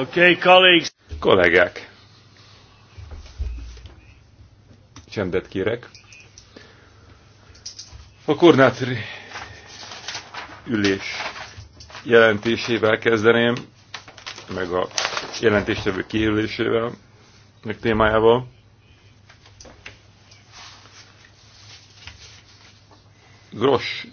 Okay, colleagues. Kollégák. Csendet kérek. A koordinátor ülés jelentésével kezdeném, meg a jelentéstevő kijelölésével, meg témájával. Gros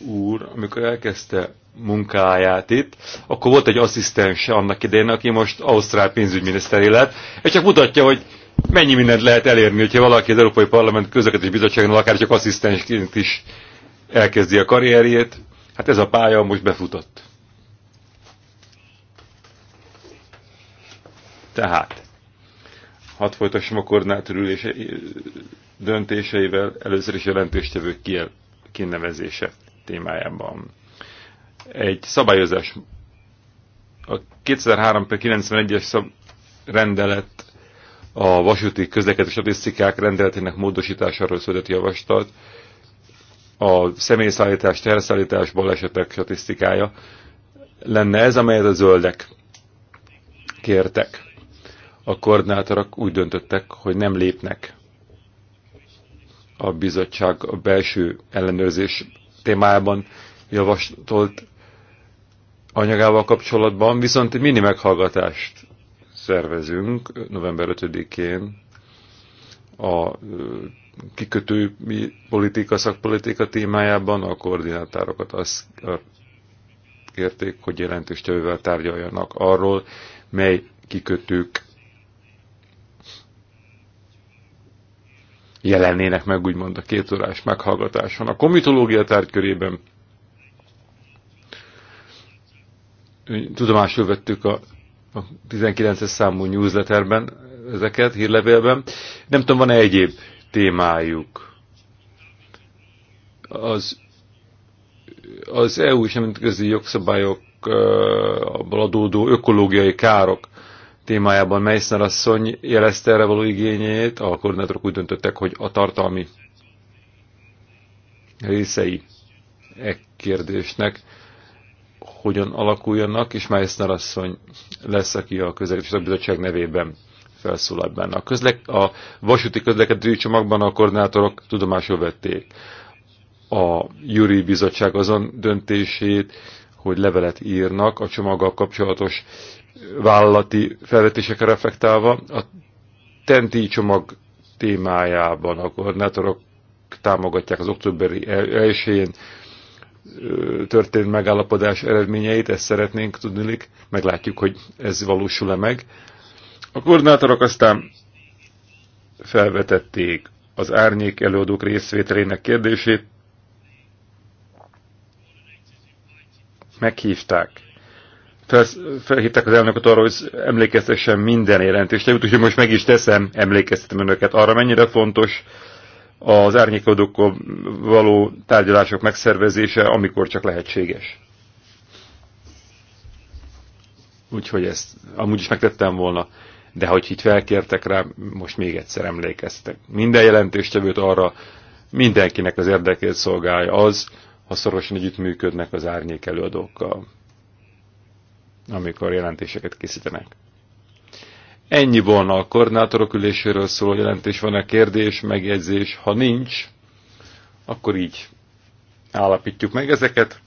úr, amikor elkezdte munkáját itt, akkor volt egy asszisztense annak idején, aki most Ausztrál pénzügyminiszteri lett. és csak mutatja, hogy mennyi mindent lehet elérni, hogyha valaki az Európai Parlament közlekedés bizottságnál akár csak asszisztensként is elkezdi a karrierjét. Hát ez a pálya most befutott. Tehát, hadd folytassam a koordinátor döntéseivel először is jelentéstevők kinevezése témájában egy szabályozás. A 2003-91-es rendelet a vasúti közlekedés statisztikák rendeletének módosításáról született javaslat, a személyszállítás, teherszállítás, balesetek statisztikája lenne ez, amelyet a zöldek kértek. A koordinátorok úgy döntöttek, hogy nem lépnek a bizottság a belső ellenőrzés témájában javasolt anyagával kapcsolatban, viszont mini meghallgatást szervezünk november 5-én a kikötő politika, szakpolitika témájában a koordinátárokat azt kérték, hogy jelentős tevővel tárgyaljanak arról, mely kikötők jelennének meg úgymond a kétorás meghallgatáson. A komitológia tárgykörében tudomásul vettük a, a 19-es számú newsletterben ezeket, hírlevélben. Nem tudom, van-e egyéb témájuk? Az, az EU és nemzetközi jogszabályok eh, abból adódó ökológiai károk témájában Meissner asszony jelezte erre való igényét, a koordinátorok úgy döntöttek, hogy a tartalmi részei e kérdésnek hogyan alakuljanak, és Meissner asszony lesz, aki a közlekedési bizottság nevében felszólalt benne. A, közle- a vasúti közlekedési csomagban a koordinátorok tudomásul vették a Júri Bizottság azon döntését, hogy levelet írnak a csomaggal kapcsolatos vállalati felvetésekre reflektálva. A TENTI csomag témájában a koordinátorok támogatják az októberi 1 történt megállapodás eredményeit, ezt szeretnénk tudni, meglátjuk, hogy ez valósul-e meg. A koordinátorok aztán felvetették az árnyék előadók részvételének kérdését, meghívták. felhívták az elnököt arra, hogy emlékeztessen minden jelentést. Úgyhogy most meg is teszem, emlékeztetem önöket arra, mennyire fontos az árnyékodókkal való tárgyalások megszervezése, amikor csak lehetséges. Úgyhogy ezt amúgy is megtettem volna, de hogy itt felkértek rá, most még egyszer emlékeztek. Minden jelentéstevőt arra mindenkinek az érdekét szolgálja az, ha szorosan együttműködnek az árnyék előadókkal, amikor jelentéseket készítenek. Ennyi volna a koordinátorok üléséről szóló jelentés, van-e kérdés, megjegyzés? Ha nincs, akkor így állapítjuk meg ezeket,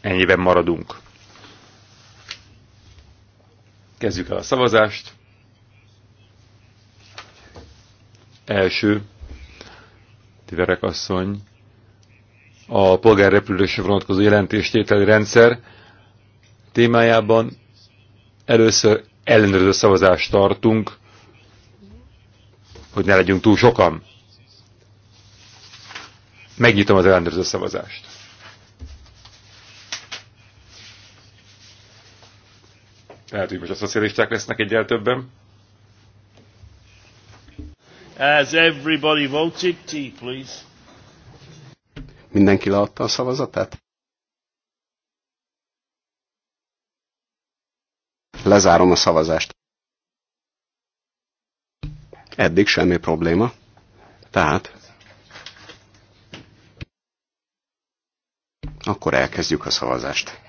ennyiben maradunk. Kezdjük el a szavazást. Első, Tiverek asszony, a polgárrepülésre vonatkozó jelentéstételi rendszer témájában először ellenőrző szavazást tartunk, hogy ne legyünk túl sokan. Megnyitom az ellenőrző szavazást. Lehet, hogy most a szocialisták lesznek egyel többen. As everybody voted, tea, please. Mindenki leadta a szavazatát? Lezárom a szavazást. Eddig semmi probléma. Tehát akkor elkezdjük a szavazást.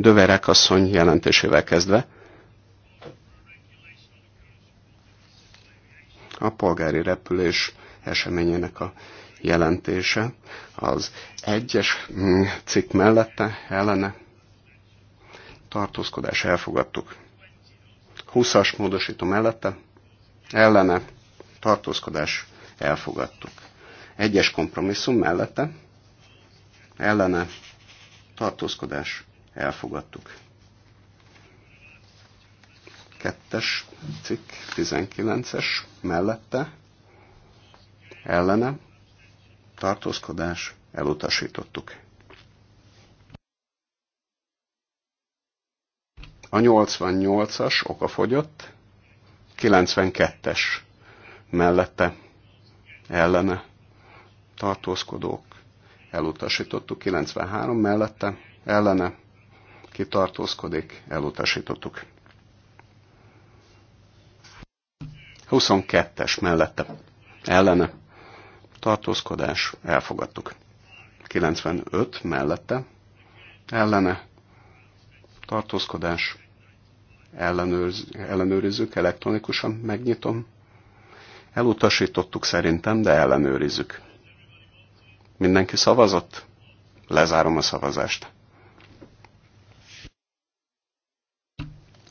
Döverek asszony jelentésével kezdve. A polgári repülés eseményének a jelentése az egyes mm, cikk mellette ellene tartózkodás elfogadtuk. 20-as módosító mellette ellene tartózkodás elfogadtuk. Egyes kompromisszum mellette ellene tartózkodás elfogadtuk. Kettes cikk, 19-es, mellette, ellene, tartózkodás, elutasítottuk. A 88-as fogyott. 92-es mellette, ellene, tartózkodók, elutasítottuk 93 mellette, ellene ki tartózkodik, elutasítottuk. 22-es mellette ellene tartózkodás, elfogadtuk. 95 mellette ellene tartózkodás, ellenőrz, ellenőrizzük elektronikusan, megnyitom. Elutasítottuk szerintem, de ellenőrizzük. Mindenki szavazott? Lezárom a szavazást.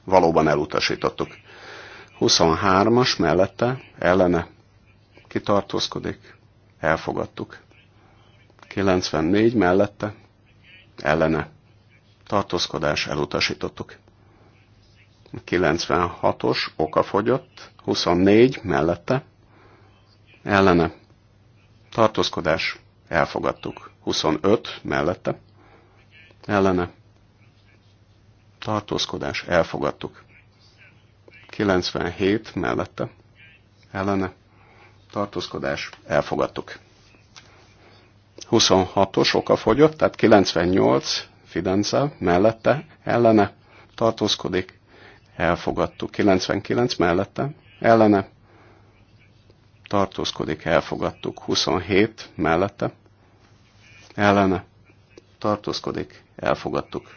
valóban elutasítottuk. 23-as mellette ellene kitartózkodik, elfogadtuk. 94 mellette ellene tartózkodás elutasítottuk. 96-os okafogyott, 24 mellette ellene tartózkodás elfogadtuk. 25 mellette ellene tartózkodás, elfogadtuk. 97 mellette, ellene, tartózkodás, elfogadtuk. 26-os oka fogyott, tehát 98 Fidenza mellette, ellene, tartózkodik, elfogadtuk. 99 mellette, ellene, tartózkodik, elfogadtuk. 27 mellette, ellene, tartózkodik, elfogadtuk.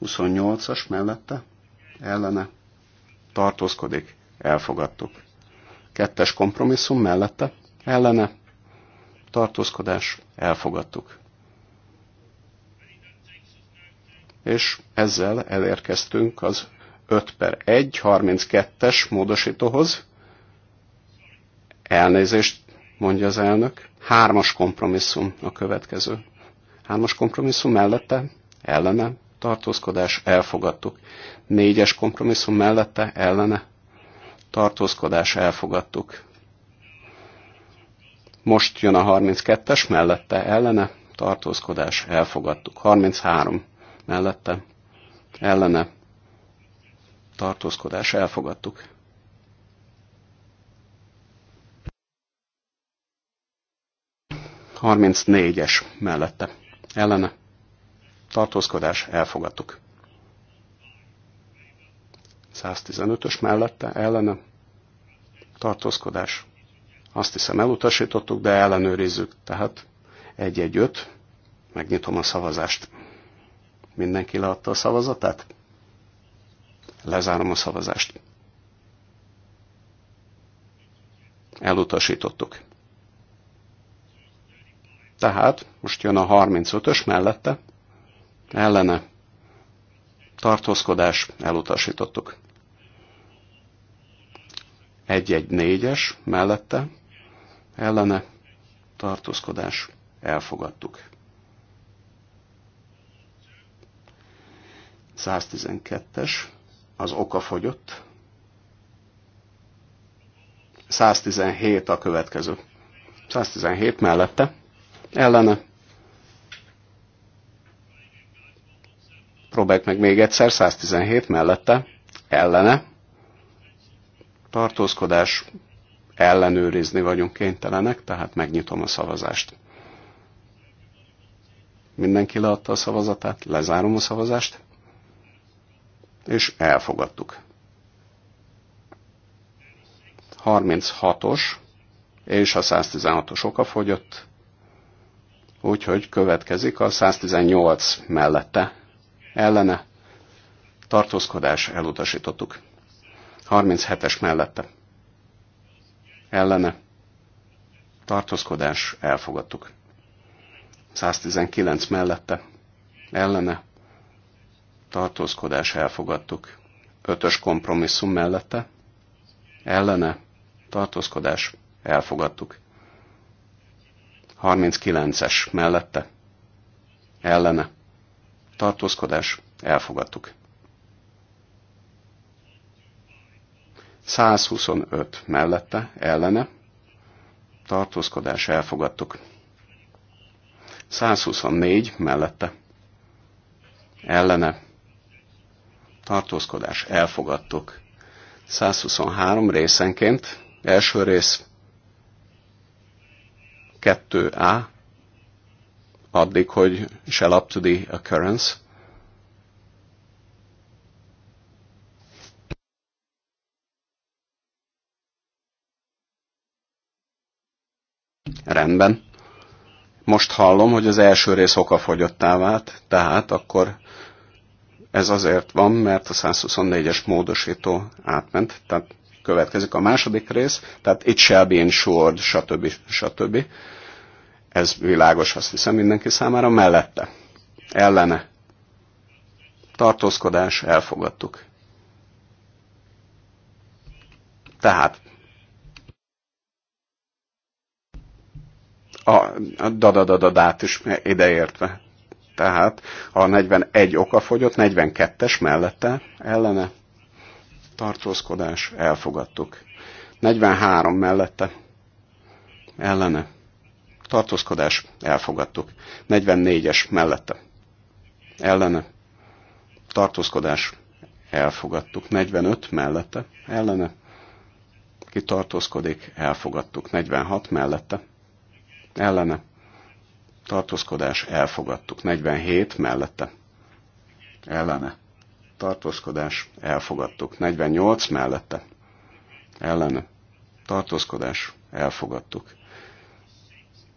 28-as mellette ellene tartózkodik, elfogadtuk. Kettes kompromisszum mellette ellene tartózkodás, elfogadtuk. És ezzel elérkeztünk az 5 per 1, 32-es módosítóhoz. Elnézést mondja az elnök. Hármas kompromisszum a következő. Hármas kompromisszum mellette, ellene, tartózkodás, elfogadtuk. Négyes kompromisszum mellette, ellene, tartózkodás, elfogadtuk. Most jön a 32-es, mellette, ellene, tartózkodás, elfogadtuk. 33 mellette, ellene, tartózkodás, elfogadtuk. Harmincnégyes mellette, ellene, tartózkodás, elfogadtuk. 115-ös mellette, ellene, tartózkodás. Azt hiszem elutasítottuk, de ellenőrizzük. Tehát 1-1-5, megnyitom a szavazást. Mindenki leadta a szavazatát? Lezárom a szavazást. Elutasítottuk. Tehát most jön a 35-ös mellette, ellene tartózkodás elutasítottuk. Egy-egy négyes mellette ellene tartózkodás elfogadtuk. 112-es az oka fogyott. 117 a következő. 117 mellette ellene próbáljuk meg még egyszer, 117 mellette, ellene, tartózkodás ellenőrizni vagyunk kénytelenek, tehát megnyitom a szavazást. Mindenki leadta a szavazatát, lezárom a szavazást, és elfogadtuk. 36-os és a 116-os oka fogyott, úgyhogy következik a 118 mellette ellene tartózkodás elutasítottuk. 37-es mellette ellene tartózkodás elfogadtuk. 119 mellette ellene tartózkodás elfogadtuk. 5-ös kompromisszum mellette ellene tartózkodás elfogadtuk. 39-es mellette ellene tartózkodás, elfogadtuk. 125 mellette, ellene, tartózkodás, elfogadtuk. 124 mellette, ellene, tartózkodás, elfogadtuk. 123 részenként, első rész 2A addig, hogy shall up to the occurrence. Rendben. Most hallom, hogy az első rész okafogyottá vált, tehát akkor ez azért van, mert a 124-es módosító átment, tehát következik a második rész, tehát it shall be insured, stb. stb ez világos, azt hiszem mindenki számára, mellette, ellene, tartózkodás, elfogadtuk. Tehát a dadadadadát is ideértve. Tehát a 41 oka fogyott, 42-es mellette ellene tartózkodás, elfogadtuk. 43 mellette ellene tartózkodás, elfogadtuk. 44-es mellette, ellene, tartózkodás, elfogadtuk. 45 mellette, ellene, ki tartózkodik, elfogadtuk. 46 mellette, ellene, tartózkodás, elfogadtuk. 47 mellette, ellene, tartózkodás, elfogadtuk. 48 mellette, ellene, tartózkodás, elfogadtuk.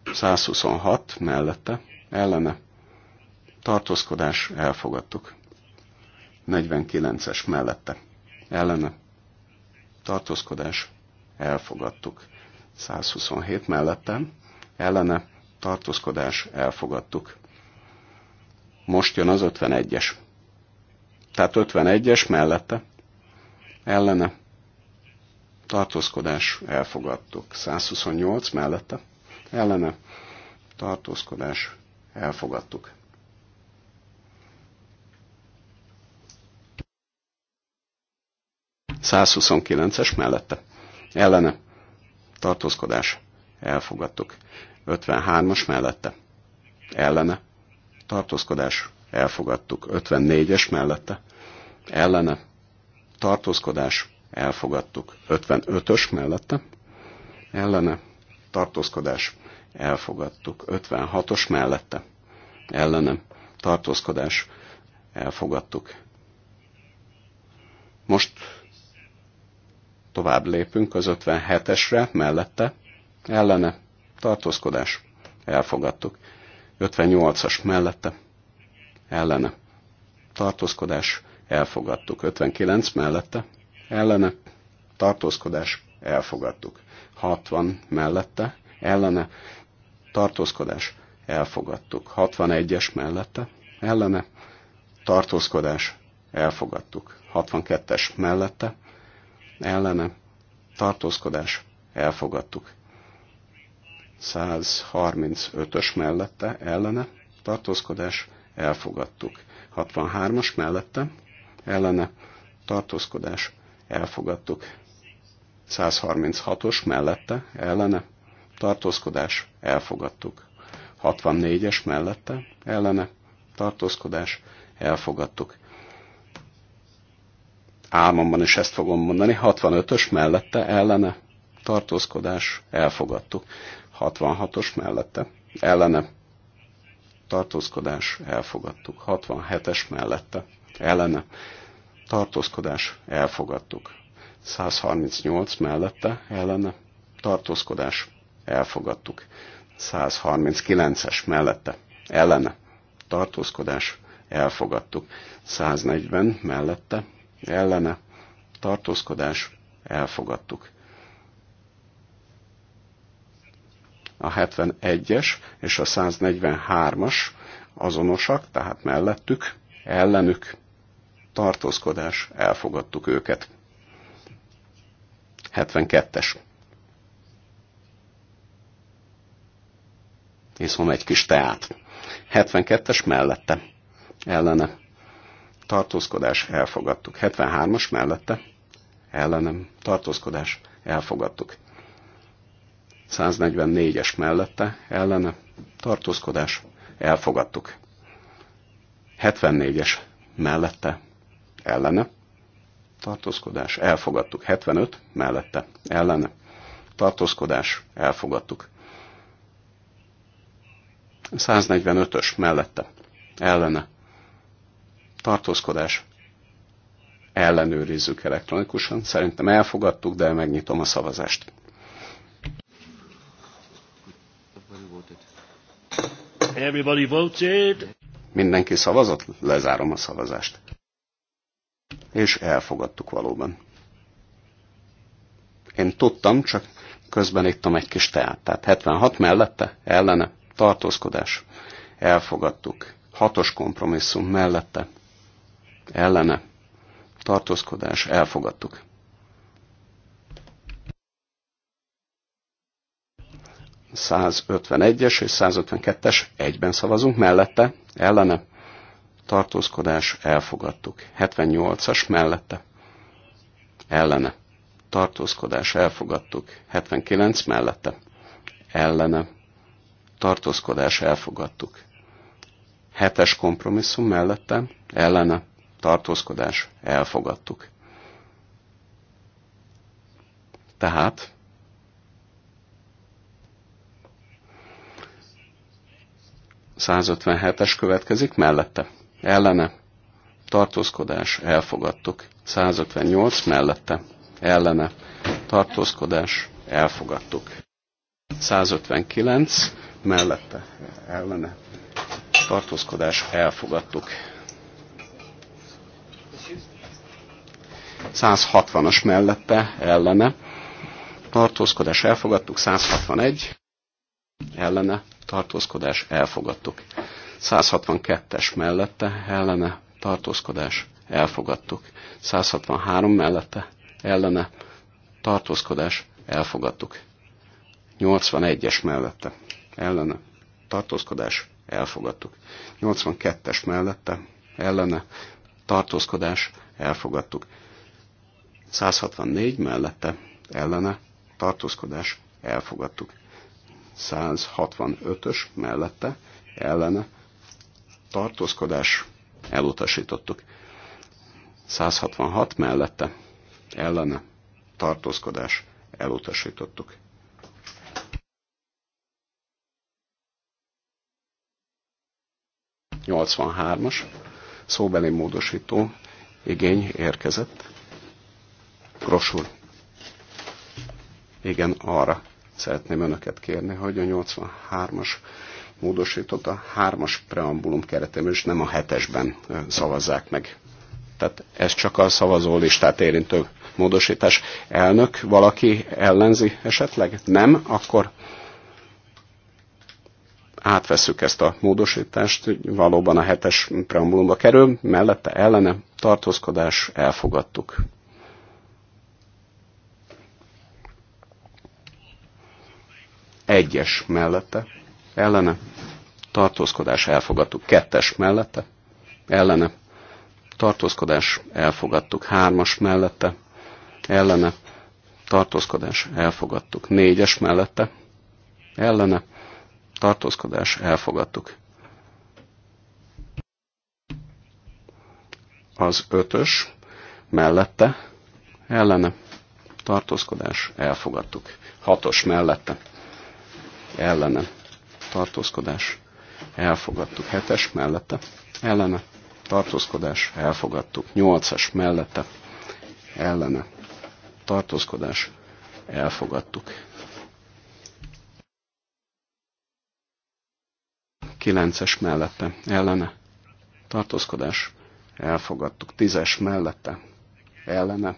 126 mellette ellene tartózkodás elfogadtuk. 49-es mellette ellene tartózkodás elfogadtuk. 127 mellette ellene tartózkodás elfogadtuk. Most jön az 51-es. Tehát 51-es mellette ellene tartózkodás elfogadtuk. 128 mellette ellene tartózkodás elfogadtuk. es mellette ellene tartózkodás elfogadtuk. 53-as mellette ellene tartózkodás elfogadtuk. 54-es mellette ellene tartózkodás elfogadtuk. 55-ös mellette ellene tartózkodás elfogadtuk. 56-os mellette ellenem tartózkodás elfogadtuk. Most tovább lépünk az 57-esre mellette ellene tartózkodás elfogadtuk. 58-as mellette ellene tartózkodás elfogadtuk. 59 mellette ellene tartózkodás elfogadtuk. 60 mellette, ellene, tartózkodás, elfogadtuk. 61-es mellette, ellene, tartózkodás, elfogadtuk. 62-es mellette, ellene, tartózkodás, elfogadtuk. 135-ös mellette, ellene, tartózkodás, elfogadtuk. 63-as mellette, ellene, tartózkodás, elfogadtuk. 136-os mellette, ellene, tartózkodás, elfogadtuk. 64-es mellette, ellene, tartózkodás, elfogadtuk. Álmomban is ezt fogom mondani, 65-ös mellette, ellene, tartózkodás, elfogadtuk. 66-os mellette, ellene, tartózkodás, elfogadtuk. 67-es mellette, ellene, tartózkodás, elfogadtuk. 138 mellette ellene tartózkodás elfogadtuk. 139-es mellette ellene tartózkodás elfogadtuk. 140 mellette ellene tartózkodás elfogadtuk. A 71-es és a 143-as azonosak, tehát mellettük, ellenük tartózkodás elfogadtuk őket. 72-es. Iszom egy kis teát. 72-es mellette. Ellene. Tartózkodás elfogadtuk. 73-as mellette. Ellenem. Tartózkodás elfogadtuk. 144-es mellette. Ellene. Tartózkodás elfogadtuk. 74-es mellette. Ellene tartózkodás, elfogadtuk. 75 mellette, ellene, tartózkodás, elfogadtuk. 145-ös mellette, ellene, tartózkodás, ellenőrizzük elektronikusan. Szerintem elfogadtuk, de megnyitom a szavazást. Everybody voted. Mindenki szavazott? Lezárom a szavazást és elfogadtuk valóban. Én tudtam, csak közben ittam egy kis teát. Tehát 76 mellette, ellene, tartózkodás. Elfogadtuk. Hatos kompromisszum mellette, ellene, tartózkodás. Elfogadtuk. ...151-es és 152-es, egyben szavazunk, mellette, ellene, tartózkodás, elfogadtuk. 78-as mellette, ellene, tartózkodás, elfogadtuk. 79 mellette, ellene, tartózkodás, elfogadtuk. 7-es kompromisszum mellette, ellene, tartózkodás, elfogadtuk. Tehát ...157-es következik mellette ellene tartózkodás elfogadtuk. 158 mellette ellene tartózkodás elfogadtuk. 159 mellette ellene tartózkodás elfogadtuk. 160-as mellette ellene tartózkodás elfogadtuk, 161 ellene tartózkodás elfogadtuk. 162-es mellette ellene tartózkodás elfogadtuk. 163 mellette ellene tartózkodás elfogadtuk. 81-es mellette ellene tartózkodás elfogadtuk. 82-es mellette ellene tartózkodás elfogadtuk. 164 mellette ellene tartózkodás elfogadtuk. 165-ös mellette ellene tartózkodás, elutasítottuk. 166 mellette, ellene, tartózkodás, elutasítottuk. as szóbeli módosító igény érkezett. Grosul. Igen, arra szeretném önöket kérni, hogy a 83-as módosított a hármas preambulum keretében, és nem a hetesben szavazzák meg. Tehát ez csak a szavazó listát érintő módosítás. Elnök, valaki ellenzi esetleg? Nem, akkor átveszük ezt a módosítást, hogy valóban a hetes preambulumba kerül, mellette ellene tartózkodás elfogadtuk. Egyes mellette ellene, tartózkodás elfogadtuk kettes mellette, ellene, tartózkodás elfogadtuk hármas mellette, ellene, tartózkodás elfogadtuk négyes mellette, ellene, tartózkodás elfogadtuk. Az ötös mellette, ellene, tartózkodás elfogadtuk. Hatos mellette, ellene, tartózkodás, elfogadtuk. 7-es mellette, ellene, tartózkodás, elfogadtuk. 8-as mellette, ellene, tartózkodás, elfogadtuk. 9-es mellette, ellene, tartózkodás, elfogadtuk. 10-es mellette, ellene,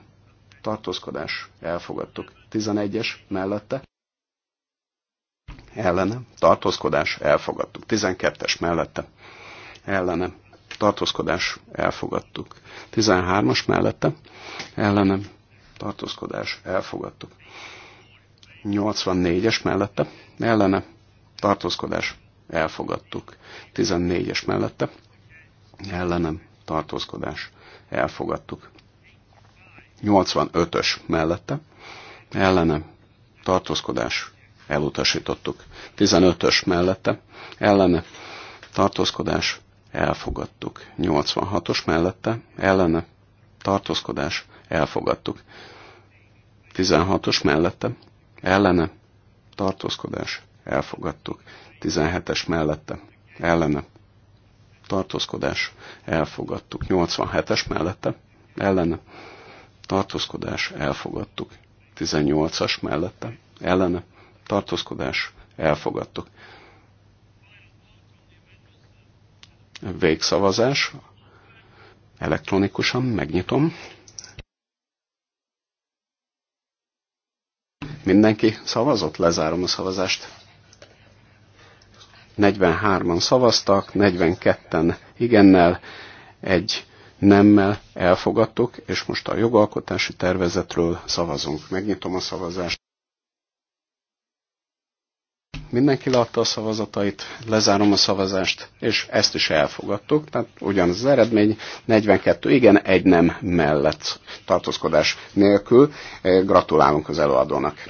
tartózkodás, elfogadtuk. 11-es mellette, ellene, tartózkodás, elfogadtuk. 12-es mellette, ellene, tartózkodás, elfogadtuk. 13-as mellette, ellene, tartózkodás, elfogadtuk. 84-es mellette, ellene, tartózkodás, elfogadtuk. 14-es mellette, ellenem, tartózkodás, elfogadtuk. 85-ös mellette, ellenem, tartózkodás, elutasítottuk. 15-ös mellette ellene tartózkodás elfogadtuk. 86-os mellette ellene tartózkodás elfogadtuk. 16-os mellette ellene tartózkodás elfogadtuk. 17-es mellette ellene tartózkodás elfogadtuk. 87-es mellette ellene tartózkodás elfogadtuk. 18-as mellette ellene tartózkodás, elfogadtuk. Végszavazás, elektronikusan megnyitom. Mindenki szavazott, lezárom a szavazást. 43-an szavaztak, 42-en igennel, egy nemmel elfogadtuk, és most a jogalkotási tervezetről szavazunk. Megnyitom a szavazást. Mindenki látta a szavazatait, lezárom a szavazást, és ezt is elfogadtuk. Tehát ugyanaz az eredmény, 42 igen, egy nem mellett tartózkodás nélkül. E, gratulálunk az előadónak.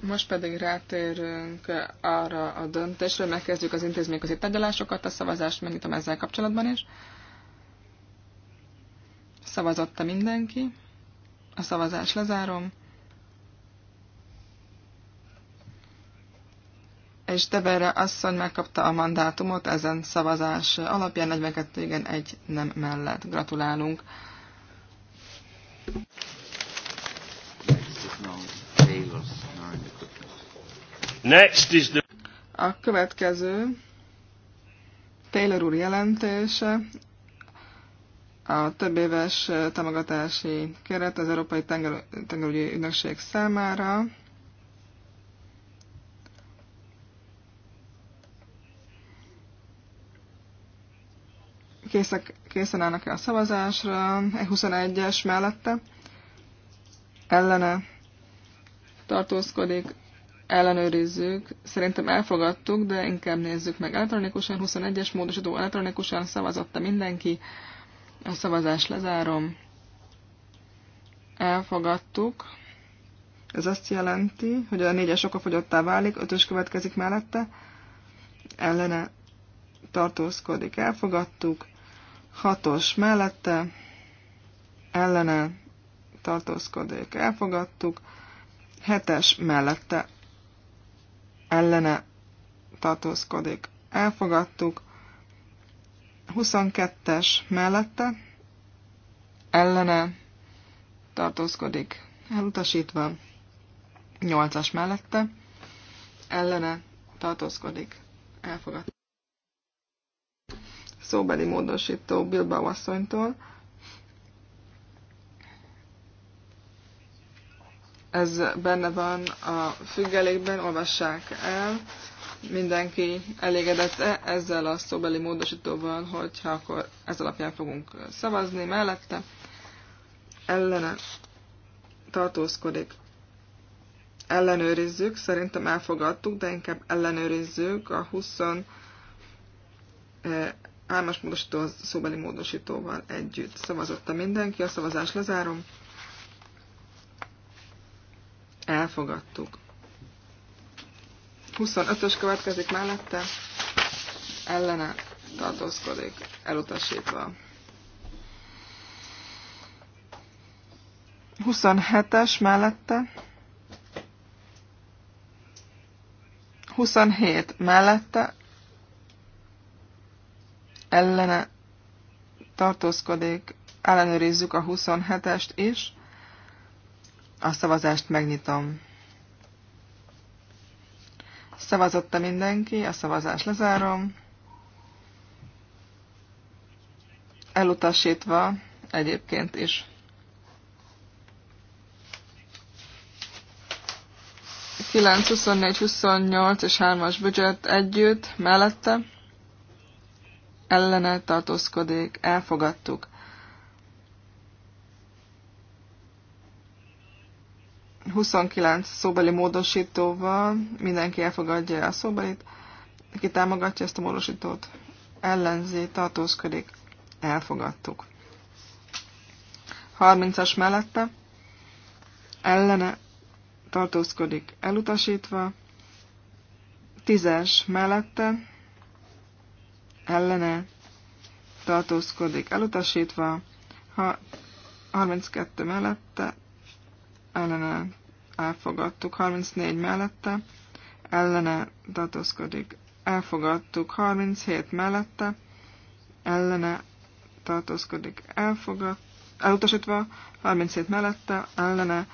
Most pedig rátérünk arra a döntésre, megkezdjük az intézményközi tárgyalásokat, a szavazást megnyitom ezzel kapcsolatban is. Szavazotta mindenki. A szavazás lezárom. és Debera asszony megkapta a mandátumot ezen szavazás alapján 42 igen, egy nem mellett. Gratulálunk! Next is the... A következő Taylor úr jelentése, a több éves támogatási keret az Európai Tengerügyi Ügynökség számára. készek, készen állnak-e a szavazásra, 21-es e mellette, ellene tartózkodik, ellenőrizzük. Szerintem elfogadtuk, de inkább nézzük meg elektronikusan. 21-es e módosító elektronikusan szavazotta mindenki. A szavazást lezárom. Elfogadtuk. Ez azt jelenti, hogy a 4-es okafogyottá válik, 5-ös következik mellette. Ellene tartózkodik. Elfogadtuk. Hatos mellette ellene tartózkodik. Elfogadtuk. Hetes mellette ellene tartózkodik. Elfogadtuk. 22-es mellette ellene tartózkodik. Elutasítva. 8-as mellette ellene tartózkodik. Elfogadtuk szóbeli módosító Bilbao asszonytól. Ez benne van a függelékben, olvassák el. Mindenki elégedett-e ezzel a szóbeli módosítóval, hogyha akkor ez alapján fogunk szavazni mellette. Ellene tartózkodik. Ellenőrizzük, szerintem elfogadtuk, de inkább ellenőrizzük a 20 álmas módosító szóbeli módosítóval együtt. Szavazotta mindenki, a szavazás lezárom. Elfogadtuk. 25-ös következik mellette, ellene tartózkodik, elutasítva. 27-es mellette, 27 mellette, ellene tartózkodik, ellenőrizzük a 27-est is. A szavazást megnyitom. Szavazotta mindenki, a szavazást lezárom. Elutasítva egyébként is. Kilenc, 28 és 3-as együtt, mellette ellene tartózkodik, elfogadtuk. 29 szóbeli módosítóval mindenki elfogadja a szóbelit, aki támogatja ezt a módosítót, ellenzi, tartózkodik, elfogadtuk. 30-as mellette ellene tartózkodik elutasítva, 10-es mellette ellene tartózkodik elutasítva, ha 32 mellette ellene elfogadtuk, 34 mellette ellene tartózkodik elfogadtuk, 37 mellette ellene tartózkodik elfogad, elutasítva, 37 mellette ellene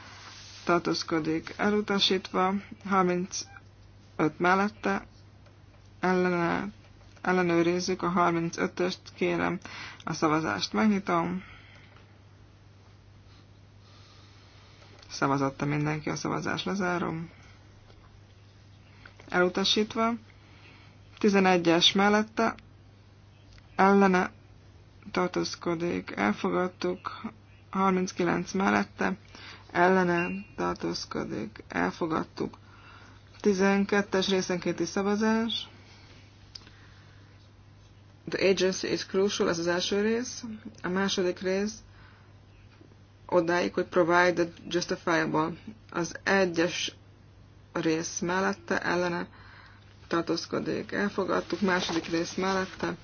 tartózkodik elutasítva, 35 mellette ellene ellenőrizzük a 35-öst, kérem a szavazást megnyitom. Szavazatta mindenki, a szavazást lezárom. Elutasítva. 11-es mellette ellene tartózkodik. Elfogadtuk 39 mellette ellene tartózkodik. Elfogadtuk. 12-es részenkéti szavazás. The agency is crucial, ez az első rész. A második rész odáig, hogy provide the justifiable. Az egyes rész mellette ellene tartózkodik. Elfogadtuk második rész mellette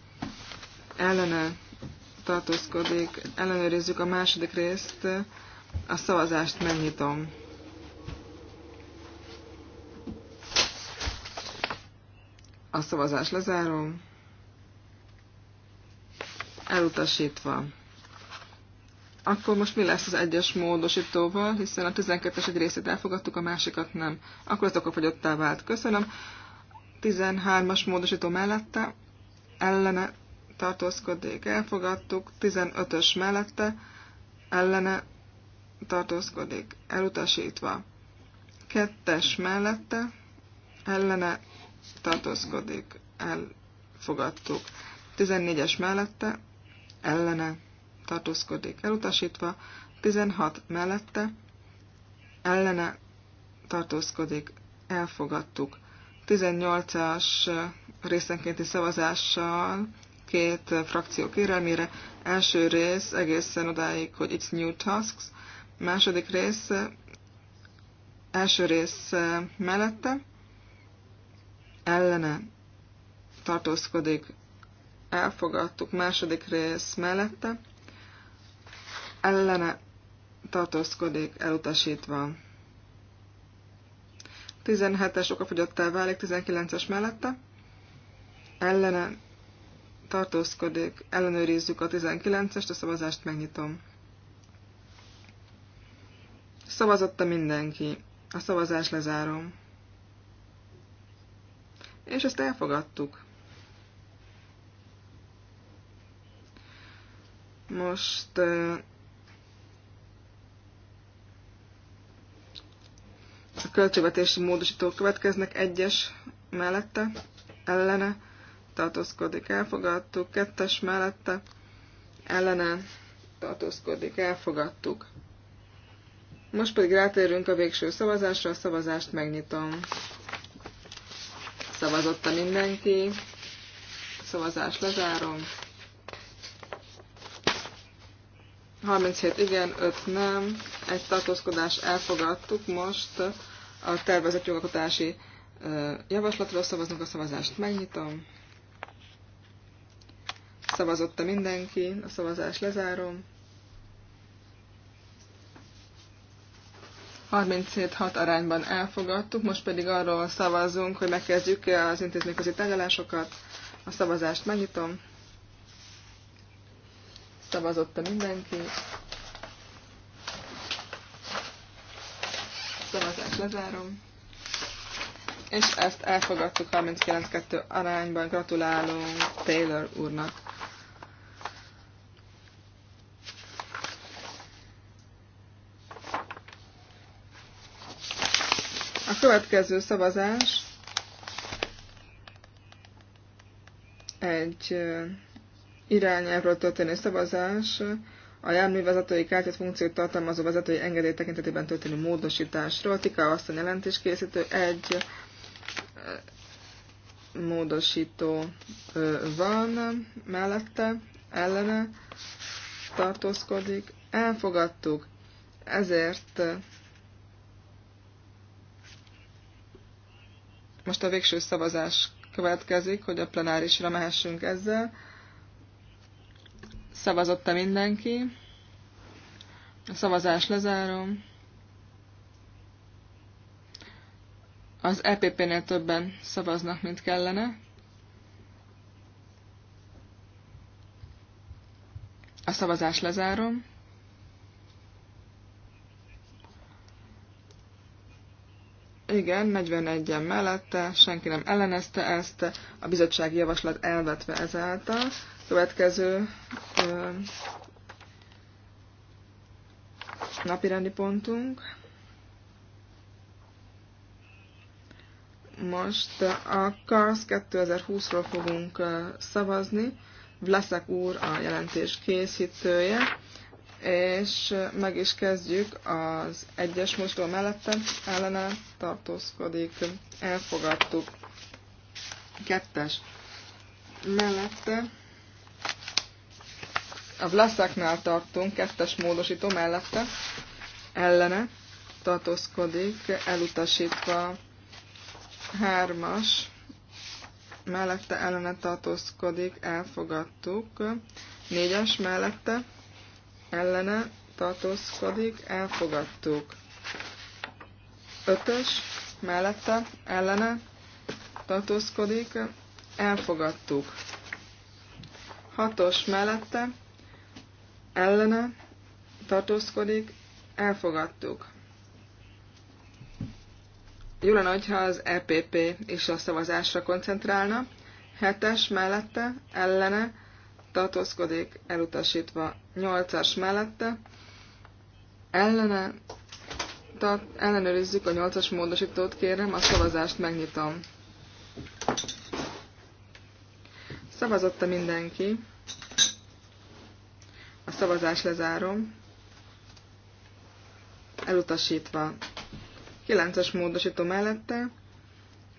ellene tartózkodik. Ellenőrizzük a második részt. A szavazást megnyitom. A szavazást lezárom elutasítva. Akkor most mi lesz az egyes módosítóval, hiszen a 12-es egy részét elfogadtuk, a másikat nem. Akkor az okafogyottá vált. Köszönöm. 13-as módosító mellette ellene tartózkodik. Elfogadtuk. 15-ös mellette ellene tartózkodik. Elutasítva. Kettes mellette ellene tartózkodik. Elfogadtuk. 14-es mellette ellene tartózkodik elutasítva, 16 mellette ellene tartózkodik, elfogadtuk. 18-as részenkénti szavazással két frakció kérelmére. Első rész egészen odáig, hogy it's new tasks. Második rész első rész mellette ellene tartózkodik, elfogadtuk második rész mellette, ellene tartózkodik elutasítva. 17-es okafogyottá válik 19-es mellette, ellene tartózkodik, ellenőrizzük a 19-est, a szavazást megnyitom. Szavazotta mindenki. A szavazás lezárom. És ezt elfogadtuk. Most a költségvetési módosítók következnek, egyes mellette, ellene, tartózkodik, elfogadtuk, kettes mellette, ellene, tartózkodik, elfogadtuk. Most pedig rátérünk a végső szavazásra, a szavazást megnyitom. Szavazotta mindenki, szavazást lezárom. 37 igen, 5 nem, egy tartózkodás elfogadtuk, most a tervezett jogalkotási javaslatról szavaznak a szavazást. Megnyitom. Szavazotta mindenki, a szavazást lezárom. 37-6 arányban elfogadtuk, most pedig arról szavazunk, hogy megkezdjük -e az intézményközi tárgyalásokat. A szavazást megnyitom szavazott a mindenki? Szavazást lezárom. És ezt elfogadtuk 39-2 arányban. Gratulálunk Taylor úrnak. A következő szavazás egy irányelvről történő szavazás a járművezetői kártyát funkciót tartalmazó vezetői engedély tekintetében történő módosításról. Tika Asszony jelentéskészítő egy módosító van mellette, ellene tartózkodik. Elfogadtuk, ezért most a végső szavazás következik, hogy a plenárisra mehessünk ezzel. Szavazotta mindenki. A szavazás lezárom. Az EPP-nél többen szavaznak, mint kellene. A szavazás lezárom. Igen, 41-en mellette, senki nem ellenezte ezt, a bizottsági javaslat elvetve ezáltal. Következő napirendi pontunk. Most a KARSZ 2020-ról fogunk szavazni. Vlaszek úr a jelentés készítője, és meg is kezdjük az egyes mostról mellette ellene tartózkodik. Elfogadtuk. Kettes mellette a Vlaszaknál tartunk, kettes módosító mellette, ellene tartózkodik, elutasítva hármas, mellette ellene tartózkodik, elfogadtuk, négyes mellette ellene tartózkodik, elfogadtuk, ötös mellette ellene tartózkodik, elfogadtuk, hatos mellette ellene tartózkodik, elfogadtuk. Jó lenne, hogyha az EPP is a szavazásra koncentrálna. Hetes mellette, ellene, tartózkodik, elutasítva. Nyolcas mellette, ellene, tart, ellenőrizzük a nyolcas módosítót, kérem, a szavazást megnyitom. Szavazotta mindenki. A szavazás lezárom. Elutasítva. 9-es módosító mellette.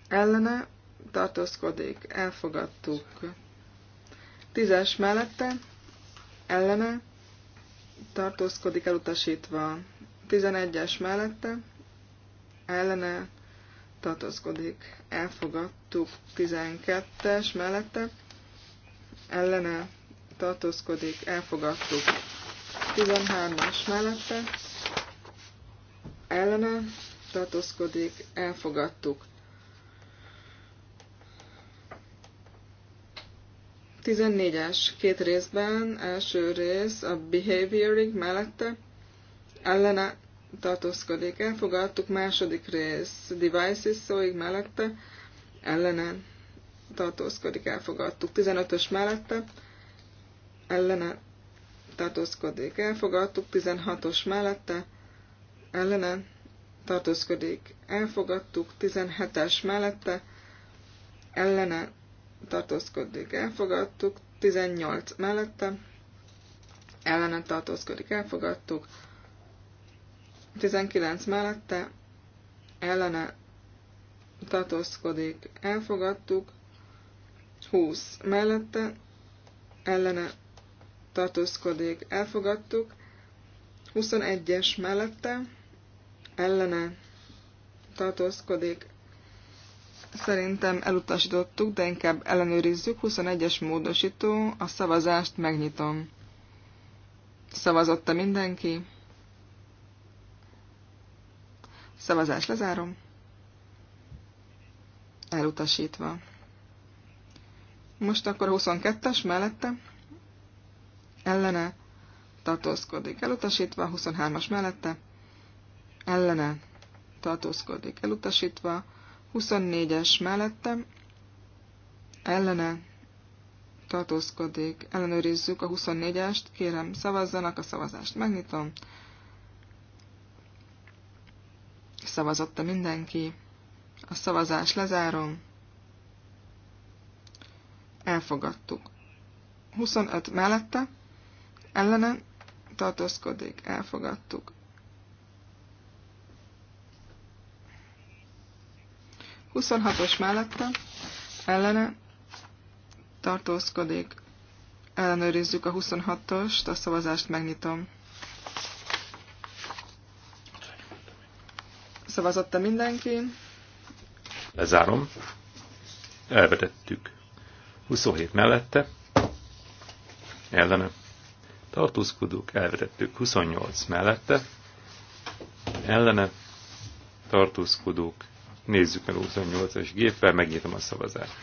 Ellene tartózkodik. Elfogadtuk. 10-es mellette. Ellene tartózkodik elutasítva. 11-es mellette ellene tartózkodik. Elfogadtuk 12-es mellette ellene tartózkodik, elfogadtuk. 13-as mellette ellene tartózkodik, elfogadtuk. 14-es két részben, első rész a behaviorig mellette ellene tartózkodik, elfogadtuk, második rész devices szóig mellette ellene tartózkodik, elfogadtuk. 15-ös mellette ellene tartózkodik. Elfogadtuk 16-os mellette, ellene tartózkodik. Elfogadtuk 17-es mellette, ellene tartózkodik. Elfogadtuk 18 mellette, ellene tartózkodik. Elfogadtuk 19 mellette, ellene tartózkodik. Elfogadtuk 20 mellette, ellene tartózkodik, elfogadtuk. 21-es mellette ellene tartózkodik, szerintem elutasítottuk, de inkább ellenőrizzük. 21-es módosító, a szavazást megnyitom. Szavazotta mindenki? Szavazás lezárom. Elutasítva. Most akkor 22-es mellette ellene tartózkodik elutasítva, 23-as mellette ellene tartózkodik elutasítva, 24-es mellette ellene tartózkodik. Ellenőrizzük a 24-est, kérem szavazzanak, a szavazást megnyitom. Szavazotta mindenki. A szavazást lezárom. Elfogadtuk. 25 mellette, ellene tartózkodik, elfogadtuk. 26-os mellette ellene tartózkodik, ellenőrizzük a 26-ost, a szavazást megnyitom. Szavazott Szavazott-e mindenki. Lezárom. Elvetettük. 27 mellette. Ellene tartózkodók, elvetettük 28 mellette, ellene tartózkodók, nézzük meg 28-as géppel, megnyitom a szavazást.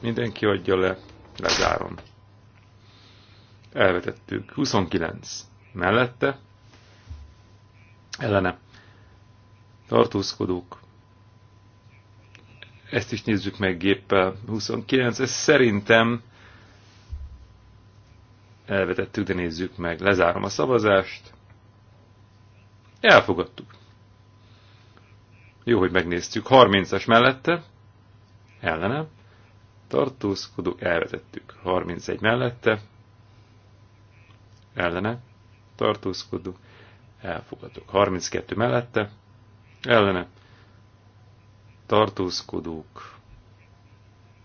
Mindenki adja le, lezárom. Elvetettük 29 mellette, ellene tartózkodók, ezt is nézzük meg géppel. 29, ez szerintem elvetettük, de nézzük meg. Lezárom a szavazást. Elfogadtuk. Jó, hogy megnéztük. 30-as mellette. Ellenem. Tartózkodók elvetettük. 31 mellette. Ellene. Tartózkodók elfogadók. 32 mellette. Ellene tartózkodók.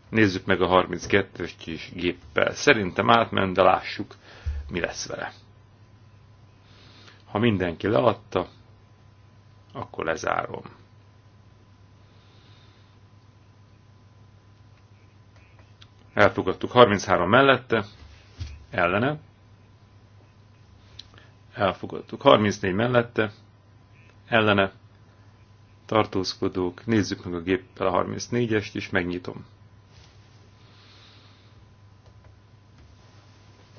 Nézzük meg a 32-es kis géppel. Szerintem átment, de lássuk, mi lesz vele. Ha mindenki leadta, akkor lezárom. Elfogadtuk 33 mellette, ellene. Elfogadtuk 34 mellette, ellene tartózkodók, nézzük meg a géppel a 34-est, és megnyitom.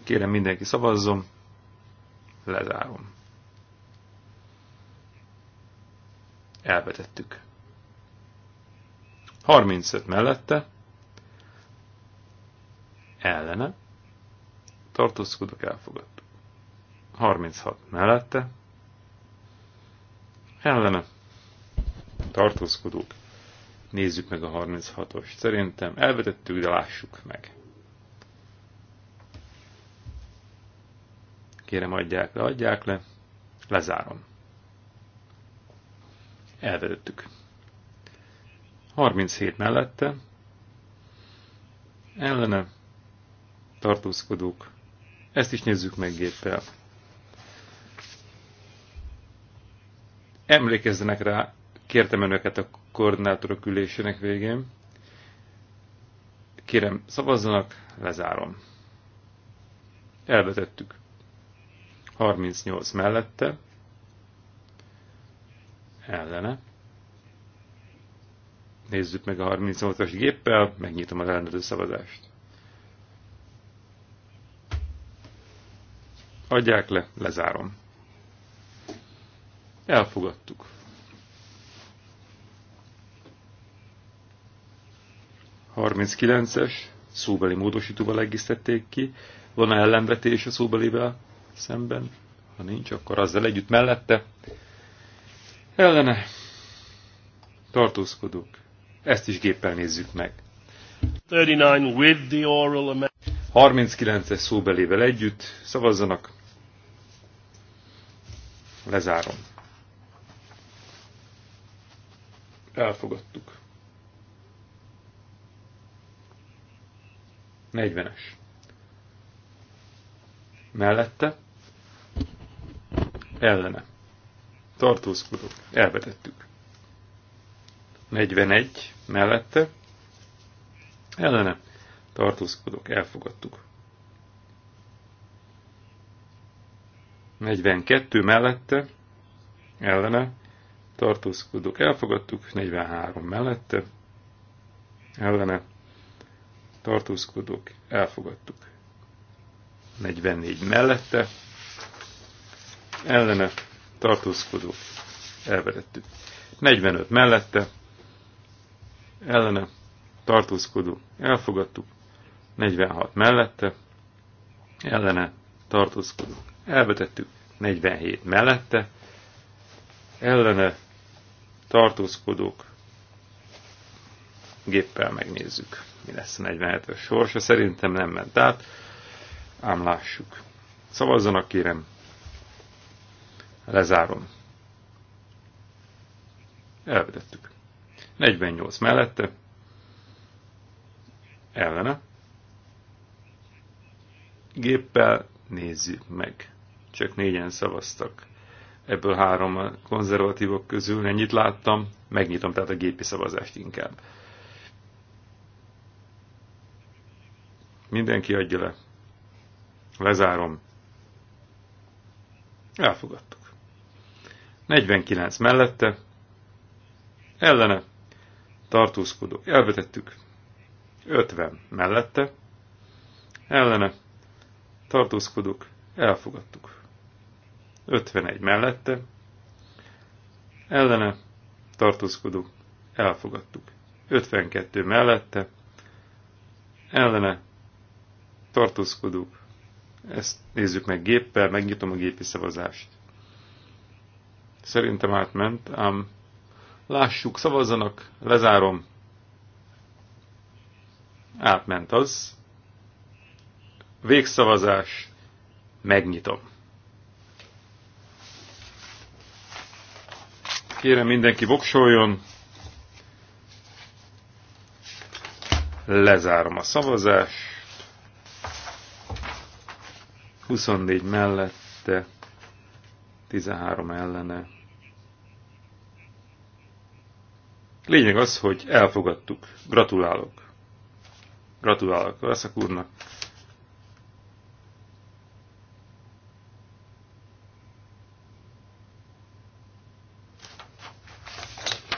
Kérem mindenki szavazzon, lezárom. Elvetettük. 35 mellette, ellene, tartózkodok, elfogadtuk. 36 mellette, ellene, tartózkodók. Nézzük meg a 36-os. Szerintem elvetettük, de lássuk meg. Kérem, adják le, adják le. Lezárom. Elvetettük. 37 mellette. Ellene tartózkodók. Ezt is nézzük meg géppel. Emlékezzenek rá, Kértem önöket a koordinátorok ülésének végén. Kérem, szavazzanak, lezárom. Elvetettük. 38 mellette, ellene. Nézzük meg a 38-as géppel, megnyitom az ellenőrző szavazást. Adják le, lezárom. Elfogadtuk. 39-es szóbeli módosítóval egészítették ki. Van-e ellenvetés a szóbelivel szemben? Ha nincs, akkor azzal együtt mellette. Ellene tartózkodók. Ezt is géppel nézzük meg. 39 with the oral amendment. 39-es szóbelével együtt szavazzanak. Lezárom. Elfogadtuk. 40-es. Mellette, ellene. Tartózkodók, elvetettük. 41 mellette, ellene. Tartózkodók, elfogadtuk. 42 mellette, ellene, tartózkodók elfogadtuk, 43 mellette, ellene, tartózkodók, elfogadtuk. 44 mellette, ellene, tartózkodók, elvedettük. 45 mellette, ellene, tartózkodók, elfogadtuk. 46 mellette, ellene, tartózkodók, elvetettük. 47 mellette, ellene, tartózkodók, géppel megnézzük, mi lesz a 47-es sorsa. Szerintem nem ment át, ám lássuk. Szavazzanak, kérem. Lezárom. Elvedettük. 48 mellette. Ellene. Géppel nézzük meg. Csak négyen szavaztak. Ebből három konzervatívok közül ennyit láttam. Megnyitom tehát a gépi szavazást inkább. Mindenki adja le. Lezárom. Elfogadtuk. 49 mellette. Ellene. Tartózkodó. Elvetettük. 50 mellette. Ellene. Tartózkodók. Elfogadtuk. 51 mellette. Ellene. tartózkodó. Elfogadtuk. 52 mellette. Ellene tartózkodók. Ezt nézzük meg géppel, megnyitom a gépi szavazást. Szerintem átment, ám lássuk, szavazzanak, lezárom. Átment az. Végszavazás, megnyitom. Kérem mindenki voksoljon. Lezárom a szavazást. 24 mellette, 13 ellene. Lényeg az, hogy elfogadtuk. Gratulálok. Gratulálok Veszek úrnak.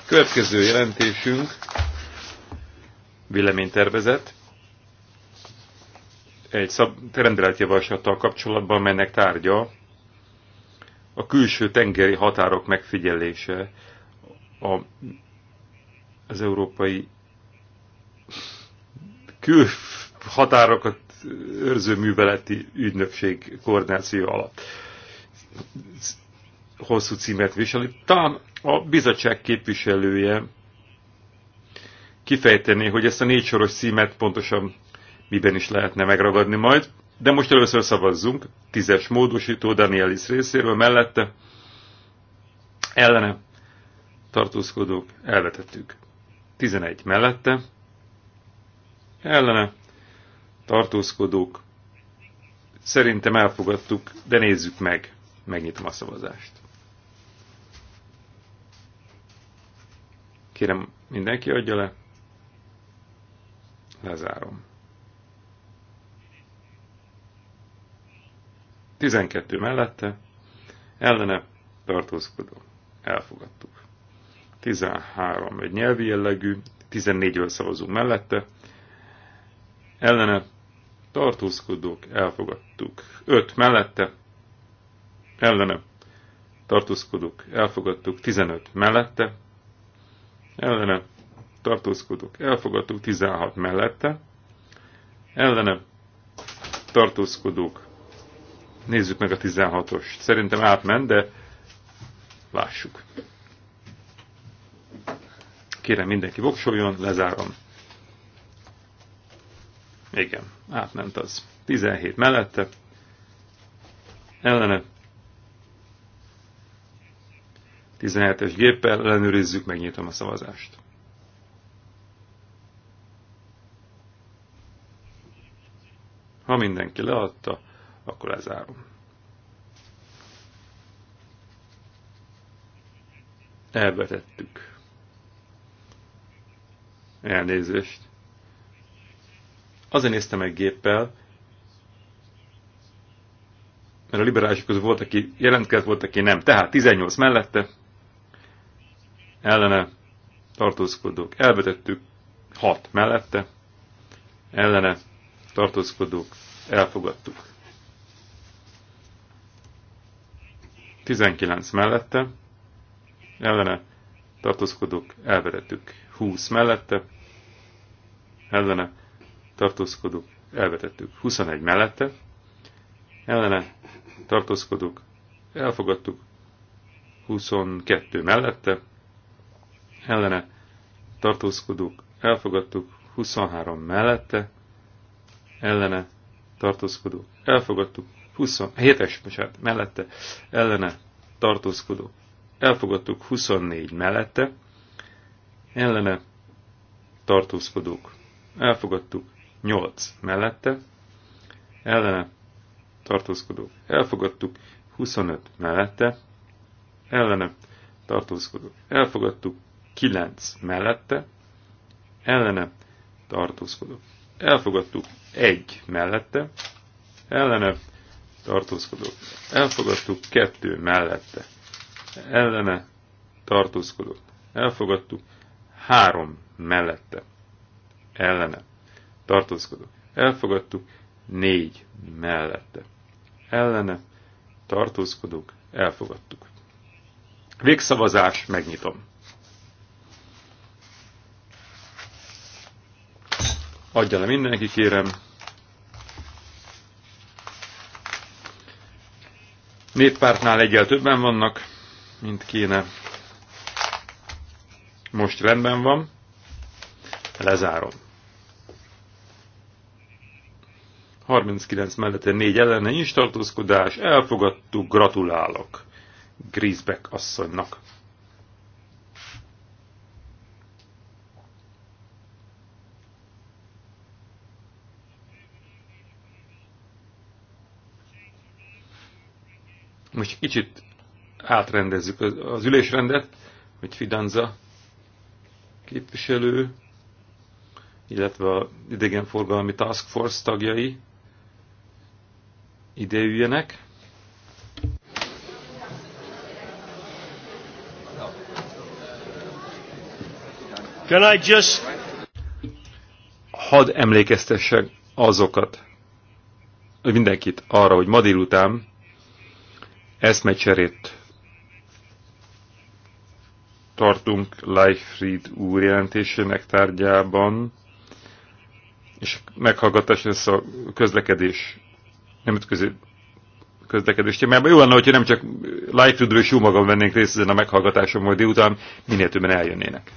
Következő jelentésünk véleménytervezet egy szab rendeletjavaslattal kapcsolatban, melynek tárgya a külső tengeri határok megfigyelése a, az európai kül határokat őrző műveleti ügynökség koordináció alatt hosszú címet viseli. Talán a bizottság képviselője kifejteni, hogy ezt a négy soros címet pontosan miben is lehetne megragadni majd. De most először szavazzunk. Tízes módosító Danielis részéről mellette. Ellene tartózkodók elvetettük. 11 mellette. Ellene tartózkodók szerintem elfogadtuk, de nézzük meg. Megnyitom a szavazást. Kérem, mindenki adja le. Lezárom. 12 mellette, ellene tartózkodó. Elfogadtuk. 13 egy nyelvi jellegű, 14-vel szavazunk mellette, ellene tartózkodók, elfogadtuk. 5 mellette, ellene tartózkodók, elfogadtuk. 15 mellette, ellene tartózkodók, elfogadtuk. 16 mellette, ellene tartózkodók, Nézzük meg a 16-os. Szerintem átment, de lássuk. Kérem mindenki voksoljon, lezárom. Igen, átment az. 17 mellette, ellene 17-es géppel ellenőrizzük, megnyitom a szavazást. Ha mindenki leadta, akkor lezárom. Elvetettük. Elnézést. Azért néztem egy géppel, mert a liberálisok között volt, aki jelentkezett, volt, aki nem. Tehát 18 mellette, ellene tartózkodók elvetettük, 6 mellette, ellene tartózkodók elfogadtuk. 19 mellette, ellene tartózkodók elvetettük 20 mellette, ellene tartózkodók elvetettük 21 mellette, ellene tartózkodók elfogadtuk 22 mellette, ellene tartózkodók elfogadtuk 23 mellette, ellene tartózkodók elfogadtuk 27-es, bocsánat, mellette ellene tartózkodó. Elfogadtuk 24 mellette, ellene tartózkodók. Elfogadtuk 8 mellette, ellene tartózkodók. Elfogadtuk 25 mellette, ellene tartózkodók. Elfogadtuk 9 mellette, ellene tartózkodók. Elfogadtuk 1 mellette, ellene tartózkodók. Elfogadtuk kettő mellette. Ellene tartózkodók. Elfogadtuk három mellette. Ellene tartózkodók. Elfogadtuk négy mellette. Ellene tartózkodók. Elfogadtuk. Végszavazás, megnyitom. Adja le mindenki, kérem. néppártnál egyel többen vannak, mint kéne. Most rendben van. Lezárom. 39 mellette 4 ellene nincs tartózkodás, elfogadtuk, gratulálok Grisbeck asszonynak. Most kicsit átrendezzük az ülésrendet, hogy Fidanza képviselő, illetve a idegenforgalmi task force tagjai ideüljenek. Can I just... Hadd emlékeztessek azokat, hogy mindenkit arra, hogy ma délután Eszmecserét tartunk Leifried úr jelentésének tárgyában, és meghallgatás lesz a közlekedés, nemzetközi közlekedés témában. Jó lenne, hogyha nem csak Leifriedről és jó magam vennénk részt ezen a meghallgatáson, majd délután minél többen eljönnének.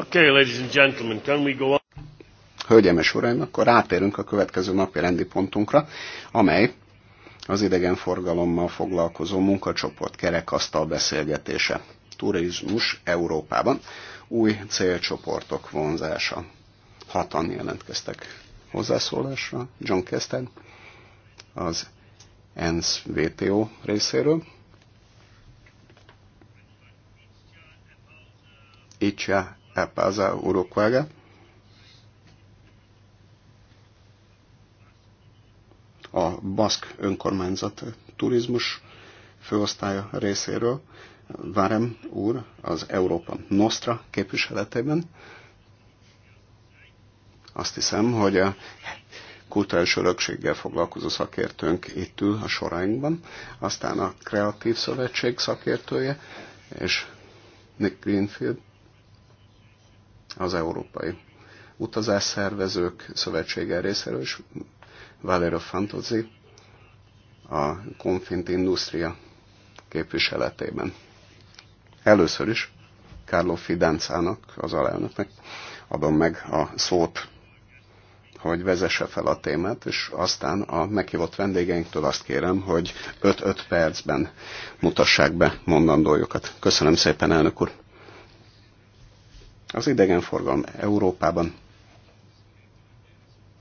Okay, ladies and gentlemen, can we go on? Hölgyeim és uraim, akkor rátérünk a következő napi rendi pontunkra, amely az idegenforgalommal foglalkozó munkacsoport kerekasztal beszélgetése. Turizmus Európában új célcsoportok vonzása. Hatan jelentkeztek hozzászólásra. John Kesten az ENSZ VTO részéről. Itt Rapazá Uruquaga. A Baszk önkormányzat turizmus főosztálya részéről, Várem úr az Európa Nostra képviseletében. Azt hiszem, hogy a kulturális örökséggel foglalkozó szakértőnk itt ül a sorainkban, aztán a Kreatív Szövetség szakértője, és Nick Greenfield az Európai Utazásszervezők Szövetsége részéről, és Valero Fantozzi a Confint Industria képviseletében. Először is Carlo Fidanzának, az alelnöknek adom meg a szót, hogy vezesse fel a témát, és aztán a meghívott vendégeinktől azt kérem, hogy 5-5 percben mutassák be mondandójukat. Köszönöm szépen, elnök úr! Az idegenforgalom Európában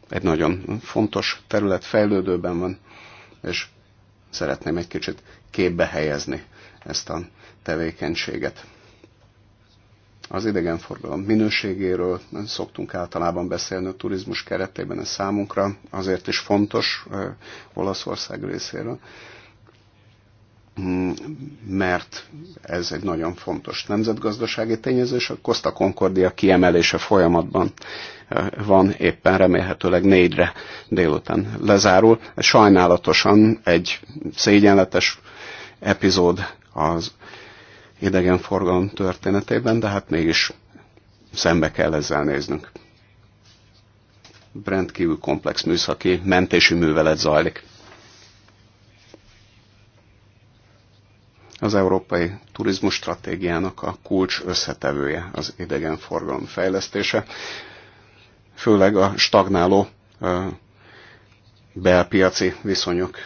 egy nagyon fontos terület fejlődőben van, és szeretném egy kicsit képbe helyezni ezt a tevékenységet. Az idegenforgalom minőségéről szoktunk általában beszélni a turizmus keretében, ez számunkra azért is fontos Olaszország részéről, mert ez egy nagyon fontos nemzetgazdasági tényező, és a Costa Concordia kiemelése folyamatban van éppen remélhetőleg négyre délután lezárul. Sajnálatosan egy szégyenletes epizód az idegenforgalom történetében, de hát mégis szembe kell ezzel néznünk. Rendkívül komplex műszaki mentési művelet zajlik. az európai turizmus stratégiának a kulcs összetevője az idegenforgalom fejlesztése, főleg a stagnáló belpiaci viszonyok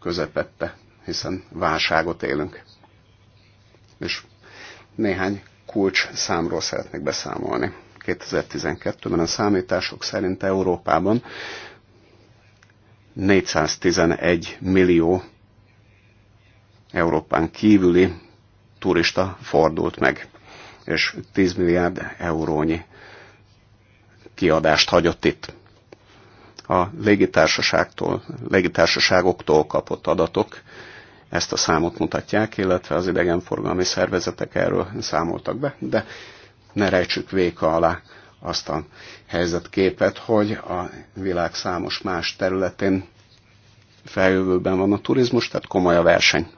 közepette, hiszen válságot élünk. És néhány kulcs számról szeretnék beszámolni. 2012-ben a számítások szerint Európában 411 millió Európán kívüli turista fordult meg, és 10 milliárd eurónyi kiadást hagyott itt. A légitársaságtól, légitársaságoktól kapott adatok ezt a számot mutatják, illetve az idegenforgalmi szervezetek erről számoltak be, de ne rejtsük véka alá azt a helyzetképet, hogy a világ számos más területén feljövőben van a turizmus, tehát komoly a verseny.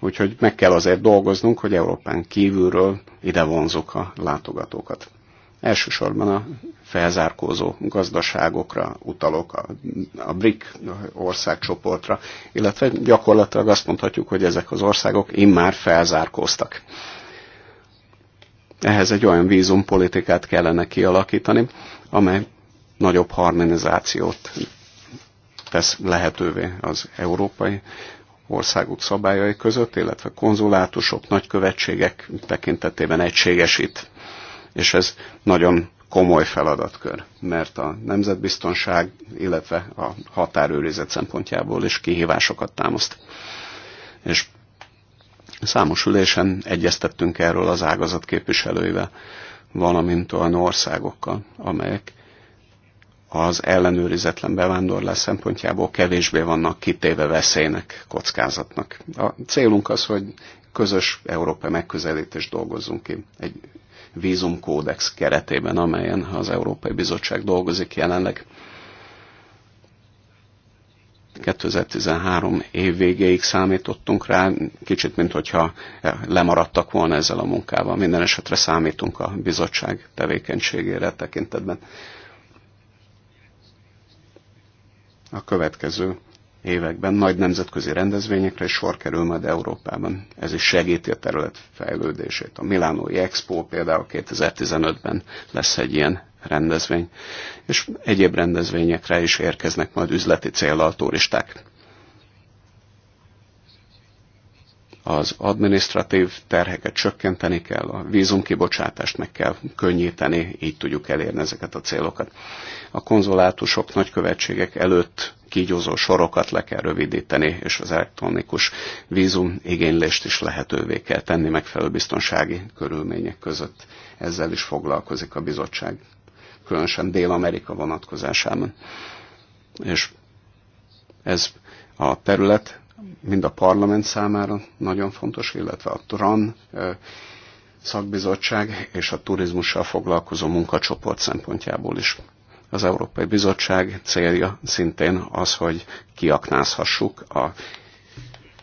Úgyhogy meg kell azért dolgoznunk, hogy Európán kívülről ide vonzuk a látogatókat. Elsősorban a felzárkózó gazdaságokra utalok, a, a BRIC országcsoportra, illetve gyakorlatilag azt mondhatjuk, hogy ezek az országok immár felzárkóztak. Ehhez egy olyan vízumpolitikát kellene kialakítani, amely nagyobb harmonizációt tesz lehetővé az európai országút szabályai között, illetve konzulátusok, nagykövetségek tekintetében egységesít. És ez nagyon komoly feladatkör, mert a nemzetbiztonság, illetve a határőrizet szempontjából is kihívásokat támaszt. És számos ülésen egyeztettünk erről az ágazat képviselőivel, valamint olyan országokkal, amelyek az ellenőrizetlen bevándorlás szempontjából kevésbé vannak kitéve veszélynek, kockázatnak. A célunk az, hogy közös európai megközelítést dolgozzunk ki egy vízumkódex keretében, amelyen az Európai Bizottság dolgozik jelenleg. 2013 év végéig számítottunk rá, kicsit, mint hogyha lemaradtak volna ezzel a munkával. Minden esetre számítunk a bizottság tevékenységére tekintetben. a következő években nagy nemzetközi rendezvényekre is sor kerül majd Európában. Ez is segíti a terület fejlődését. A Milánói Expo például 2015-ben lesz egy ilyen rendezvény, és egyéb rendezvényekre is érkeznek majd üzleti célral turisták. az administratív terheket csökkenteni kell, a vízumkibocsátást meg kell könnyíteni, így tudjuk elérni ezeket a célokat. A konzulátusok, nagykövetségek előtt kígyózó sorokat le kell rövidíteni, és az elektronikus vízum igénylést is lehetővé kell tenni megfelelő biztonsági körülmények között. Ezzel is foglalkozik a bizottság, különösen Dél-Amerika vonatkozásában. És ez a terület mind a parlament számára nagyon fontos, illetve a TRAN szakbizottság és a turizmussal foglalkozó munkacsoport szempontjából is. Az Európai Bizottság célja szintén az, hogy kiaknázhassuk a,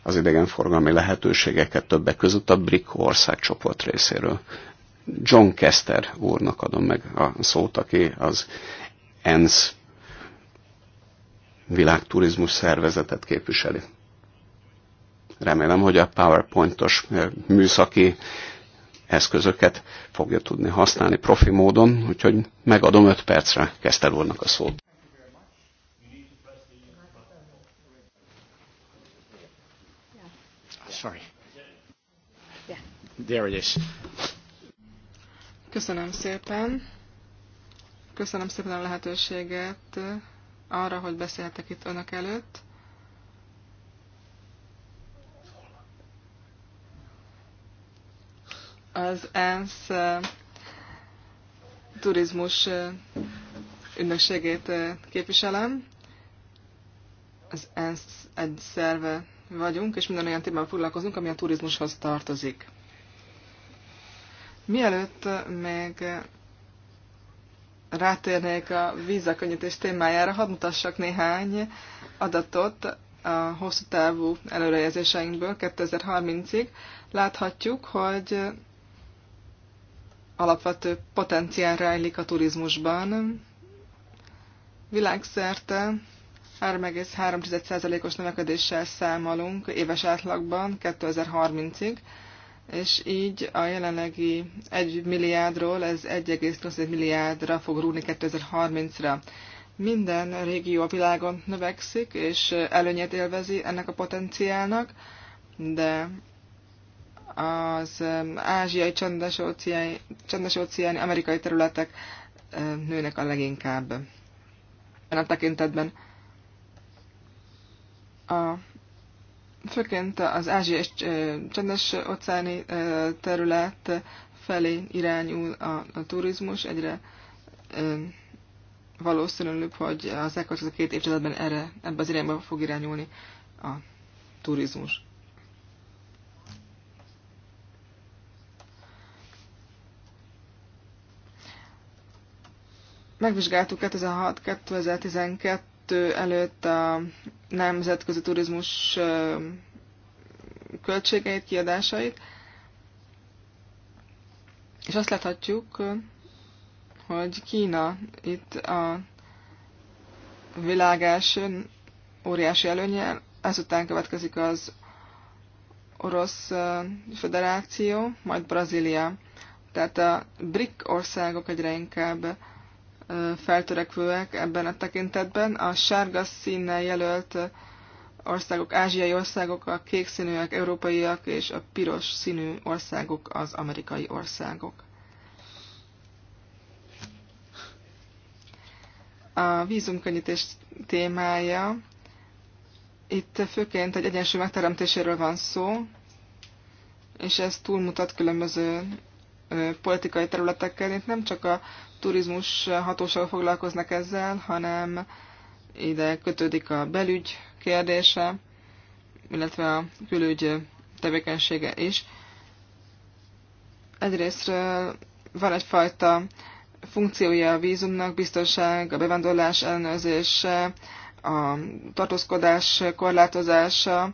az idegenforgalmi lehetőségeket többek között a BRIC csoport részéről. John Kester úrnak adom meg a szót, aki az ENSZ világturizmus szervezetet képviseli remélem, hogy a PowerPointos műszaki eszközöket fogja tudni használni profi módon, úgyhogy megadom 5 percre kezdte a szót. Sorry. There it is. Köszönöm szépen. Köszönöm szépen a lehetőséget arra, hogy beszélhetek itt önök előtt. az ENSZ turizmus ünnökségét képviselem. Az ENSZ egy szerve vagyunk, és minden olyan témával foglalkozunk, ami a turizmushoz tartozik. Mielőtt még rátérnék a vízakönnyítés témájára, hadd mutassak néhány adatot a hosszú távú előrejelzéseinkből 2030-ig. Láthatjuk, hogy alapvető potenciál rejlik a turizmusban. Világszerte 3,3%-os növekedéssel számolunk éves átlagban 2030-ig, és így a jelenlegi 1 milliárdról ez 1,2 milliárdra fog rúni 2030-ra. Minden régió a világon növekszik, és előnyét élvezi ennek a potenciálnak, de az um, ázsiai csendes óceáni, amerikai területek um, nőnek a leginkább. A tekintetben a, főként az ázsiai és csendes óceáni terület felé irányul a, a turizmus, egyre valószínűbb, hogy az elkövetkező két évtizedben erre, ebbe az irányba fog irányulni a turizmus. Megvizsgáltuk 2006-2012 előtt a nemzetközi turizmus költségeit, kiadásait, és azt láthatjuk, hogy Kína itt a világ első óriási előnye, ezután következik az Orosz Föderáció, majd Brazília. Tehát a BRIC országok egyre inkább feltörekvőek ebben a tekintetben. A sárga színnel jelölt országok, ázsiai országok, a kék színűek európaiak, és a piros színű országok az amerikai országok. A vízumkönnyítés témája. Itt főként egy egyensúly megteremtéséről van szó, és ez túlmutat különböző politikai területekkel. Itt nem csak a turizmus hatóság foglalkoznak ezzel, hanem ide kötődik a belügy kérdése, illetve a külügy tevékenysége is. Egyrészt van egyfajta funkciója a vízumnak, biztonság, a bevándorlás ellenőrzése, a tartózkodás korlátozása,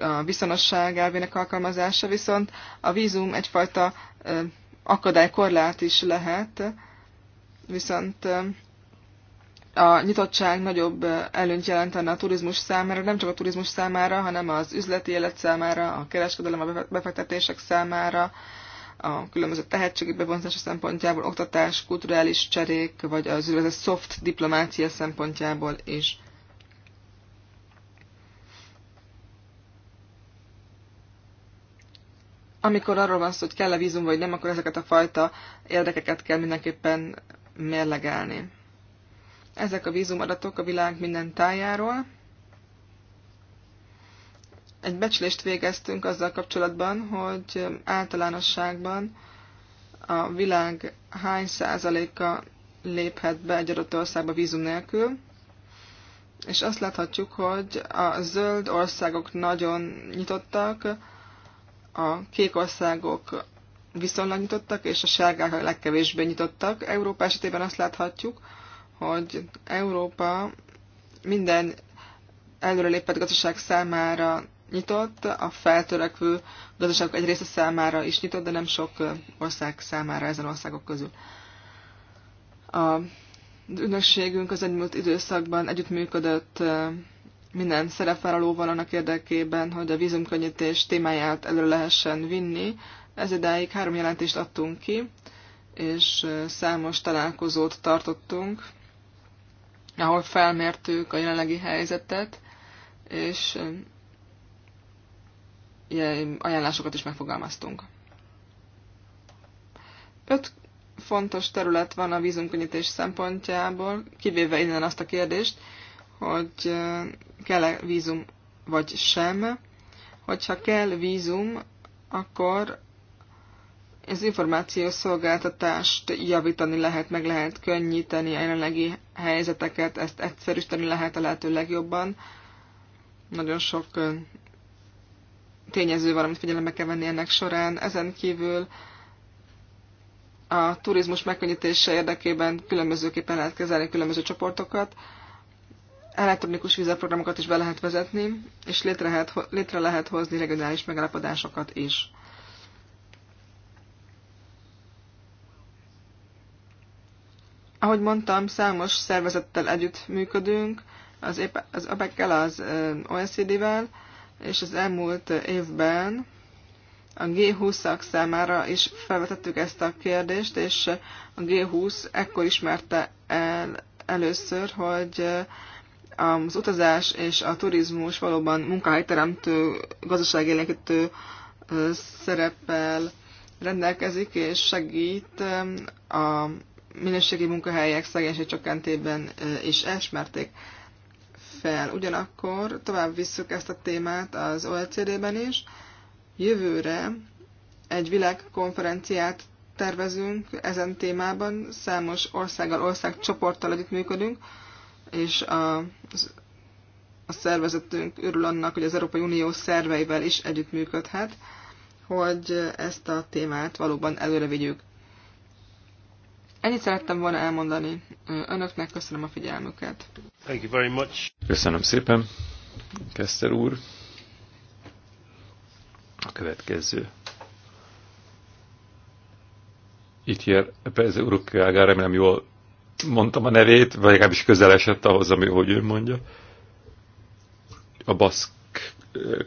a viszonosság elvének alkalmazása, viszont a vízum egyfajta akadálykorlát is lehet, viszont a nyitottság nagyobb előnyt jelentene a turizmus számára, nem csak a turizmus számára, hanem az üzleti élet számára, a kereskedelem, a befektetések számára, a különböző tehetségek bevonzása szempontjából, oktatás, kulturális cserék, vagy az úgynevezett soft diplomácia szempontjából is. amikor arról van szó, hogy kell-e vízum vagy nem, akkor ezeket a fajta érdekeket kell mindenképpen mérlegelni. Ezek a vízumadatok a világ minden tájáról. Egy becslést végeztünk azzal kapcsolatban, hogy általánosságban a világ hány százaléka léphet be egy adott országba vízum nélkül, és azt láthatjuk, hogy a zöld országok nagyon nyitottak, a kék országok viszonylag nyitottak, és a sárgák a legkevésbé nyitottak. Európa esetében azt láthatjuk, hogy Európa minden előrelépett gazdaság számára nyitott, a feltörekvő gazdaságok egy része számára is nyitott, de nem sok ország számára ezen országok közül. A ügynökségünk az elmúlt időszakban együttműködött minden szerepvállalóval annak érdekében, hogy a vízumkönnyítés témáját elő lehessen vinni. Ez idáig három jelentést adtunk ki, és számos találkozót tartottunk, ahol felmértük a jelenlegi helyzetet, és ajánlásokat is megfogalmaztunk. Öt fontos terület van a vízumkönnyítés szempontjából, kivéve innen azt a kérdést, hogy kell-e vízum vagy sem. Hogyha kell vízum, akkor az információszolgáltatást javítani lehet, meg lehet könnyíteni a jelenlegi helyzeteket, ezt egyszerűsíteni lehet a lehető legjobban. Nagyon sok tényező van, amit figyelembe kell venni ennek során. Ezen kívül a turizmus megkönnyítése érdekében különbözőképpen lehet kezelni különböző csoportokat elektronikus vízaprogramokat is be lehet vezetni, és létre lehet, létre lehet hozni regionális megállapodásokat is. Ahogy mondtam, számos szervezettel együtt működünk, az, az APEC-kel, az OECD-vel, és az elmúlt évben a G20-ak számára is felvetettük ezt a kérdést, és a G20 ekkor ismerte el először, hogy az utazás és a turizmus valóban munkahelyteremtő, gazdaságélénkítő szereppel rendelkezik, és segít a minőségi munkahelyek szegénység csökkentében is esmerték fel. Ugyanakkor tovább visszük ezt a témát az OECD-ben is. Jövőre egy világkonferenciát tervezünk ezen témában, számos országgal, országcsoporttal együttműködünk, működünk, és a, a szervezetünk örül annak, hogy az Európai Unió szerveivel is együttműködhet, hogy ezt a témát valóban előre vigyük. Ennyit szerettem volna elmondani. Önöknek köszönöm a figyelmüket. Thank you very much. Köszönöm szépen, Keszter úr. A következő. Itt jár, persze, Uruk remélem jól mondtam a nevét, vagy legalábbis közel esett ahhoz, ami, hogy ő mondja. A baszk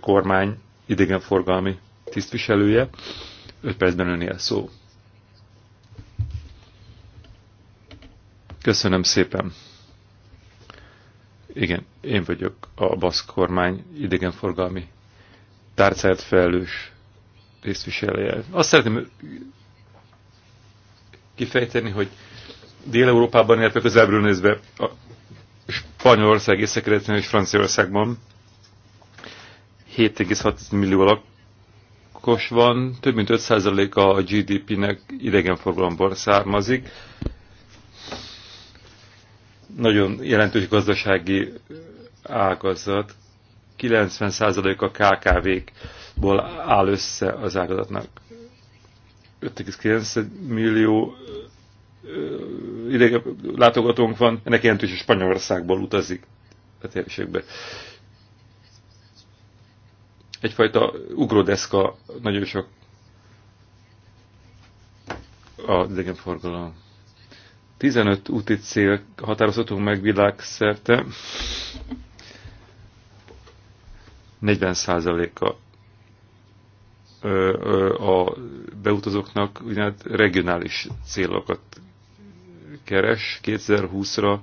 kormány idegenforgalmi tisztviselője. öt percben önél szó. Köszönöm szépen. Igen, én vagyok a baszk kormány idegenforgalmi tárcáját felelős tisztviselője. Azt szeretném kifejteni, hogy Dél-Európában, illetve közelről nézve a Spanyolország, és keletben és Franciaországban 7,6 millió lakos van, több mint 5%-a a GDP-nek idegenforgalomból származik. Nagyon jelentős gazdasági ágazat. 90% a KKV-kból áll össze az ágazatnak. 5,9 millió ideg látogatónk van, ennek jelentős, hogy Spanyolországból utazik a térségbe. Egyfajta ugródeszka nagyon sok a idegenforgalom. 15 úti cél határozhatunk meg világszerte. 40%-a a beutazóknak ugye regionális célokat keres 2020-ra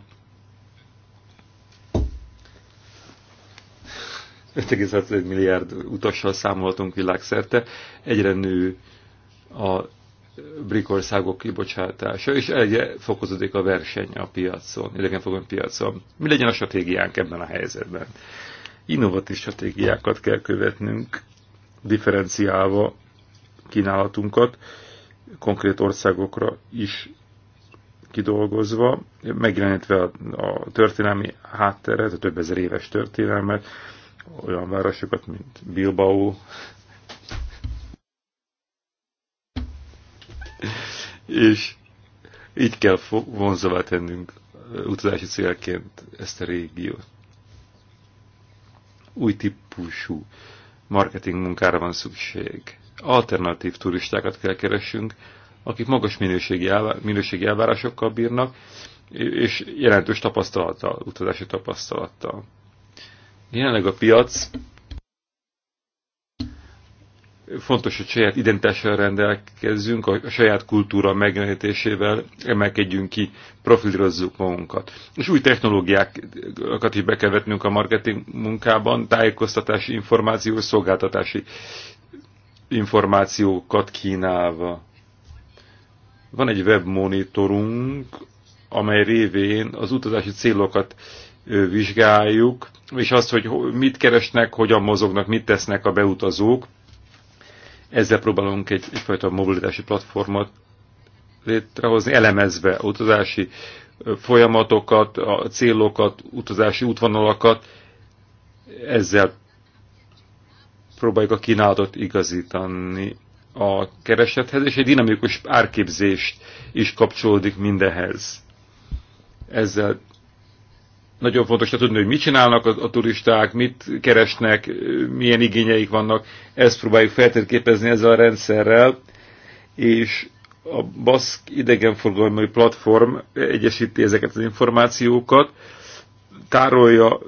5,6 milliárd utassal számolhatunk világszerte, egyre nő a brikországok kibocsátása, és egyre fokozódik a verseny a piacon, idegenfogon piacon. Mi legyen a stratégiánk ebben a helyzetben? Innovatív stratégiákat kell követnünk, differenciálva kínálatunkat, konkrét országokra is kidolgozva, megjelenítve a, a történelmi hátteret, a több ezer éves történelmet, olyan városokat, mint Bilbao, és így kell vonzóvá tennünk utazási célként ezt a régiót. Új típusú marketing munkára van szükség. Alternatív turistákat kell keresünk akik magas minőségi, elvá, minőségi elvárásokkal bírnak, és jelentős tapasztalattal, utazási tapasztalattal. Jelenleg a piac fontos, hogy saját identitással rendelkezzünk, a saját kultúra megjelenítésével emelkedjünk ki, profilírozzuk magunkat. És új technológiákat is be kell vetnünk a marketing munkában, tájékoztatási, információs, szolgáltatási információkat kínálva. Van egy webmonitorunk, amely révén az utazási célokat vizsgáljuk, és azt, hogy mit keresnek, hogyan mozognak, mit tesznek a beutazók. Ezzel próbálunk egy, egyfajta mobilitási platformot létrehozni, elemezve utazási folyamatokat, a célokat, utazási útvonalakat, ezzel próbáljuk a kínálatot igazítani a keresethez, és egy dinamikus árképzést is kapcsolódik mindehhez. Ezzel nagyon fontos tudni, hogy mit csinálnak a, a turisták, mit keresnek, milyen igényeik vannak, ezt próbáljuk feltérképezni ezzel a rendszerrel, és a Baszk idegenforgalmi platform egyesíti ezeket az információkat, tárolja,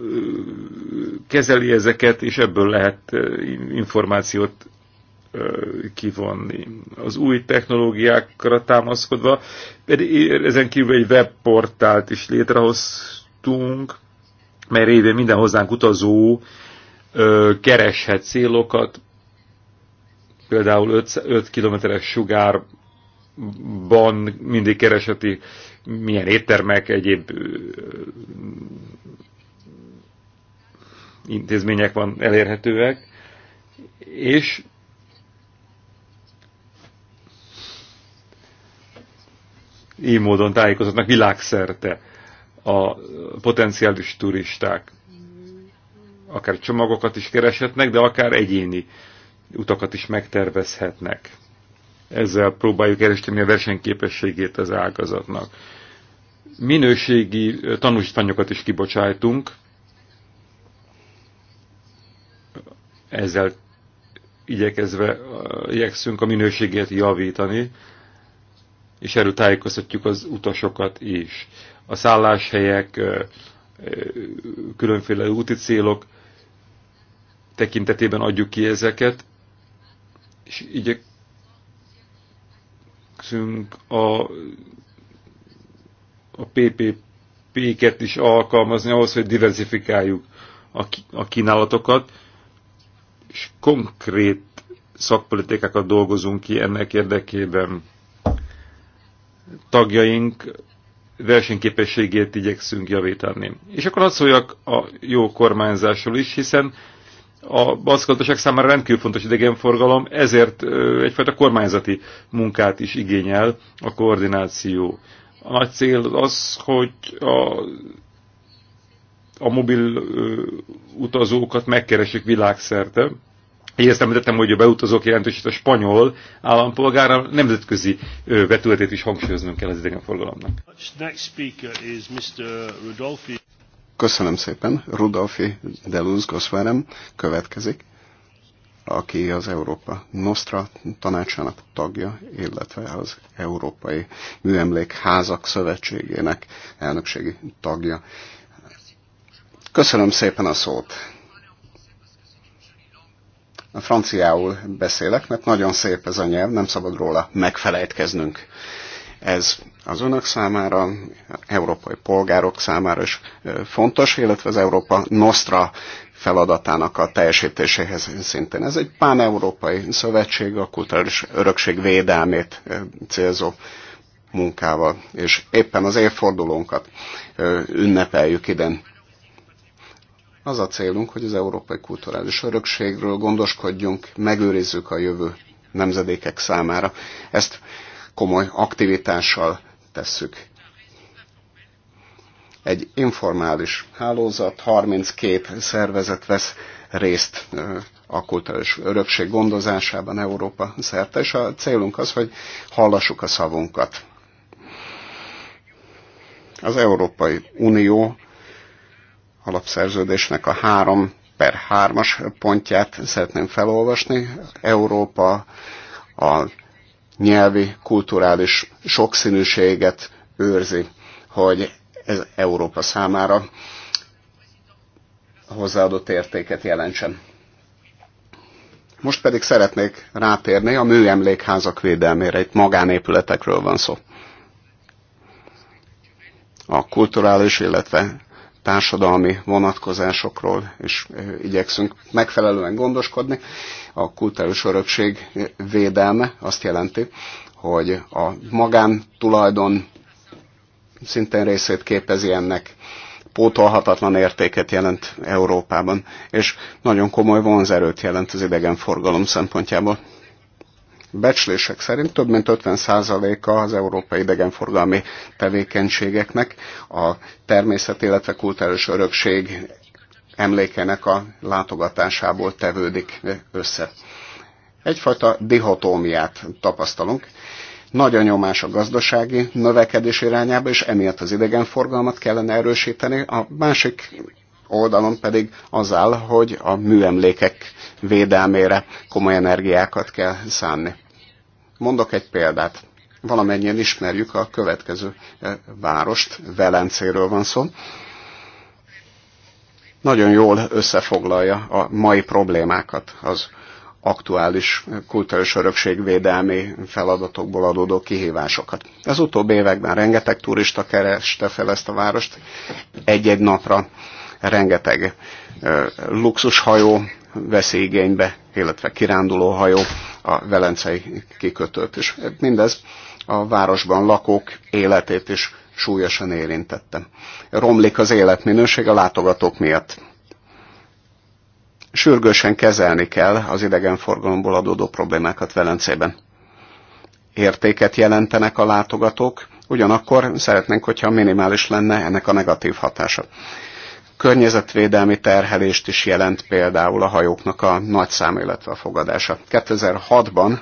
kezeli ezeket, és ebből lehet információt kivonni. Az új technológiákra támaszkodva, ezen kívül egy webportált is létrehoztunk, mert révén minden hozzánk utazó kereshet célokat, például 5, kilométeres kilométeres sugárban mindig kereseti milyen éttermek, egyéb intézmények van elérhetőek, és így módon tájékozatnak világszerte a potenciális turisták. Akár csomagokat is kereshetnek, de akár egyéni utakat is megtervezhetnek. Ezzel próbáljuk keresni a versenyképességét az ágazatnak. Minőségi tanúsítványokat is kibocsájtunk, ezzel igyekezve igyekszünk a minőségét javítani, és erről tájékoztatjuk az utasokat is. A szálláshelyek, különféle úti célok tekintetében adjuk ki ezeket, és igyekszünk a, a PPP-ket is alkalmazni ahhoz, hogy diversifikáljuk a, a kínálatokat, és konkrét szakpolitikákat dolgozunk ki ennek érdekében tagjaink versenyképességét igyekszünk javítani. És akkor azt szóljak a jó kormányzásról is, hiszen a baszgazdaság számára rendkívül fontos idegenforgalom, ezért egyfajta kormányzati munkát is igényel a koordináció. A nagy cél az, hogy a, a mobil utazókat megkeresik világszerte, ezt említettem, hogy a beutazók jelentősít a spanyol állampolgára nemzetközi vetületét is hangsúlyoznunk kell az idegenforgalomnak. Köszönöm szépen. Rudolfi Deluz Goszvárem következik, aki az Európa Nostra tanácsának tagja, illetve az Európai Műemlékházak Szövetségének elnökségi tagja. Köszönöm szépen a szót franciául beszélek, mert nagyon szép ez a nyelv, nem szabad róla megfelejtkeznünk. Ez az önök számára, európai polgárok számára is fontos, illetve az Európa Nostra feladatának a teljesítéséhez szintén. Ez egy pán-európai szövetség, a kulturális örökség védelmét célzó munkával, és éppen az évfordulónkat ünnepeljük ide az a célunk, hogy az európai kulturális örökségről gondoskodjunk, megőrizzük a jövő nemzedékek számára. Ezt komoly aktivitással tesszük. Egy informális hálózat, 32 szervezet vesz részt a kulturális örökség gondozásában Európa szerte, és a célunk az, hogy hallassuk a szavunkat. Az Európai Unió alapszerződésnek a három per hármas pontját szeretném felolvasni. Európa a nyelvi, kulturális sokszínűséget őrzi, hogy ez Európa számára hozzáadott értéket jelentsen. Most pedig szeretnék rátérni a műemlékházak védelmére, itt magánépületekről van szó. A kulturális, illetve társadalmi vonatkozásokról is igyekszünk megfelelően gondoskodni. A kultúrus örökség védelme azt jelenti, hogy a magántulajdon szintén részét képezi ennek pótolhatatlan értéket jelent Európában, és nagyon komoly vonzerőt jelent az idegenforgalom szempontjából becslések szerint több mint 50%-a az európai idegenforgalmi tevékenységeknek a természet, illetve kulturális örökség emlékenek a látogatásából tevődik össze. Egyfajta dihotómiát tapasztalunk. Nagy a nyomás a gazdasági növekedés irányába, és emiatt az idegenforgalmat kellene erősíteni. A másik oldalon pedig az áll, hogy a műemlékek védelmére komoly energiákat kell szánni. Mondok egy példát. Valamennyien ismerjük a következő eh, várost, Velencéről van szó. Nagyon jól összefoglalja a mai problémákat az aktuális kulturális örökségvédelmi feladatokból adódó kihívásokat. Az utóbbi években rengeteg turista kereste fel ezt a várost, egy-egy napra rengeteg eh, luxushajó veszi igénybe illetve kirándulóhajó a velencei kikötőt is. Mindez a városban lakók életét is súlyosan érintette. Romlik az életminőség a látogatók miatt. Sürgősen kezelni kell az idegenforgalomból adódó problémákat Velencében. Értéket jelentenek a látogatók, ugyanakkor szeretnénk, hogyha minimális lenne ennek a negatív hatása környezetvédelmi terhelést is jelent például a hajóknak a nagy szám, illetve a fogadása. 2006-ban,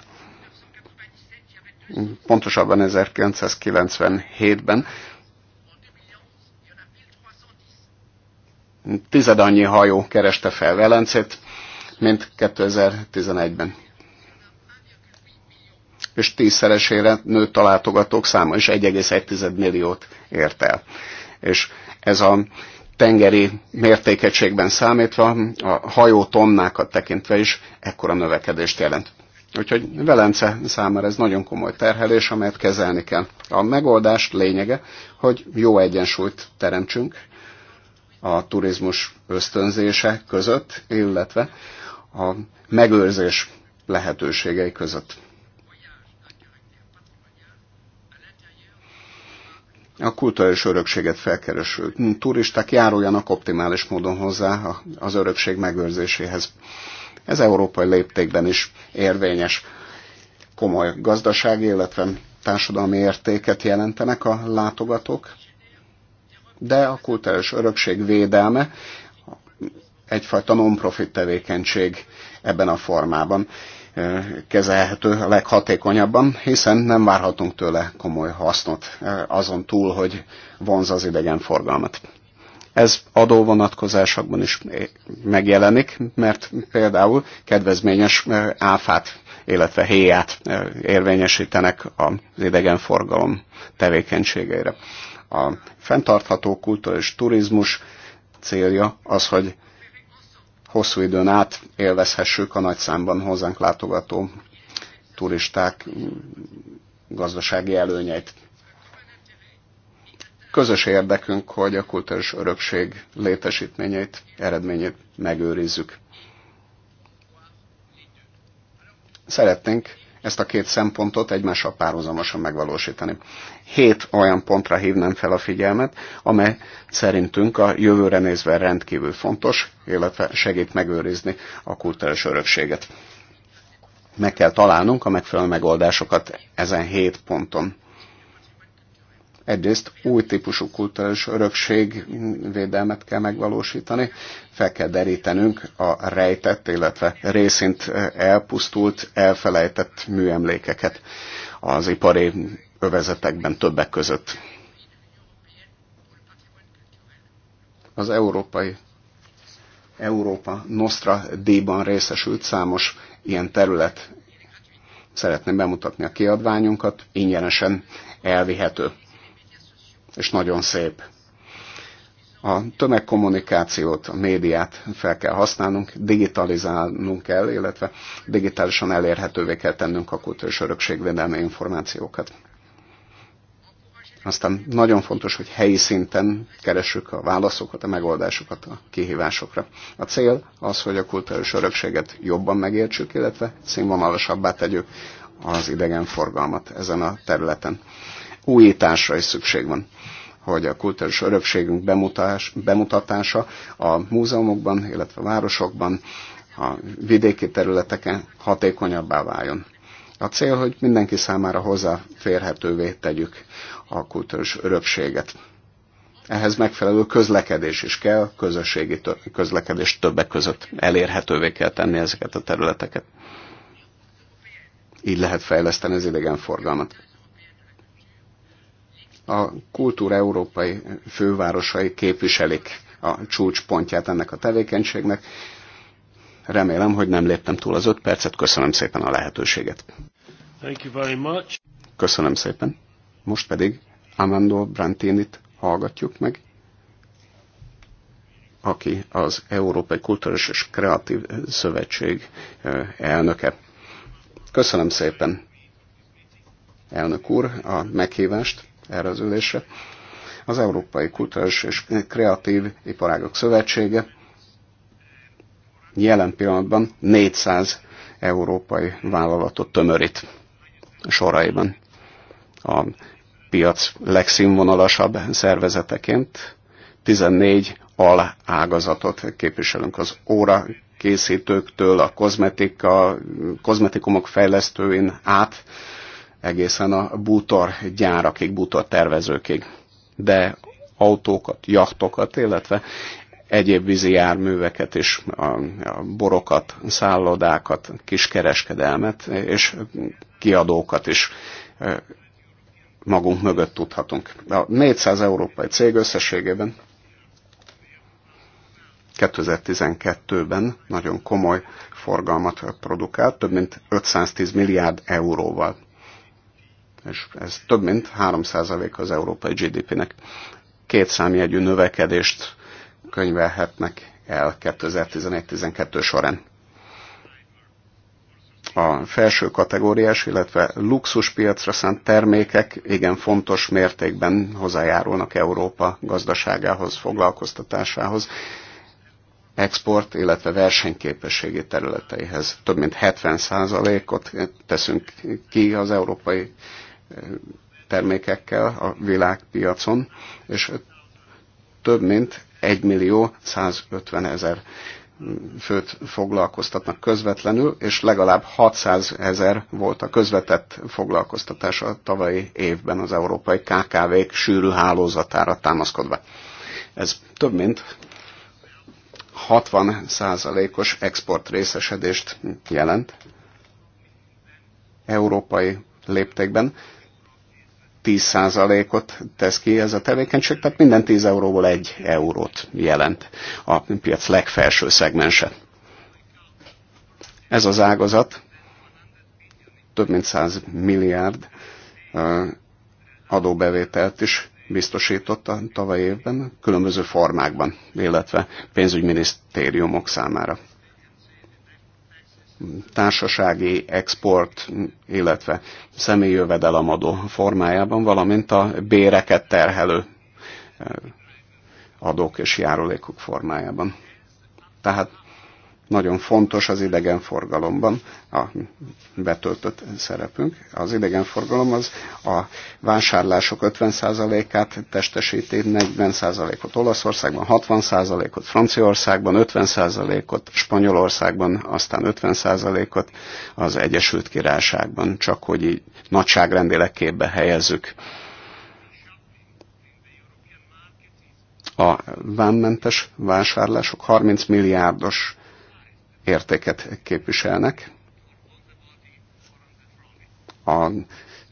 pontosabban 1997-ben tized annyi hajó kereste fel Velencét, mint 2011-ben. És tízszeresére nőtt a látogatók száma, és 1,1 milliót ért el. És ez a tengeri mértékegységben számítva, a hajó tonnákat tekintve is ekkora növekedést jelent. Úgyhogy Velence számára ez nagyon komoly terhelés, amelyet kezelni kell. A megoldás lényege, hogy jó egyensúlyt teremtsünk a turizmus ösztönzése között, illetve a megőrzés lehetőségei között. a kulturális örökséget felkereső turisták járuljanak optimális módon hozzá az örökség megőrzéséhez. Ez európai léptékben is érvényes. Komoly gazdasági, illetve társadalmi értéket jelentenek a látogatók, de a kulturális örökség védelme egyfajta non-profit tevékenység ebben a formában kezelhető a leghatékonyabban, hiszen nem várhatunk tőle komoly hasznot azon túl, hogy vonz az idegenforgalmat. Ez vonatkozásokban is megjelenik, mert például kedvezményes áfát, illetve héját érvényesítenek az idegenforgalom tevékenységeire. A fenntartható kultúra és turizmus célja az, hogy hosszú időn át élvezhessük a nagy számban hozzánk látogató turisták gazdasági előnyeit. Közös érdekünk, hogy a kultúrás örökség létesítményeit, eredményét megőrizzük. Szeretnénk ezt a két szempontot egymással párhuzamosan megvalósítani. Hét olyan pontra hívnám fel a figyelmet, amely szerintünk a jövőre nézve rendkívül fontos, illetve segít megőrizni a kulturális örökséget. Meg kell találnunk a megfelelő megoldásokat ezen hét ponton. Egyrészt új típusú kulturális örökség védelmet kell megvalósítani, fel kell derítenünk a rejtett, illetve részint elpusztult, elfelejtett műemlékeket az ipari övezetekben többek között. Az európai Európa Nostra díjban részesült számos ilyen terület. Szeretném bemutatni a kiadványunkat, ingyenesen elvihető és nagyon szép. A tömegkommunikációt, a médiát fel kell használnunk, digitalizálnunk kell, illetve digitálisan elérhetővé kell tennünk a kultúrás örökségvédelmi információkat. Aztán nagyon fontos, hogy helyi szinten keressük a válaszokat, a megoldásokat a kihívásokra. A cél az, hogy a kultúrás örökséget jobban megértsük, illetve színvonalasabbá tegyük az idegenforgalmat ezen a területen újításra is szükség van hogy a kulturális örökségünk bemutás, bemutatása a múzeumokban, illetve a városokban, a vidéki területeken hatékonyabbá váljon. A cél, hogy mindenki számára hozzáférhetővé tegyük a kulturális örökséget. Ehhez megfelelő közlekedés is kell, közösségi közlekedés többek között elérhetővé kell tenni ezeket a területeket. Így lehet fejleszteni az idegenforgalmat a kultúra európai fővárosai képviselik a csúcspontját ennek a tevékenységnek. Remélem, hogy nem léptem túl az öt percet. Köszönöm szépen a lehetőséget. Thank you very much. Köszönöm szépen. Most pedig Amando Brantinit hallgatjuk meg, aki az Európai Kulturális és Kreatív Szövetség elnöke. Köszönöm szépen, elnök úr, a meghívást erre az ülésre. Az Európai Kulturális és Kreatív Iparágok Szövetsége jelen pillanatban 400 európai vállalatot tömörít soraiban. A piac legszínvonalasabb szervezeteként 14 ágazatot képviselünk az óra készítőktől, a kozmetika, kozmetikumok fejlesztőin át egészen a bútor gyárakig, bútor tervezőkig. De autókat, jachtokat, illetve egyéb vízi járműveket is, a, a borokat, szállodákat, kiskereskedelmet és kiadókat is magunk mögött tudhatunk. A 400 európai cég összességében 2012-ben nagyon komoly forgalmat produkált, több mint 510 milliárd euróval és ez több mint 3% az európai GDP-nek. Két számjegyű növekedést könyvelhetnek el 2011-12 során. A felső kategóriás, illetve luxuspiacra szánt termékek igen fontos mértékben hozzájárulnak Európa gazdaságához, foglalkoztatásához, export, illetve versenyképességi területeihez. Több mint 70%-ot teszünk ki az európai termékekkel a világpiacon, és több mint 1 millió 150 ezer főt foglalkoztatnak közvetlenül, és legalább 600 ezer volt a közvetett foglalkoztatás a tavalyi évben az európai KKV-k sűrű hálózatára támaszkodva. Ez több mint 60 százalékos export részesedést jelent európai léptékben, 10%-ot tesz ki ez a tevékenység, tehát minden 10 euróból 1 eurót jelent a piac legfelső szegmense. Ez az ágazat több mint 100 milliárd adóbevételt is biztosított a tavaly évben, különböző formákban, illetve pénzügyminisztériumok számára társasági export, illetve személyi jövedelemadó formájában, valamint a béreket terhelő eh, adók és járulékok formájában. Tehát nagyon fontos az idegenforgalomban a betöltött szerepünk. Az idegenforgalom az a vásárlások 50%-át testesíti, 40%-ot Olaszországban, 60%-ot Franciaországban, 50%-ot Spanyolországban, aztán 50%-ot az Egyesült Királyságban, csak hogy így nagyságrendileg képbe helyezzük. a vámmentes vásárlások 30 milliárdos értéket képviselnek. A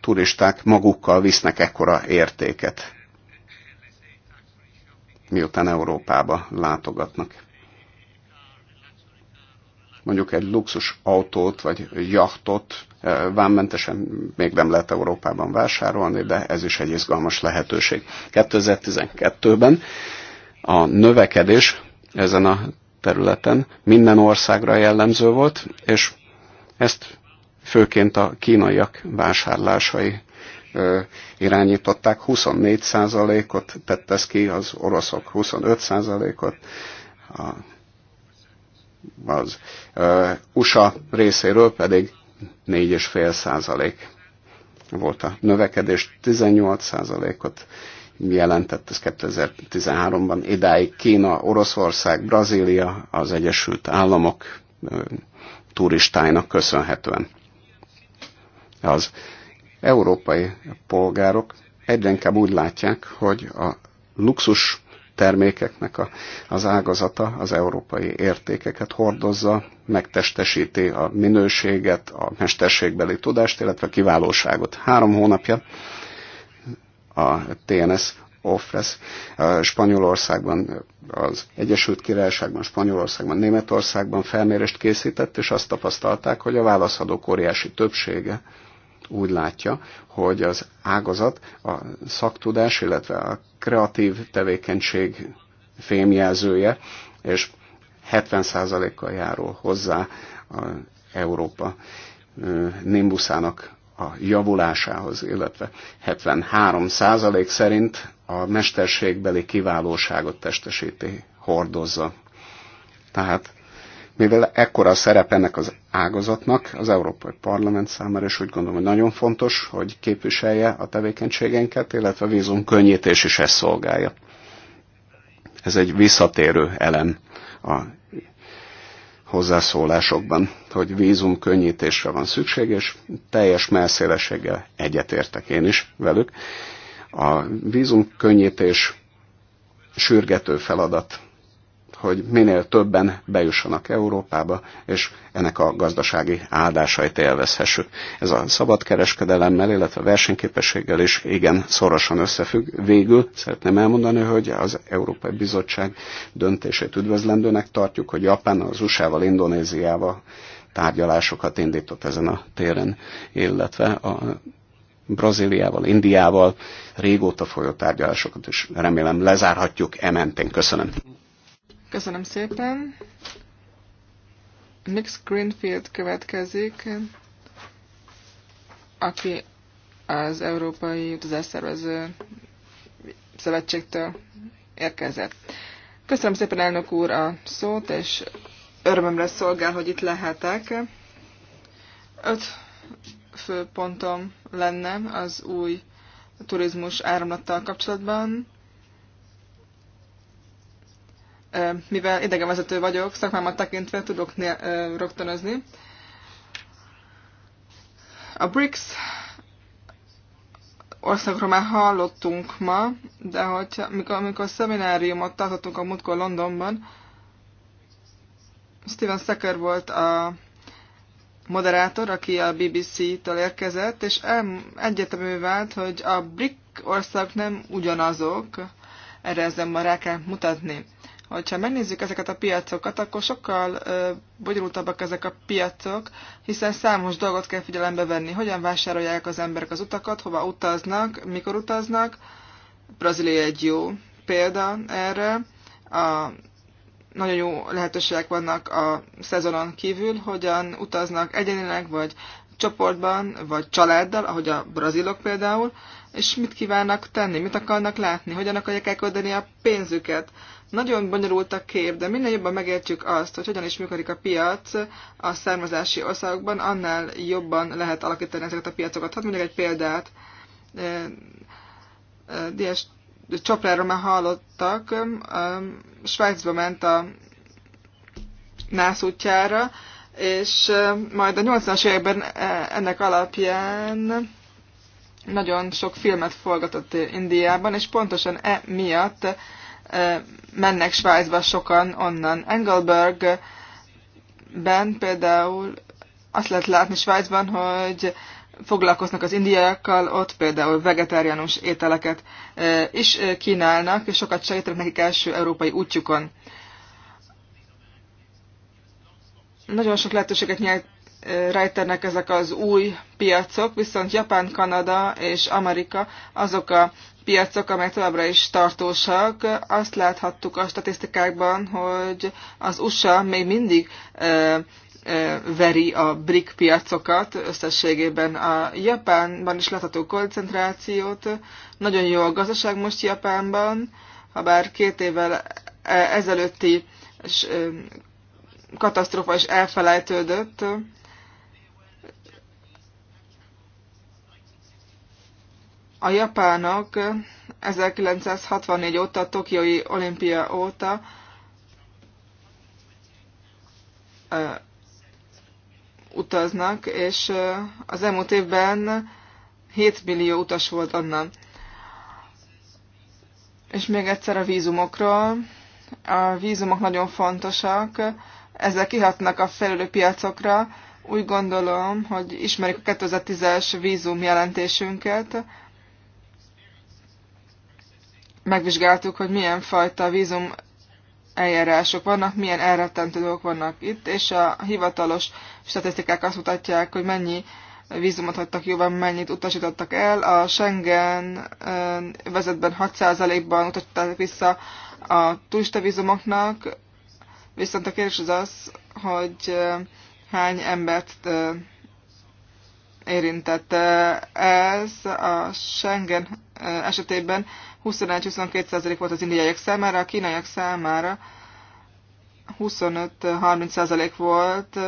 turisták magukkal visznek ekkora értéket, miután Európába látogatnak. Mondjuk egy luxus autót vagy jachtot eh, vámmentesen még nem lehet Európában vásárolni, de ez is egy izgalmas lehetőség. 2012-ben a növekedés ezen a területen minden országra jellemző volt, és ezt főként a kínaiak vásárlásai irányították. 24%-ot tett ez ki, az oroszok 25%-ot, az USA részéről pedig 4,5% volt a növekedés, 18%-ot jelentett ez 2013-ban. Idáig Kína, Oroszország, Brazília, az Egyesült Államok turistáinak köszönhetően. Az európai polgárok egyre inkább úgy látják, hogy a luxus termékeknek a, az ágazata az európai értékeket hordozza, megtestesíti a minőséget, a mesterségbeli tudást, illetve a kiválóságot. Három hónapja a TNS Offres Spanyolországban, az Egyesült Királyságban, Spanyolországban, Németországban felmérést készített, és azt tapasztalták, hogy a válaszadók óriási többsége úgy látja, hogy az ágazat, a szaktudás, illetve a kreatív tevékenység fémjelzője, és 70%-kal járó hozzá a Európa nimbuszának a javulásához, illetve 73% százalék szerint a mesterségbeli kiválóságot testesíti, hordozza. Tehát mivel ekkora a szerep ennek az ágazatnak, az Európai Parlament számára is úgy gondolom, hogy nagyon fontos, hogy képviselje a tevékenységenket, illetve a vízum könnyítés is ezt szolgálja. Ez egy visszatérő elem a hozzászólásokban, hogy vízum könnyítésre van szükség, és teljes melszélességgel egyetértek én is velük. A vízum könnyítés sürgető feladat hogy minél többen bejussanak Európába, és ennek a gazdasági áldásait élvezhessük. Ez a szabadkereskedelemmel, illetve a versenyképességgel is igen szorosan összefügg. Végül szeretném elmondani, hogy az Európai Bizottság döntését üdvözlendőnek tartjuk, hogy Japán az USA-val, Indonéziával tárgyalásokat indított ezen a téren, illetve a Brazíliával, Indiával régóta folyó tárgyalásokat, és remélem lezárhatjuk ementén. Köszönöm. Köszönöm szépen. Nix Greenfield következik, aki az Európai Utazásszervező Szövetségtől érkezett. Köszönöm szépen, elnök úr, a szót, és örömömre szolgál, hogy itt lehetek. Öt fő pontom lenne az új turizmus áramlattal kapcsolatban mivel idegenvezető vagyok, szakmámat tekintve tudok rögtönözni. A BRICS országról már hallottunk ma, de hogyha, amikor, amikor szemináriumot tartottunk a múltkor Londonban, Steven Secker volt a moderátor, aki a BBC-től érkezett, és egyetemű vált, hogy a BRIC országok nem ugyanazok, erre ezen ma rá kell mutatni hogyha megnézzük ezeket a piacokat, akkor sokkal ö, bonyolultabbak ezek a piacok, hiszen számos dolgot kell figyelembe venni. Hogyan vásárolják az emberek az utakat, hova utaznak, mikor utaznak. Brazília egy jó példa erre. A, nagyon jó lehetőségek vannak a szezonon kívül, hogyan utaznak egyenileg, vagy csoportban, vagy családdal, ahogy a brazilok például, és mit kívánnak tenni, mit akarnak látni, hogyan akarják elköldeni a pénzüket nagyon bonyolult a kép, de minél jobban megértjük azt, hogy hogyan is működik a piac a származási országokban, annál jobban lehet alakítani ezeket a piacokat. Hát mondjuk egy példát. Eh, eh, Dias Csopráról már hallottak. Eh, Svájcba ment a Nász útjára, és majd a 80-as években ennek alapján nagyon sok filmet forgatott Indiában, és pontosan e miatt mennek Svájcba sokan onnan. Engelbergben például azt lehet látni Svájcban, hogy foglalkoznak az indiaiakkal, ott például vegetáriánus ételeket is kínálnak, és sokat segítenek nekik első európai útjukon. Nagyon sok lehetőséget nyert rejtenek ezek az új piacok, viszont Japán, Kanada és Amerika azok a piacok, amelyek továbbra is tartósak. Azt láthattuk a statisztikákban, hogy az USA még mindig ö, ö, veri a BRIC piacokat összességében. A Japánban is látható koncentrációt, nagyon jó a gazdaság most Japánban, ha bár két évvel e-, ezelőtti katasztrófa is elfelejtődött, A japánok 1964 óta, Tokiói olimpia óta uh, utaznak, és uh, az elmúlt évben 7 millió utas volt onnan. És még egyszer a vízumokról. A vízumok nagyon fontosak, ezzel kihatnak a felülő piacokra. Úgy gondolom, hogy ismerik a 2010-es vízum jelentésünket, megvizsgáltuk, hogy milyen fajta vízum eljárások vannak, milyen elrettentő dolgok vannak itt, és a hivatalos statisztikák azt mutatják, hogy mennyi vízumot hagytak jóban, mennyit utasítottak el. A Schengen vezetben 6%-ban utasították vissza a turista vízumoknak, viszont a kérdés az az, hogy hány embert érintette ez a Schengen esetében 21-22% volt az indiaiak számára, a kínaiak számára 25-30% volt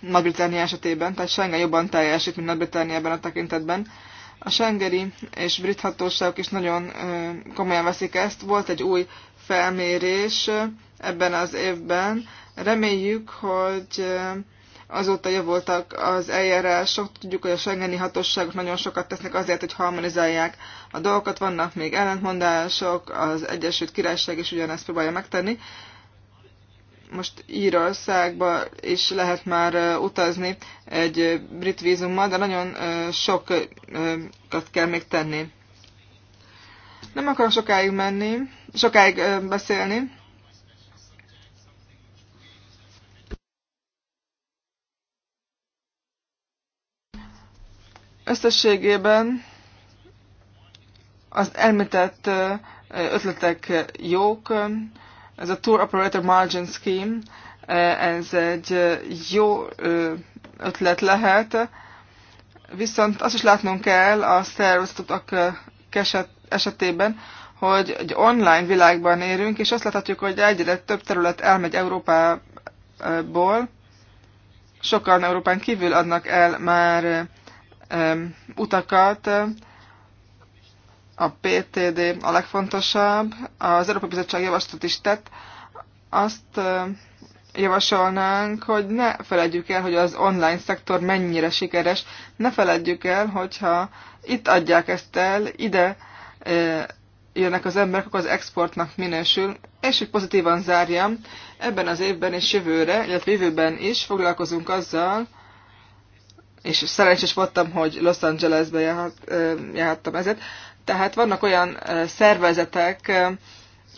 Nagy-Britannia esetében, tehát Schengen jobban teljesít, mint Nagy-Britannia ebben a tekintetben. A Schengeni és brit hatóságok is nagyon komolyan veszik ezt. Volt egy új felmérés ebben az évben. Reméljük, hogy azóta javultak az eljárások. Tudjuk, hogy a Schengeni hatóságok nagyon sokat tesznek azért, hogy harmonizálják a dolgokat. Vannak még ellentmondások, az Egyesült Királyság is ugyanezt próbálja megtenni. Most Írországba is lehet már utazni egy brit vízummal, de nagyon sokat kell még tenni. Nem akarok sokáig menni, sokáig beszélni. Összességében az elmített ötletek jók. Ez a Tour Operator Margin Scheme, ez egy jó ötlet lehet, viszont azt is látnunk kell a szervezetek esetében, hogy egy online világban érünk, és azt láthatjuk, hogy egyre több terület elmegy Európából, sokan Európán kívül adnak el már utakat. A PTD a legfontosabb. Az Európai Bizottság javaslatot is tett. Azt javasolnánk, hogy ne feledjük el, hogy az online szektor mennyire sikeres. Ne feledjük el, hogyha itt adják ezt el, ide e, jönnek az emberek, akkor az exportnak minősül, és hogy pozitívan zárjam, ebben az évben és jövőre, illetve jövőben is foglalkozunk azzal, és szerencsés voltam, hogy Los Angelesbe járhattam ezért. Tehát vannak olyan szervezetek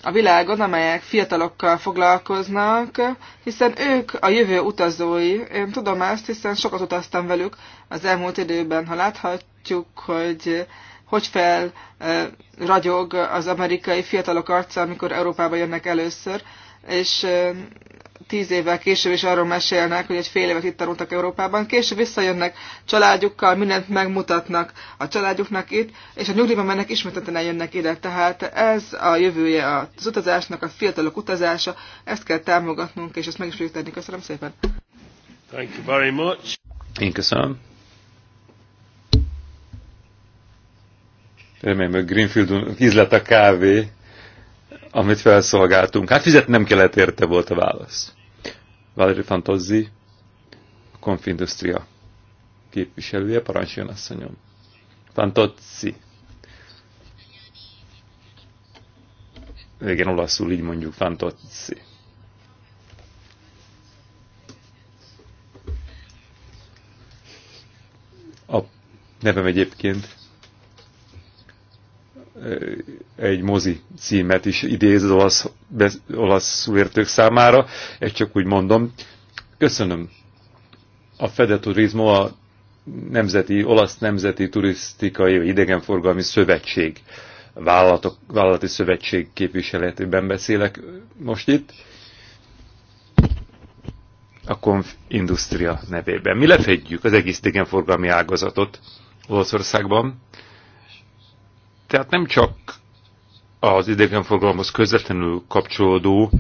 a világon, amelyek fiatalokkal foglalkoznak, hiszen ők a jövő utazói. Én tudom ezt, hiszen sokat utaztam velük az elmúlt időben, ha láthatjuk, hogy hogy fel ragyog az amerikai fiatalok arca, amikor Európába jönnek először, és tíz évvel később is arról mesélnek, hogy egy fél évet itt tanultak Európában, később visszajönnek családjukkal, mindent megmutatnak a családjuknak itt, és a nyugdíjban mennek, ismételten eljönnek ide. Tehát ez a jövője az utazásnak, a fiatalok utazása, ezt kell támogatnunk, és ezt meg is fogjuk tenni. Köszönöm szépen! Thank you very much. Én köszönöm. Remélem, hogy Greenfield ízlet a kávé, amit felszolgáltunk. Hát nem kellett érte volt a válasz. Valeri Fantozzi, a Confindustria képviselője, parancsoljon asszonyom. Fantozzi. Igen, olaszul így mondjuk, Fantozzi. A nevem egyébként egy mozi címet is idéz az olasz, olasz értők számára, Egy csak úgy mondom. Köszönöm. A Fede Turizmo a nemzeti, olasz nemzeti turisztikai idegenforgalmi szövetség, vállalatok, vállalati szövetség képviseletében beszélek most itt. A Konf Industria nevében. Mi lefedjük az egész idegenforgalmi ágazatot Olaszországban tehát nem csak az idegenforgalomhoz közvetlenül kapcsolódó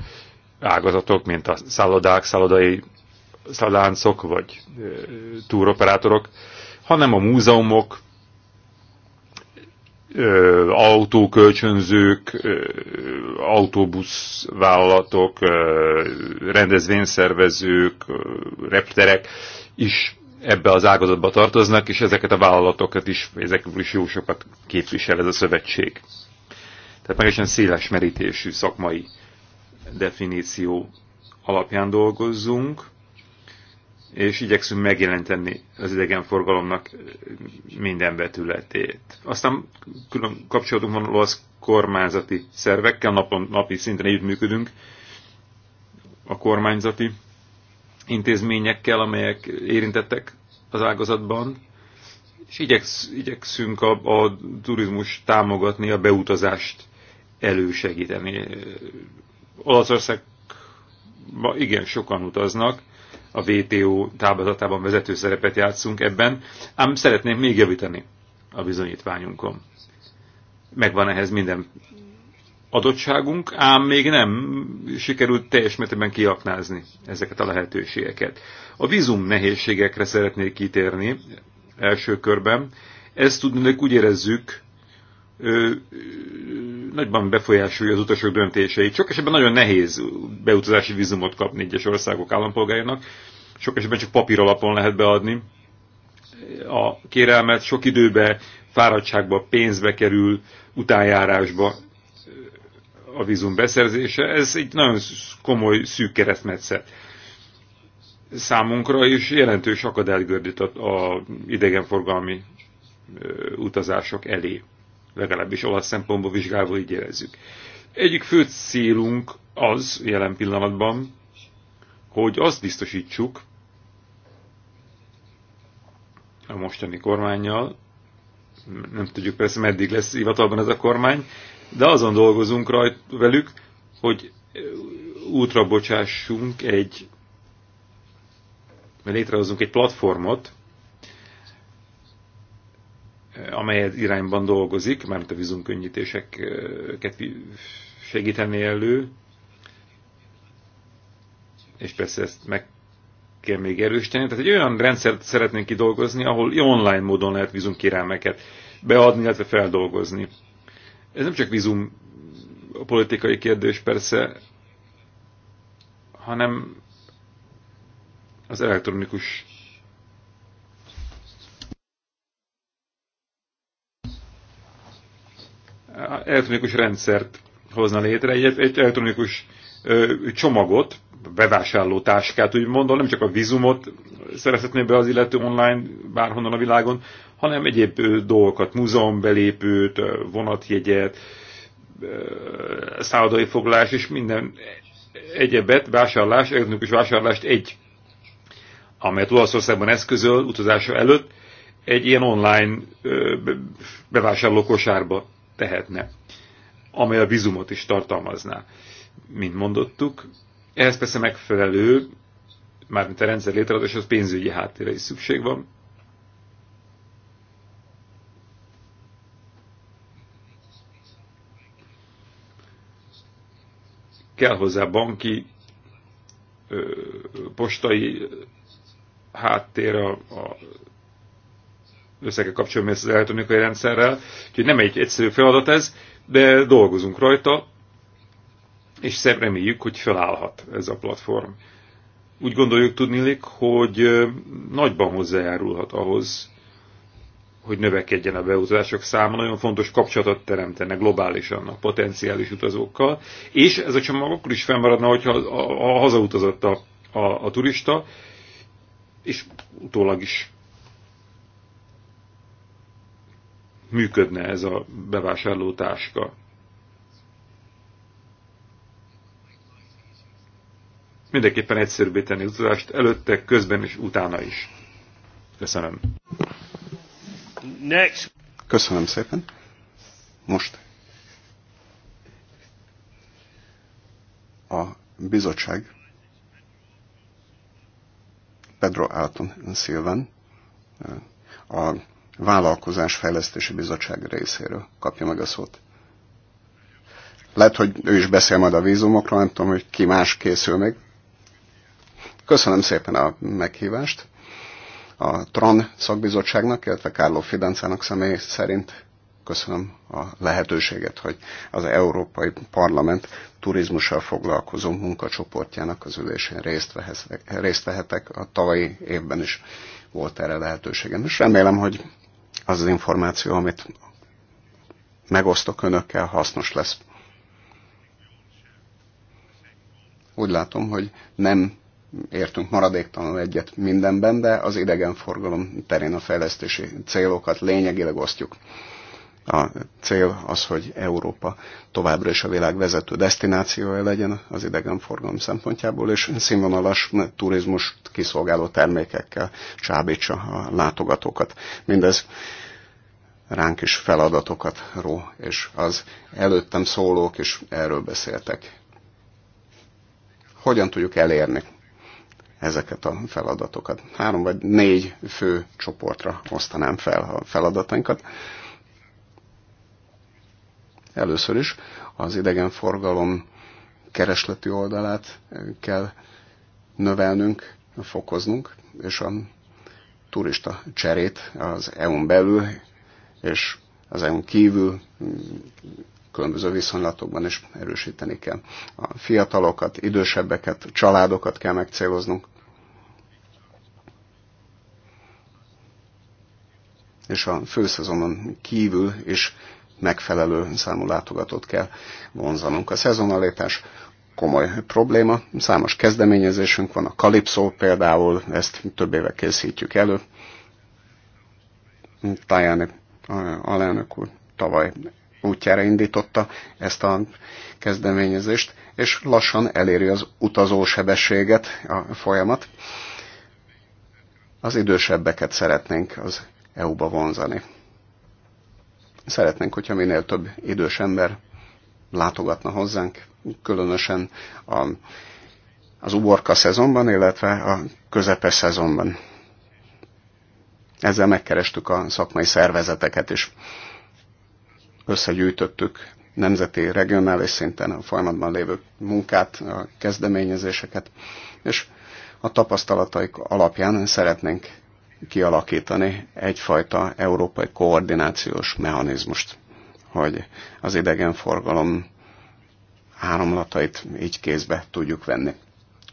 ágazatok, mint a szállodák, szállodai szálláncok vagy e, túroperátorok, hanem a múzeumok, e, autókölcsönzők, e, autóbuszvállalatok, e, rendezvényszervezők, e, repterek is ebbe az ágazatba tartoznak, és ezeket a vállalatokat is, ezekből is jó sokat képvisel ez a szövetség. Tehát megesen széles merítésű szakmai definíció alapján dolgozzunk, és igyekszünk megjelenteni az idegenforgalomnak minden vetületét. Aztán külön kapcsolatunk van olasz kormányzati szervekkel, napon, napi szinten együttműködünk a kormányzati intézményekkel, amelyek érintettek az ágazatban, és igyeksz, igyekszünk a, a turizmus támogatni, a beutazást elősegíteni. Olaszország ma igen sokan utaznak, a WTO táblázatában vezető szerepet játszunk ebben, ám szeretném még javítani a bizonyítványunkon. Megvan ehhez minden adottságunk, ám még nem sikerült teljes mértékben kiaknázni ezeket a lehetőségeket. A vízum nehézségekre szeretnék kitérni első körben. Ezt tudnék úgy érezzük, ö, ö, nagyban befolyásolja az utasok döntéseit. Sok esetben nagyon nehéz beutazási vízumot kapni egyes országok állampolgárjának, sok esetben csak papír alapon lehet beadni a kérelmet, sok időbe, fáradtságba, pénzbe kerül, utánjárásba a vízum beszerzése, ez egy nagyon komoly szűk keresztmetszet számunkra, és jelentős akadályt gördít a, a idegenforgalmi ö, utazások elé. Legalábbis olasz szempontból vizsgálva így érezzük. Egyik fő célunk az jelen pillanatban, hogy azt biztosítsuk a mostani kormányjal, nem tudjuk persze meddig lesz hivatalban ez a kormány, de azon dolgozunk rajt velük, hogy útra bocsássunk egy, létrehozunk egy platformot, amely irányban dolgozik, mert a vízumkönnyítéseket segíteni elő, és persze ezt meg kell még erősíteni. Tehát egy olyan rendszert szeretnénk kidolgozni, ahol online módon lehet vízumkérelmeket beadni, illetve feldolgozni. Ez nem csak vízum politikai kérdés persze, hanem az elektronikus elektronikus rendszert hozna létre, egy, elektronikus csomagot, bevásárló táskát, úgy mondom, nem csak a vizumot szerezhetné be az illető online bárhonnan a világon, hanem egyéb dolgokat, múzeumbelépőt, vonatjegyet, szállodai foglalás és minden egyebet, vásárlás, elektronikus vásárlást egy, amelyet Olaszországban eszközöl utazása előtt, egy ilyen online bevásárló kosárba tehetne, amely a vizumot is tartalmazná. Mint mondottuk, ehhez persze megfelelő, mármint a rendszer az pénzügyi háttérre is szükség van. Kell hozzá banki, postai háttér a, a összege kapcsolatban az elektronikai rendszerrel, úgyhogy nem egy egyszerű feladat ez, de dolgozunk rajta, és reméljük, hogy felállhat ez a platform. Úgy gondoljuk tudnilik, hogy nagyban hozzájárulhat ahhoz, hogy növekedjen a beutazások száma, nagyon fontos kapcsolatot teremtene globálisan a potenciális utazókkal, és ez a csomag akkor is fennmaradna, hogyha a, a, a hazautazott a, a, a turista, és utólag is működne ez a bevásárló táska. mindenképpen egyszerűbbé tenni utazást előtte, közben és utána is. Köszönöm. Next. Köszönöm szépen. Most a bizottság Pedro Alton Silvan a Vállalkozás Fejlesztési Bizottság részéről kapja meg a szót. Lehet, hogy ő is beszél majd a vízumokról, nem tudom, hogy ki más készül meg. Köszönöm szépen a meghívást a TRAN szakbizottságnak, illetve Kárló Fidencának személy szerint köszönöm a lehetőséget, hogy az Európai Parlament turizmussal foglalkozó munkacsoportjának az ülésén részt, vehetek, részt vehetek. A tavalyi évben is volt erre lehetőségem, és remélem, hogy az az információ, amit megosztok önökkel, hasznos lesz. Úgy látom, hogy nem értünk maradéktalanul egyet mindenben, de az idegenforgalom terén a fejlesztési célokat lényegileg osztjuk. A cél az, hogy Európa továbbra is a világ vezető destinációja legyen az idegenforgalom szempontjából, és színvonalas turizmus kiszolgáló termékekkel csábítsa a látogatókat. Mindez ránk is feladatokat ró, és az előttem szólók is erről beszéltek. Hogyan tudjuk elérni ezeket a feladatokat. Három vagy négy fő csoportra osztanám fel a feladatainkat. Először is az idegenforgalom keresleti oldalát eh, kell növelnünk, fokoznunk, és a turista cserét az EU-n belül és az EU-n kívül mm, különböző viszonylatokban is erősíteni kell. A fiatalokat, idősebbeket, családokat kell megcéloznunk, és a főszezonon kívül is megfelelő számú látogatót kell vonzanunk. A szezonalitás komoly probléma, számos kezdeményezésünk van, a Kalipszó például, ezt több éve készítjük elő. Tajani alelnök úr tavaly útjára indította ezt a kezdeményezést, és lassan eléri az utazósebességet a folyamat. Az idősebbeket szeretnénk az EU-ba vonzani. Szeretnénk, hogyha minél több idős ember látogatna hozzánk, különösen a, az uborka szezonban, illetve a közepes szezonban. Ezzel megkerestük a szakmai szervezeteket és Összegyűjtöttük nemzeti, regionális szinten a folyamatban lévő munkát, a kezdeményezéseket, és a tapasztalataik alapján szeretnénk kialakítani egyfajta európai koordinációs mechanizmust, hogy az idegenforgalom áramlatait így kézbe tudjuk venni.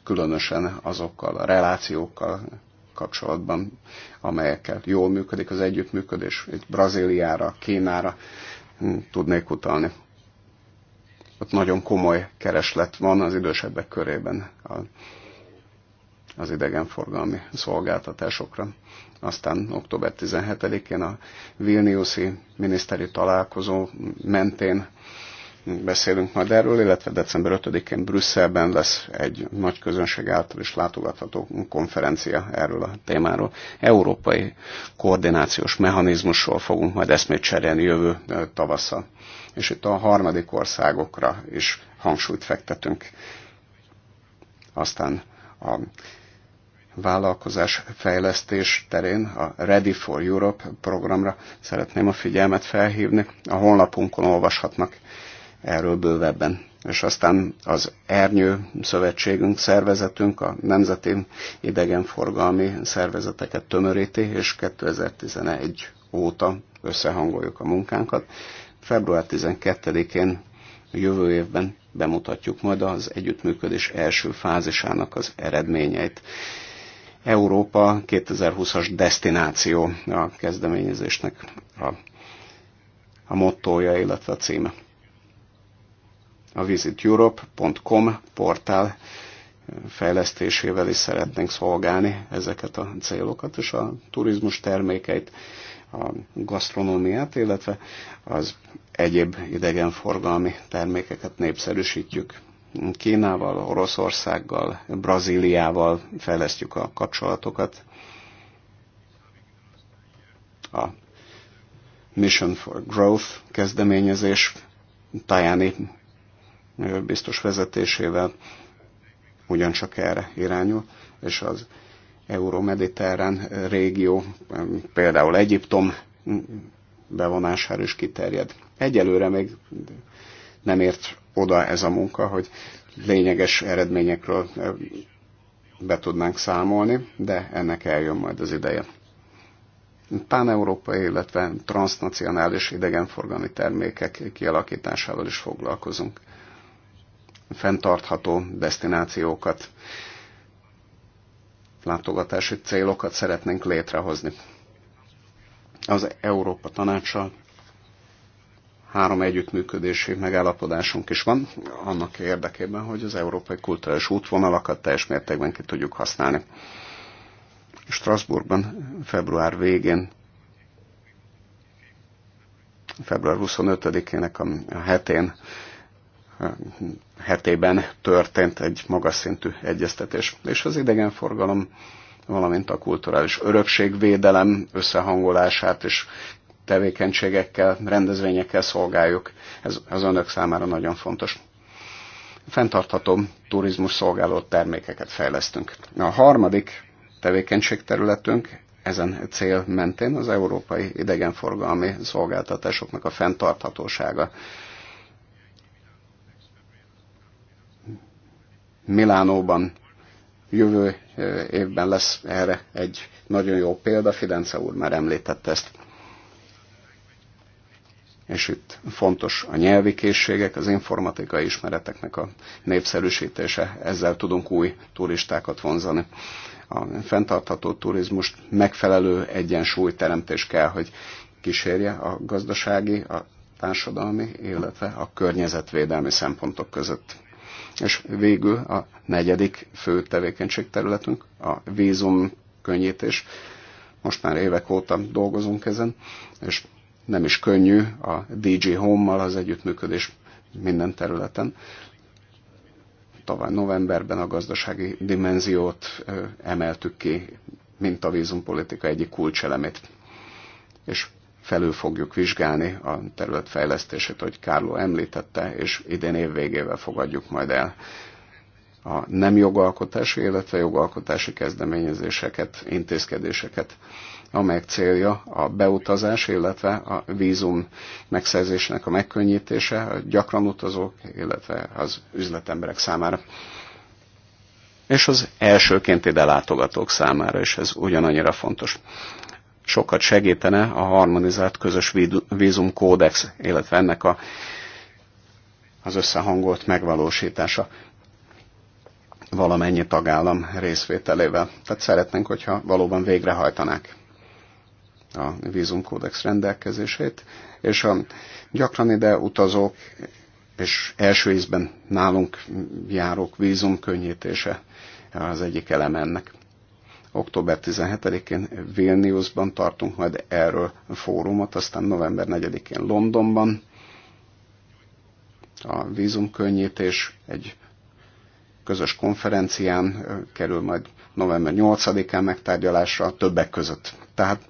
Különösen azokkal a relációkkal kapcsolatban, amelyekkel jól működik az együttműködés, egy Brazíliára, Kínára hm, tudnék utalni. Ott nagyon komoly kereslet van az idősebbek körében. A az idegenforgalmi szolgáltatásokra. Aztán október 17-én a Vilniuszi miniszteri találkozó mentén beszélünk majd erről, illetve december 5-én Brüsszelben lesz egy nagy közönség által is látogatható konferencia erről a témáról. Európai koordinációs mechanizmusról fogunk majd eszmét cserélni jövő tavasszal. És itt a harmadik országokra is hangsúlyt fektetünk. Aztán a vállalkozás fejlesztés terén a Ready for Europe programra szeretném a figyelmet felhívni. A honlapunkon olvashatnak erről bővebben. És aztán az Ernyő Szövetségünk, szervezetünk a Nemzeti Idegenforgalmi Szervezeteket tömöríti, és 2011 óta összehangoljuk a munkánkat. Február 12-én jövő évben bemutatjuk majd az együttműködés első fázisának az eredményeit. Európa 2020-as destináció a kezdeményezésnek a, a mottoja, illetve a címe. A visiteurope.com portál fejlesztésével is szeretnénk szolgálni ezeket a célokat, és a turizmus termékeit, a gasztronómiát, illetve az egyéb idegenforgalmi termékeket népszerűsítjük Kínával, Oroszországgal, Brazíliával fejlesztjük a kapcsolatokat. A Mission for Growth kezdeményezés Tajani biztos vezetésével ugyancsak erre irányul, és az euró-mediterrán régió, például Egyiptom bevonására is kiterjed. Egyelőre még nem ért oda ez a munka, hogy lényeges eredményekről be tudnánk számolni, de ennek eljön majd az ideje. Pán-európai, illetve transnacionális idegenforgalmi termékek kialakításával is foglalkozunk. Fentartható destinációkat, látogatási célokat szeretnénk létrehozni. Az Európa Tanácsa három együttműködési megállapodásunk is van, annak érdekében, hogy az európai kulturális útvonalakat teljes mértékben ki tudjuk használni. Strasbourgban február végén, február 25-ének a hetén, hetében történt egy magas szintű egyeztetés. És az idegenforgalom, valamint a kulturális örökségvédelem összehangolását is tevékenységekkel, rendezvényekkel szolgáljuk. Ez az önök számára nagyon fontos. Fentartható turizmus szolgáló termékeket fejlesztünk. A harmadik tevékenységterületünk ezen cél mentén az európai idegenforgalmi szolgáltatásoknak a fenntarthatósága. Milánóban jövő évben lesz erre egy nagyon jó példa, Fidence úr már említette ezt és itt fontos a nyelvi készségek, az informatikai ismereteknek a népszerűsítése, ezzel tudunk új turistákat vonzani. A fenntartható turizmust megfelelő egyensúlyteremtés kell, hogy kísérje a gazdasági, a társadalmi, illetve a környezetvédelmi szempontok között. És végül a negyedik fő tevékenységterületünk a vízum könnyítés. Most már évek óta dolgozunk ezen, és nem is könnyű a DJ Home-mal az együttműködés minden területen. Tavaly novemberben a gazdasági dimenziót emeltük ki, mint a vízumpolitika egyik kulcselemét. És felül fogjuk vizsgálni a terület fejlesztését, hogy Kárló említette, és idén év végével fogadjuk majd el a nem jogalkotási, illetve jogalkotási kezdeményezéseket, intézkedéseket amelyek célja a beutazás, illetve a vízum megszerzésének a megkönnyítése a gyakran utazók, illetve az üzletemberek számára. És az elsőként ide látogatók számára is ez ugyanannyira fontos. Sokat segítene a harmonizált közös vízumkódex, illetve ennek a, az összehangolt megvalósítása valamennyi tagállam részvételével. Tehát szeretnénk, hogyha valóban végrehajtanák a vízumkódex rendelkezését, és a gyakran ide utazók és első ízben nálunk járók vízum könnyítése az egyik eleme ennek. Október 17-én Vilniusban tartunk majd erről a fórumot, aztán november 4-én Londonban a vízumkönnyítés egy közös konferencián kerül majd november 8-án megtárgyalásra többek között. Tehát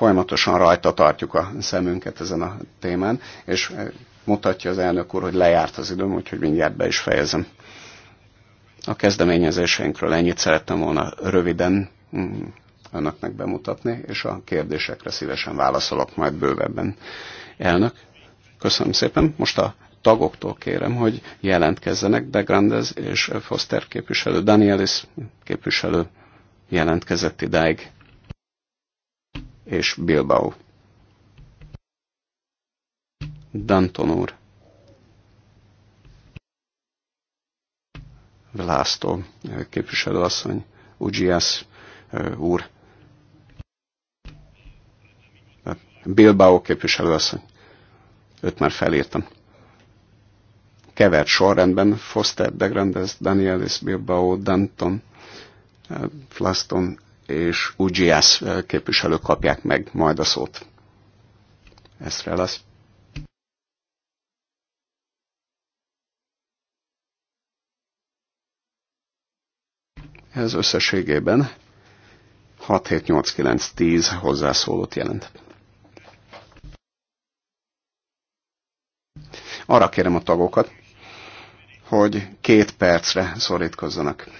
Folyamatosan rajta tartjuk a szemünket ezen a témán, és eh, mutatja az elnök úr, hogy lejárt az időm, úgyhogy mindjárt be is fejezem. A kezdeményezéseinkről ennyit szerettem volna röviden mm, önöknek bemutatni, és a kérdésekre szívesen válaszolok majd bővebben. Elnök, köszönöm szépen. Most a tagoktól kérem, hogy jelentkezzenek. De Grandez és Foster képviselő, Danielis képviselő jelentkezett idáig és Bilbao. Danton úr. László képviselőasszony, Ugyász úr, Bilbao képviselőasszony, őt már felírtam. Kevert sorrendben, Foster Degrandes, Danielis, Bilbao, Danton, Flaston, és UGS eh, képviselők kapják meg majd a szót. Eszre lesz. Ez összességében 6, 7, 8, 9, 10 hozzászólót jelent. Arra kérem a tagokat, hogy két percre szorítkozzanak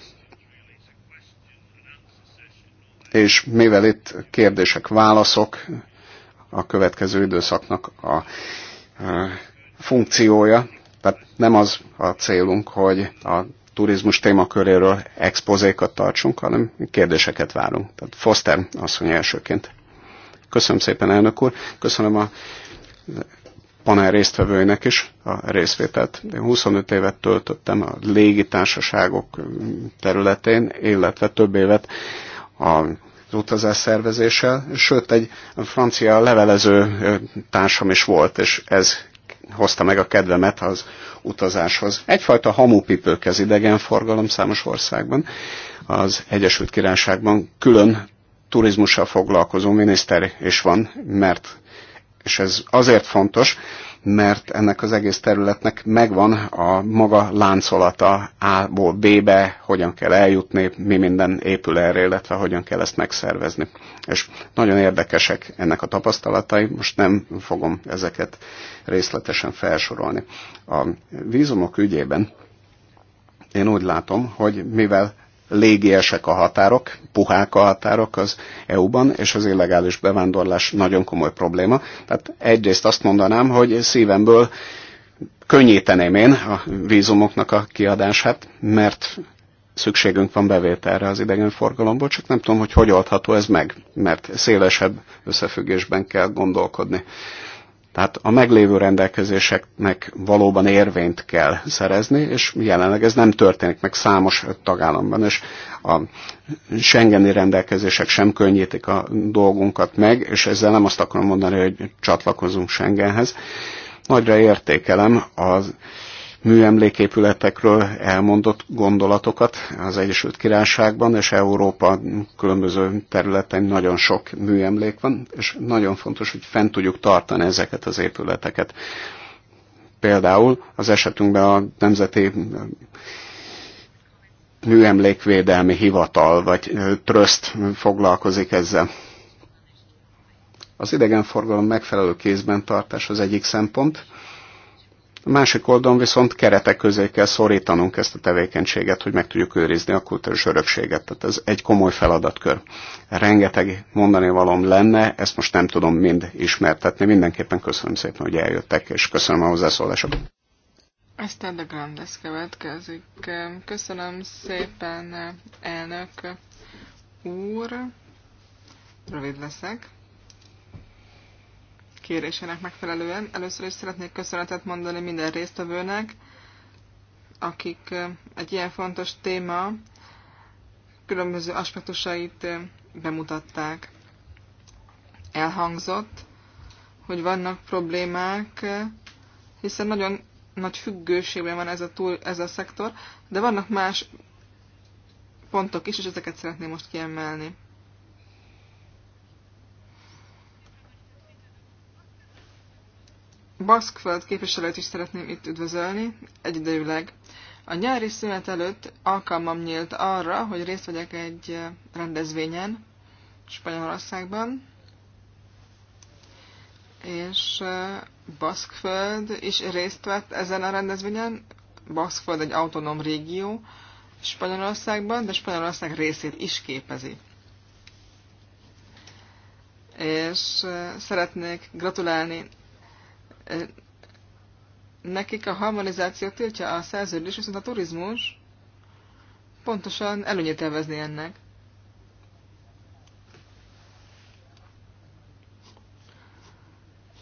és mivel itt kérdések, válaszok a következő időszaknak a, a funkciója, tehát nem az a célunk, hogy a turizmus témaköréről expozékat tartsunk, hanem kérdéseket várunk. Tehát Foster asszony elsőként. Köszönöm szépen, elnök úr. Köszönöm a panel résztvevőinek is a részvételt. Én 25 évet töltöttem a légitársaságok területén, illetve több évet a az utazás szervezéssel, sőt egy francia levelező társam is volt, és ez hozta meg a kedvemet az utazáshoz. Egyfajta hamupipők az idegenforgalom számos országban. Az Egyesült Királyságban külön turizmussal foglalkozó miniszter is van, mert, és ez azért fontos, mert ennek az egész területnek megvan a maga láncolata A-ból B-be, hogyan kell eljutni, mi minden épül erre, illetve hogyan kell ezt megszervezni. És nagyon érdekesek ennek a tapasztalatai, most nem fogom ezeket részletesen felsorolni. A vízumok ügyében én úgy látom, hogy mivel légiesek a határok, puhák a határok az EU-ban, és az illegális bevándorlás nagyon komoly probléma. Tehát egyrészt azt mondanám, hogy szívemből könnyíteném én a vízumoknak a kiadását, mert szükségünk van bevételre az idegenforgalomból, csak nem tudom, hogy hogy oldható ez meg, mert szélesebb összefüggésben kell gondolkodni tehát a meglévő rendelkezéseknek valóban érvényt kell szerezni, és jelenleg ez nem történik meg számos tagállamban, és a Schengeni rendelkezések sem könnyítik a dolgunkat meg, és ezzel nem azt akarom mondani, hogy csatlakozunk Schengenhez. Nagyra értékelem az műemléképületekről elmondott gondolatokat az Egyesült Királyságban, és Európa különböző területen nagyon sok műemlék van, és nagyon fontos, hogy fent tudjuk tartani ezeket az épületeket. Például az esetünkben a Nemzeti Műemlékvédelmi Hivatal, vagy Tröszt foglalkozik ezzel. Az idegenforgalom megfelelő kézben tartás az egyik szempont, a másik oldalon viszont keretek közé kell szorítanunk ezt a tevékenységet, hogy meg tudjuk őrizni a kultúrás örökséget. Tehát ez egy komoly feladatkör. Rengeteg mondani valom lenne, ezt most nem tudom mind ismertetni. Mindenképpen köszönöm szépen, hogy eljöttek, és köszönöm a hozzászólásokat. Aztán de Grandes következik. Köszönöm szépen, elnök úr. Rövid leszek kérésének megfelelően. Először is szeretnék köszönetet mondani minden résztvevőnek, akik egy ilyen fontos téma különböző aspektusait bemutatták. Elhangzott, hogy vannak problémák, hiszen nagyon nagy függőségben van ez a, túl, ez a szektor, de vannak más pontok is, és ezeket szeretném most kiemelni. Baszkföld képviselőt is szeretném itt üdvözölni, egyidejűleg. A nyári szünet előtt alkalmam nyílt arra, hogy részt vegyek egy rendezvényen Spanyolországban, és Baszkföld is részt vett ezen a rendezvényen. Baszkföld egy autonóm régió Spanyolországban, de Spanyolország részét is képezi. És szeretnék gratulálni nekik a harmonizáció tiltja a szerződés, viszont a turizmus pontosan előnyét élvezni ennek.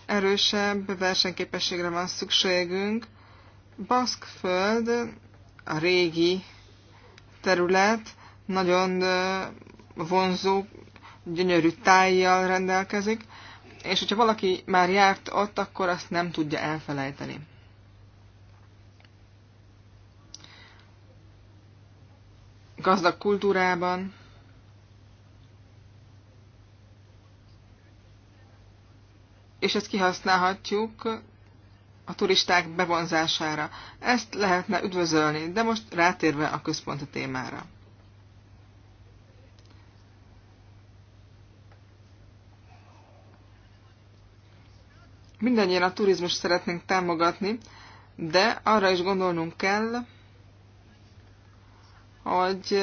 Erősebb versenyképességre van szükségünk. Baszkföld, a régi terület, nagyon vonzó, gyönyörű tájjal rendelkezik, és hogyha valaki már járt ott, akkor azt nem tudja elfelejteni. Gazdag kultúrában, és ezt kihasználhatjuk a turisták bevonzására. Ezt lehetne üdvözölni, de most rátérve a központi témára. Mindannyian a turizmus szeretnénk támogatni, de arra is gondolnunk kell, hogy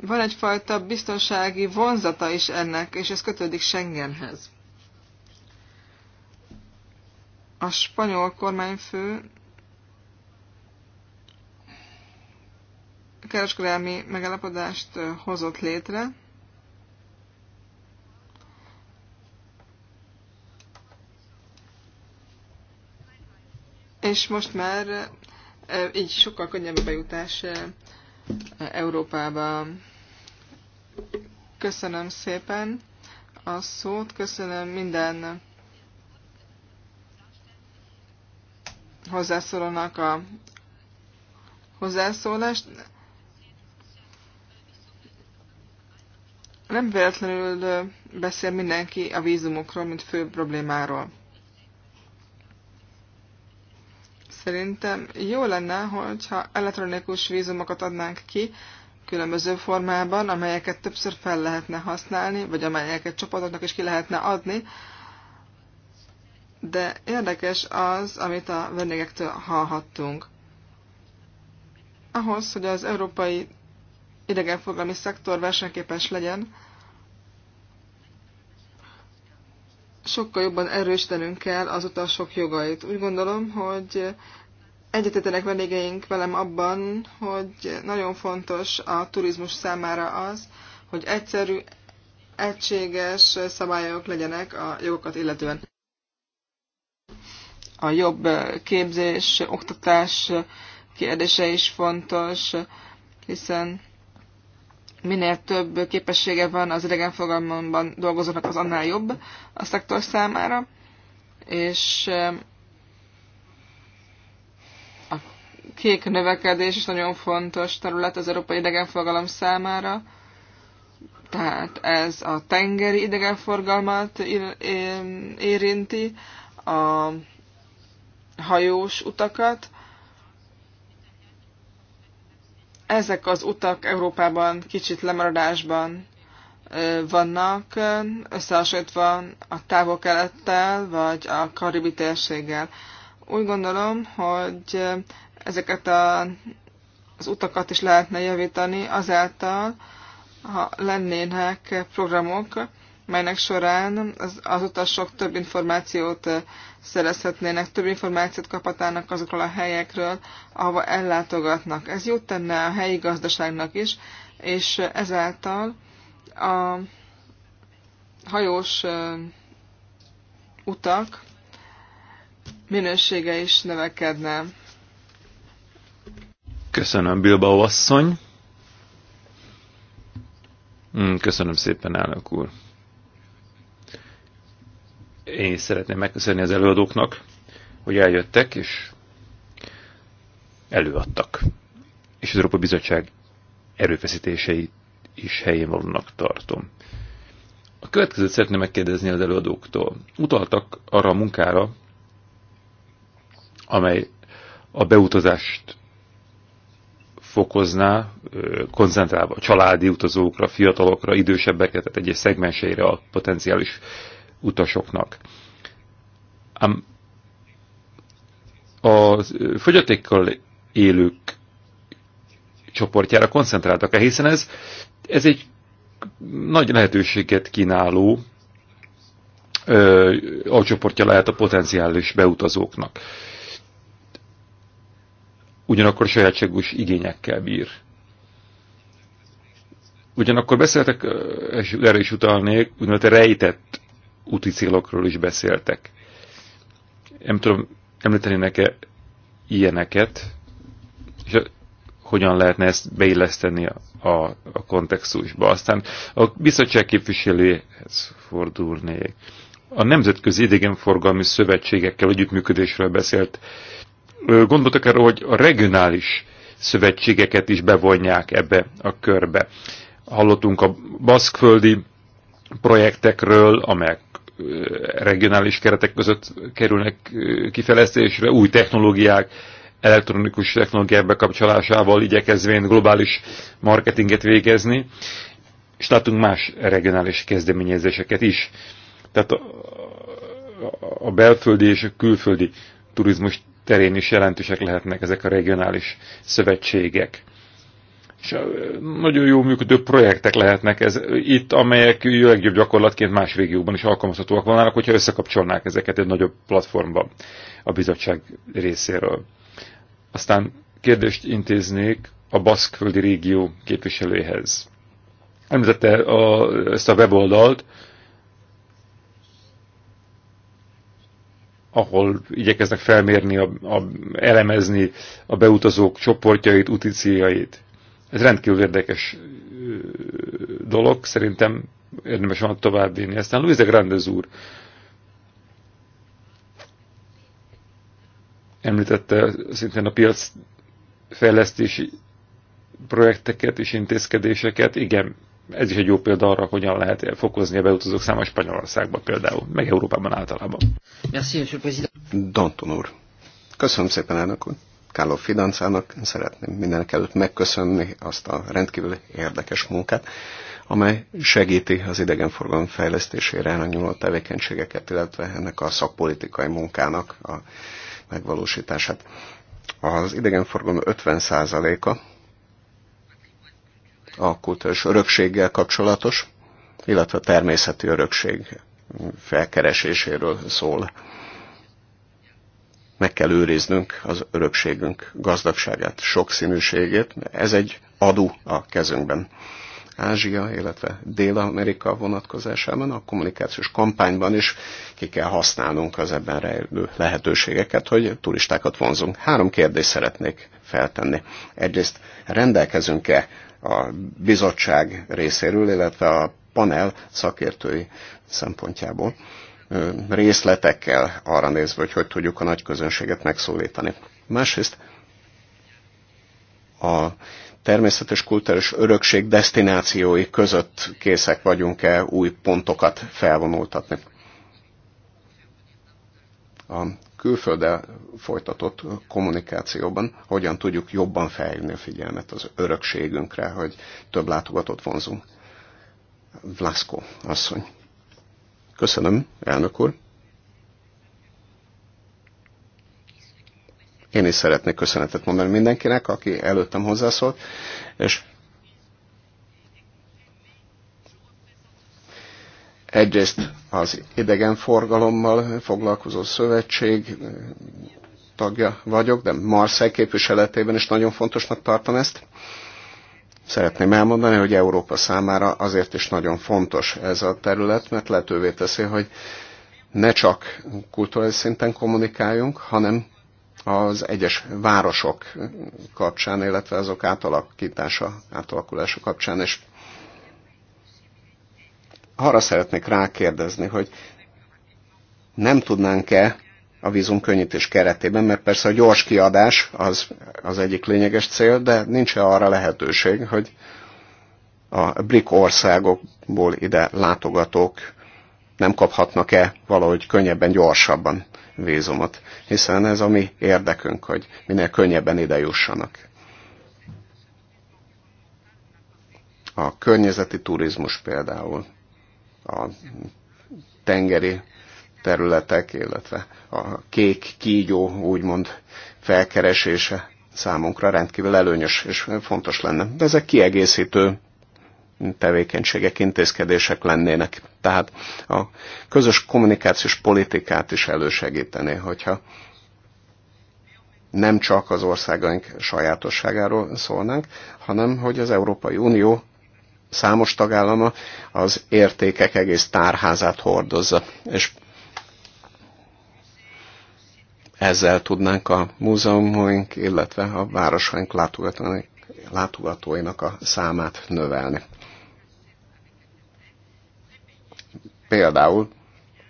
van egyfajta biztonsági vonzata is ennek, és ez kötődik Schengenhez. A spanyol kormányfő kereskedelmi megállapodást hozott létre, és most már így sokkal könnyebb a bejutás Európába. Köszönöm szépen a szót, köszönöm minden hozzászólónak a hozzászólást. Nem véletlenül beszél mindenki a vízumokról, mint fő problémáról. Szerintem jó lenne, hogyha elektronikus vízumokat adnánk ki különböző formában, amelyeket többször fel lehetne használni, vagy amelyeket csoportoknak is ki lehetne adni, de érdekes az, amit a vendégektől hallhattunk. Ahhoz, hogy az európai idegenforgalmi szektor versenyképes legyen, sokkal jobban erősítenünk kell az utasok jogait. Úgy gondolom, hogy egyetetenek vendégeink velem abban, hogy nagyon fontos a turizmus számára az, hogy egyszerű, egységes szabályok legyenek a jogokat illetően. A jobb képzés, oktatás kérdése is fontos, hiszen minél több képessége van az idegenfogalmamban dolgozóknak, az annál jobb a szektor számára, és eh, a kék növekedés is nagyon fontos terület az európai idegenforgalom számára, tehát ez a tengeri idegenforgalmat érinti, a hajós utakat, ezek az utak Európában kicsit lemaradásban vannak, összehasonlítva a távol-kelettel vagy a karibi térséggel. Úgy gondolom, hogy ezeket a, az utakat is lehetne javítani azáltal, ha lennének programok, melynek során az, az utasok több információt szerezhetnének, több információt kaphatnának azokról a helyekről, ahova ellátogatnak. Ez jót tenne a helyi gazdaságnak is, és ezáltal a hajós utak minősége is növekedne. Köszönöm, Bilbao asszony. Hm, köszönöm szépen, elnök úr. Én is szeretném megköszönni az előadóknak, hogy eljöttek és előadtak. És az Európa Bizottság erőfeszítéseit is helyén valónak tartom. A következőt szeretném megkérdezni az előadóktól. Utaltak arra a munkára, amely a beutazást fokozná, koncentrálva a családi utazókra, fiatalokra, idősebbeket, tehát egyes szegmenseire a potenciális utasoknak. Ám a fogyatékkal élők csoportjára koncentráltak -e, hiszen ez, ez egy nagy lehetőséget kínáló ö, csoportja lehet a potenciális beutazóknak. Ugyanakkor sajátságos igényekkel bír. Ugyanakkor beszéltek, és erre is utalnék, úgynevezett rejtett úti célokról is beszéltek. Nem tudom, említeni neke ilyeneket, és hogyan lehetne ezt beilleszteni a, a, a kontextusba. Aztán a bizottság képviselőhez fordulnék. A Nemzetközi Idegenforgalmi Szövetségekkel együttműködésről beszélt. Gondoltak erről, hogy a regionális szövetségeket is bevonják ebbe a körbe. Hallottunk a baszkföldi projektekről, amelyek regionális keretek között kerülnek kifejlesztésre, új technológiák, elektronikus technológiák bekapcsolásával igyekezvén globális marketinget végezni, és látunk más regionális kezdeményezéseket is. Tehát a, a belföldi és a külföldi turizmus terén is jelentősek lehetnek ezek a regionális szövetségek nagyon jó működő projektek lehetnek ez, itt, amelyek legjobb gyakorlatként más régióban is alkalmazhatóak volnának, hogyha összekapcsolnák ezeket egy nagyobb platformba a bizottság részéről. Aztán kérdést intéznék a baszkföldi régió képviselőhez. Említette a, ezt a weboldalt, ahol igyekeznek felmérni, a, a, elemezni a beutazók csoportjait, utíciáit. Ez rendkívül érdekes dolog, szerintem érdemes van vinni. Aztán Luis de Grandes úr említette szintén a piac fejlesztési projekteket és intézkedéseket. Igen, ez is egy jó példa arra, hogyan lehet fokozni a beutazók száma Spanyolországban például, meg Európában általában. Merci, Danton úr. Köszönöm szépen, elnök úr. Káló Fidancának szeretném mindenek előtt megköszönni azt a rendkívül érdekes munkát, amely segíti az idegenforgalom fejlesztésére elnyúló tevékenységeket, illetve ennek a szakpolitikai munkának a megvalósítását. Az idegenforgalom 50%-a a kultúrás örökséggel kapcsolatos, illetve a természeti örökség felkereséséről szól meg kell őriznünk az örökségünk gazdagságát, sokszínűségét. Ez egy adó a kezünkben. Ázsia, illetve Dél-Amerika vonatkozásában a kommunikációs kampányban is ki kell használnunk az ebben rejlő lehetőségeket, hogy turistákat vonzunk. Három kérdést szeretnék feltenni. Egyrészt rendelkezünk-e a bizottság részéről, illetve a panel szakértői szempontjából részletekkel arra nézve, hogy hogy tudjuk a nagy közönséget megszólítani. Másrészt a természetes kultúrás örökség destinációi között készek vagyunk-e új pontokat felvonultatni. A külföldre folytatott kommunikációban hogyan tudjuk jobban felhívni a figyelmet az örökségünkre, hogy több látogatót vonzunk. Vlaszko asszony. Köszönöm, elnök úr. Én is szeretnék köszönetet mondani mindenkinek, aki előttem hozzászólt, és egyrészt az idegenforgalommal foglalkozó szövetség tagja vagyok, de Marseille képviseletében is nagyon fontosnak tartom ezt. Szeretném elmondani, hogy Európa számára azért is nagyon fontos ez a terület, mert lehetővé teszi, hogy ne csak kulturális szinten kommunikáljunk, hanem az egyes városok kapcsán, illetve azok átalakítása, átalakulása kapcsán, és arra szeretnék rákérdezni, hogy nem tudnánk-e a vízumkönnyítés keretében, mert persze a gyors kiadás az, az egyik lényeges cél, de nincs -e arra lehetőség, hogy a BRIC országokból ide látogatók nem kaphatnak-e valahogy könnyebben, gyorsabban vízumot, hiszen ez a mi érdekünk, hogy minél könnyebben ide jussanak. A környezeti turizmus például, a tengeri területek, illetve a kék kígyó úgymond felkeresése számunkra rendkívül előnyös és fontos lenne. De ezek kiegészítő tevékenységek, intézkedések lennének. Tehát a közös kommunikációs politikát is elősegítené, hogyha nem csak az országaink sajátosságáról szólnánk, hanem hogy az Európai Unió számos tagállama az értékek egész tárházát hordozza, és ezzel tudnánk a múzeumunk, illetve a városaink látogatóinak a számát növelni. Például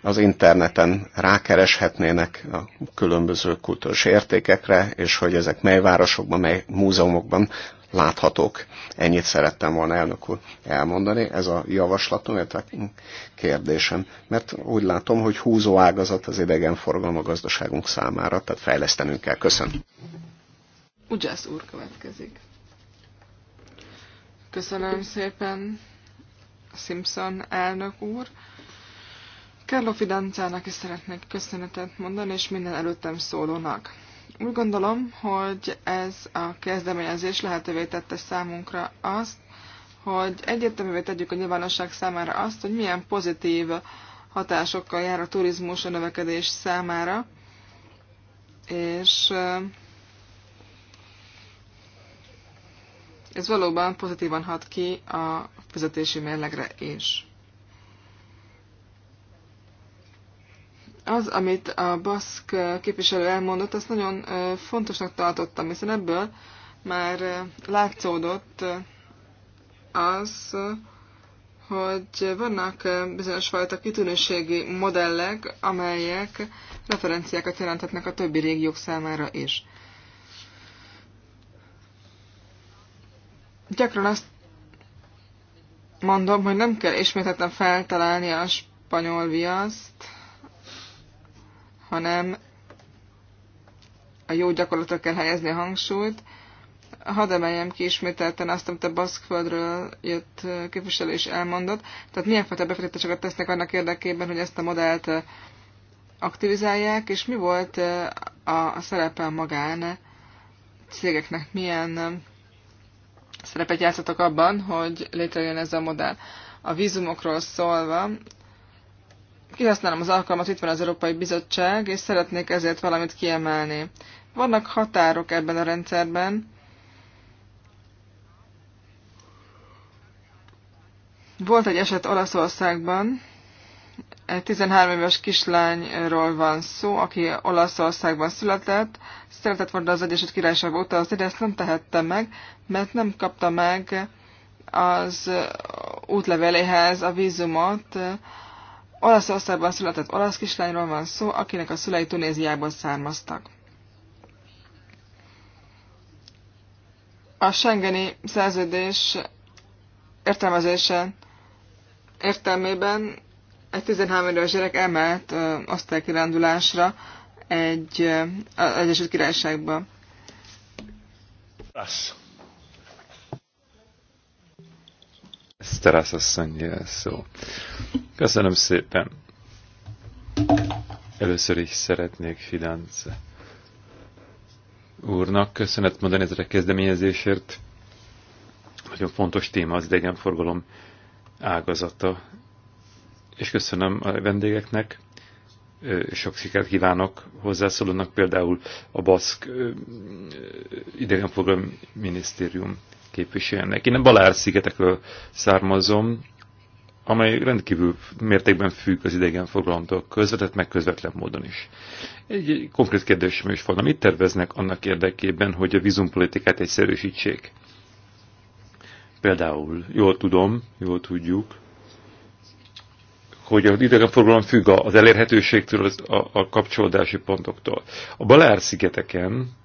az interneten rákereshetnének a különböző kultúrs értékekre, és hogy ezek mely városokban, mely múzeumokban láthatók. Ennyit szerettem volna elnök úr elmondani, ez a javaslatom, illetve kérdésem, mert úgy látom, hogy húzó ágazat az idegenforgalom a gazdaságunk számára, tehát fejlesztenünk kell. Köszönöm. Ugyász úr következik. Köszönöm szépen, Simpson elnök úr. Carlo Fidancának is szeretnék köszönetet mondani, és minden előttem szólónak. Úgy gondolom, hogy ez a kezdeményezés lehetővé tette számunkra azt, hogy egyértelművé tegyük a nyilvánosság számára azt, hogy milyen pozitív hatásokkal jár a turizmus a növekedés számára, és eh, ez valóban pozitívan hat ki a fizetési mérlegre is. az, amit a baszk képviselő elmondott, azt nagyon fontosnak tartottam, hiszen ebből már látszódott az, hogy vannak bizonyos fajta kitűnőségi modellek, amelyek referenciákat jelenthetnek a többi régiók számára is. Gyakran azt mondom, hogy nem kell ismételten feltalálni a spanyol viaszt, hanem a jó gyakorlatra kell helyezni a hangsúlyt. Hadd emeljem ki ismételten azt, amit a Baszkföldről jött képviselő is elmondott. Tehát milyen fajta befektetéseket tesznek annak érdekében, hogy ezt a modellt aktivizálják, és mi volt eh, a szerepe a magán cégeknek, milyen eh, szerepet játszottak abban, hogy létrejön ez a modell. A vízumokról szólva Kihasználom az alkalmat, itt van az Európai Bizottság, és szeretnék ezért valamit kiemelni. Vannak határok ebben a rendszerben. Volt egy eset Olaszországban, egy 13 éves kislányról van szó, aki Olaszországban született, szeretett volna az Egyesült Királyság utazni, de ezt nem tehette meg, mert nem kapta meg az útleveléhez a vízumot Olaszországban született olasz kislányról van szó, akinek a szülei Tunéziából származtak. A Schengeni szerződés értelmezése értelmében egy 13 éves gyerek emelt ö, osztálykirándulásra egy az Egyesült Királyságba. Lesz. Sterász asszony szó. Köszönöm szépen. Először is szeretnék Fidánce úrnak köszönet mondani ezre a kezdeményezésért. Nagyon fontos téma az idegenforgalom ágazata. És köszönöm a vendégeknek, sok sikert kívánok hozzászólónak, például a Baszk idegenforgalmi minisztérium képviselnek. Én a Balár-szigetekről származom, amely rendkívül mértékben függ az idegenforgalomtól közvetett, meg közvetlen módon is. Egy konkrét kérdésem is volna, mit terveznek annak érdekében, hogy a vízumpolitikát egyszerűsítsék? Például, jól tudom, jól tudjuk, hogy az idegenforgalom függ az elérhetőségtől, az, a, a kapcsolódási pontoktól. A Balár-szigeteken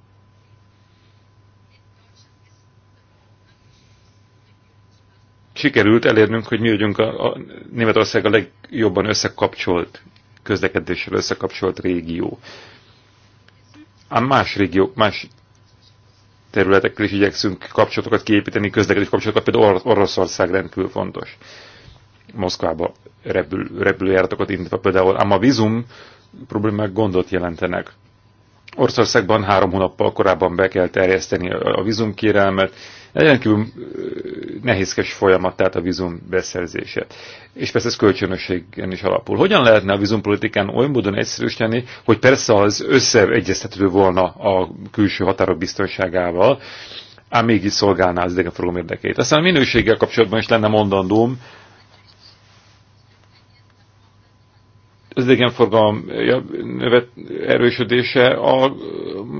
sikerült elérnünk, hogy mi vagyunk a, a Németország a legjobban összekapcsolt, közlekedéssel összekapcsolt régió. A más régiók, más területekkel is igyekszünk kapcsolatokat kiépíteni, közlekedés kapcsolatokat, például Or Oroszország rendkívül fontos. Moszkvába repül, repülőjáratokat indítva például, ám a vízum problémák gondot jelentenek. Oroszországban három hónappal korábban be kell terjeszteni a vízumkérelmet, Rendkívül nehézkes folyamat tehát a vízum beszerzését. És persze ez kölcsönösségen is alapul. Hogyan lehetne a vízumpolitikán oly módon egyszerűsíteni, hogy persze az összeegyeztethető volna a külső határok biztonságával, ám mégis szolgálná az idegenforgalom érdekeit. Aztán a minőséggel kapcsolatban is lenne mondandóm, az idegenforgalom erősödése a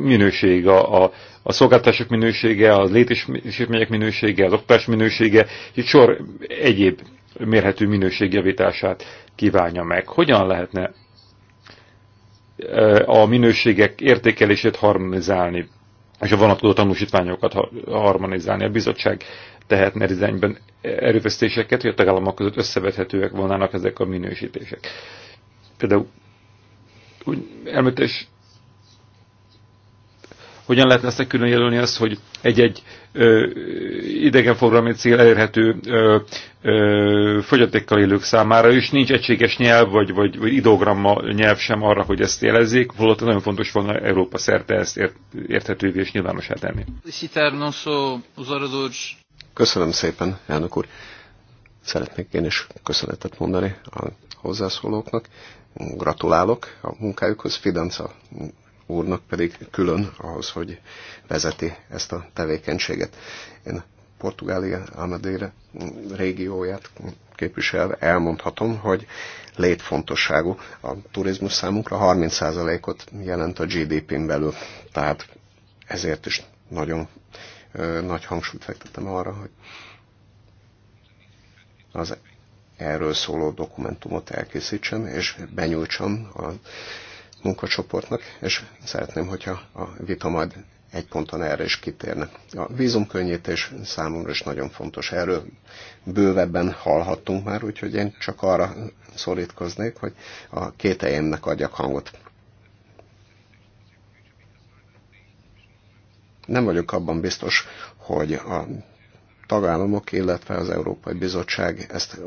minőség, a, a, a szolgáltatások minősége, a létesítmények minősége, az oktatás minősége, egy sor egyéb mérhető minőségjavítását kívánja meg. Hogyan lehetne eh, a minőségek értékelését harmonizálni, és a vonatkozó tanúsítványokat harmonizálni. A bizottság tehetne dizájnben erőfesztéseket, hogy a tagállamok között összevethetőek volnának ezek a minősítések. Például úgy elmetes, hogyan lehetne ezt külön jelölni azt, hogy egy-egy idegenforgalmi cél elérhető ö, ö, fogyatékkal élők számára, és nincs egységes nyelv, vagy, vagy, vagy idogramma nyelv sem arra, hogy ezt jelezzék, holott nagyon fontos volna Európa szerte ezt ért, érthetővé és nyilvánosá tenni. Köszönöm szépen, elnök úr. Szeretnék én is köszönetet mondani a hozzászólóknak, gratulálok a munkájukhoz, Fidanca úrnak pedig külön ahhoz, hogy vezeti ezt a tevékenységet. Én Portugália Amadeira régióját képviselve elmondhatom, hogy létfontosságú. A turizmus számunkra 30%-ot jelent a GDP-n belül, tehát ezért is nagyon ö, nagy hangsúlyt fektettem arra, hogy az erről szóló dokumentumot elkészítsem és benyújtsam a munkacsoportnak, és szeretném, hogyha a vita majd egy ponton erre is kitérne. A vízumkönnyítés számomra is nagyon fontos. Erről bővebben hallhattunk már, úgyhogy én csak arra szorítkoznék, hogy a kételjémnek adjak hangot. Nem vagyok abban biztos, hogy a tagállamok, illetve az Európai Bizottság ezt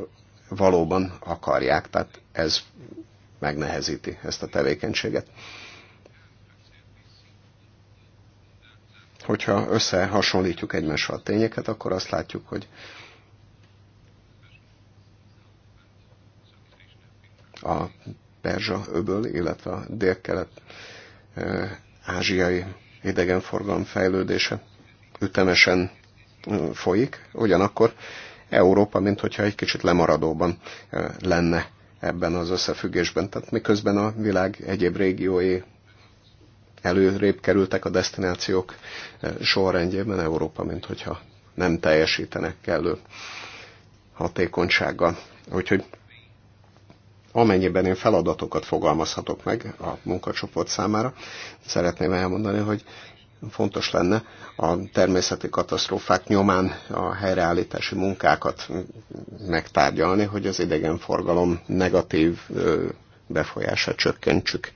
valóban akarják, tehát ez megnehezíti ezt a tevékenységet. Hogyha összehasonlítjuk egymással a tényeket, akkor azt látjuk, hogy a Perzsa öböl, illetve a délkelet ázsiai idegenforgalom fejlődése ütemesen folyik, ugyanakkor Európa, mint hogyha egy kicsit lemaradóban lenne ebben az összefüggésben. Tehát miközben a világ egyéb régiói előrébb kerültek a destinációk sorrendjében, Európa, mint hogyha nem teljesítenek kellő hatékonysággal. Úgyhogy amennyiben én feladatokat fogalmazhatok meg a munkacsoport számára, szeretném elmondani, hogy fontos lenne a természeti katasztrófák nyomán a helyreállítási munkákat megtárgyalni, hogy az idegenforgalom negatív befolyását csökkentsük.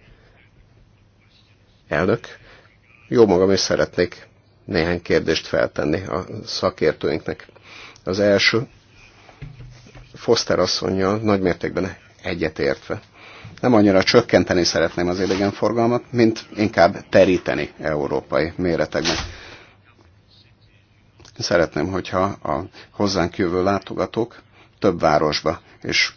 Elnök, jó magam is szeretnék néhány kérdést feltenni a szakértőinknek. Az első, Foster asszonyjal nagymértékben egyetértve nem annyira csökkenteni szeretném az idegenforgalmat, mint inkább teríteni európai méretekben. Szeretném, hogyha a hozzánk jövő látogatók több városba és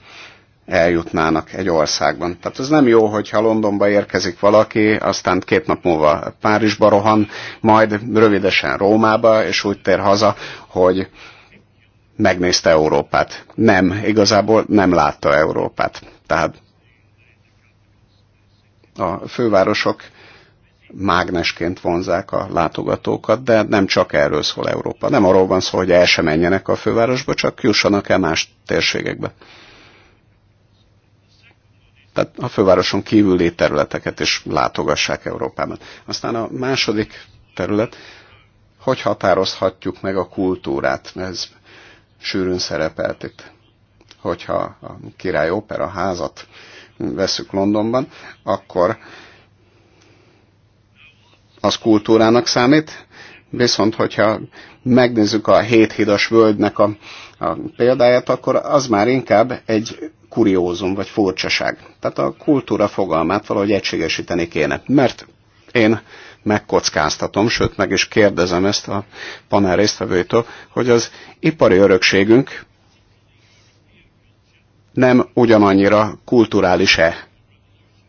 eljutnának egy országban. Tehát ez nem jó, hogyha Londonba érkezik valaki, aztán két nap múlva Párizsba rohan, majd rövidesen Rómába, és úgy tér haza, hogy megnézte Európát. Nem, igazából nem látta Európát. Tehát a fővárosok mágnesként vonzák a látogatókat, de nem csak erről szól Európa. Nem arról van szó, hogy el sem menjenek a fővárosba, csak jussanak el más térségekbe. Tehát a fővároson kívüli területeket is látogassák Európában. Aztán a második terület, hogy határozhatjuk meg a kultúrát? Ez sűrűn szerepelt itt. Hogyha a király opera házat veszük Londonban, akkor az kultúrának számít, viszont hogyha megnézzük a héthidas völgynek a, a példáját, akkor az már inkább egy kuriózum vagy furcsaság. Tehát a kultúra fogalmát valahogy egységesíteni kéne. Mert én megkockáztatom, sőt meg is kérdezem ezt a panel résztvevőtől, hogy az ipari örökségünk nem ugyanannyira kulturális-e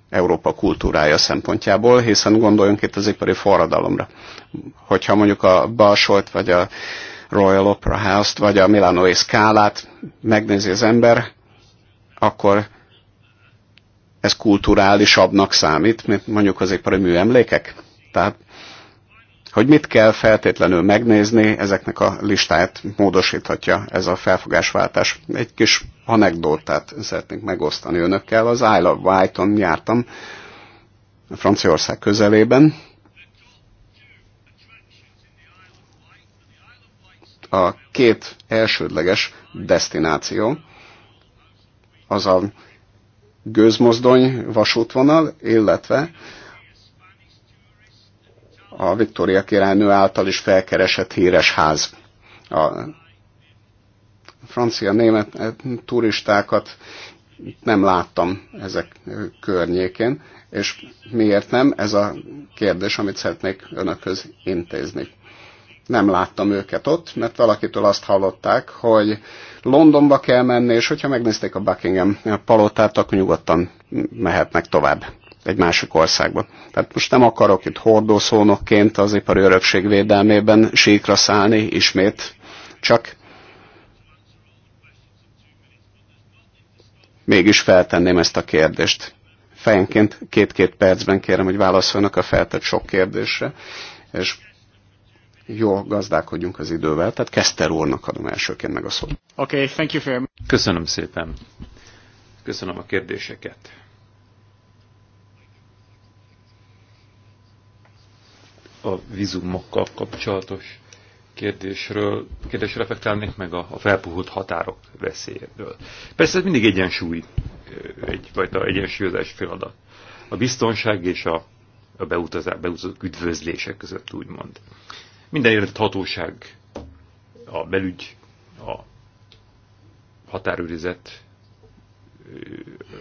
Európa kultúrája szempontjából, hiszen gondoljunk itt az ipari forradalomra. Hogyha mondjuk a Balsolt, vagy a Royal Opera House-t, vagy a Milanoi Skálát megnézi az ember, akkor ez kulturálisabbnak számít, mint mondjuk az ipari műemlékek. Tehát hogy mit kell feltétlenül megnézni, ezeknek a listáját módosíthatja ez a felfogásváltás. Egy kis anekdótát szeretnénk megosztani önökkel. Az Isle of Wight-on jártam Franciaország közelében, a két elsődleges destináció, az a gőzmozdony vasútvonal, illetve a Viktória királynő által is felkeresett híres ház. A francia-német eh, turistákat nem láttam ezek környékén, és miért nem? Ez a kérdés, amit szeretnék önökhöz intézni. Nem láttam őket ott, mert valakitől azt hallották, hogy Londonba kell menni, és hogyha megnézték a Buckingham palotát, akkor nyugodtan mehetnek tovább egy másik országban. Tehát most nem akarok itt hordószónokként az ipari örökség védelmében síkra szállni ismét, csak mégis feltenném ezt a kérdést. Fejenként két-két percben kérem, hogy válaszoljanak a feltett sok kérdésre, és jó, gazdálkodjunk az idővel. Tehát Keszter úrnak adom elsőként meg a szót. Okay, thank you for... Köszönöm szépen. Köszönöm a kérdéseket. a vízumokkal kapcsolatos kérdésről, kérdésre fektelnék meg a, a felpuhult határok veszélyéről. Persze ez mindig egyensúly, egyfajta egyensúlyozás feladat. A biztonság és a, a beutazás, beutazók üdvözlések között úgymond. Minden jelent hatóság, a belügy, a határőrizet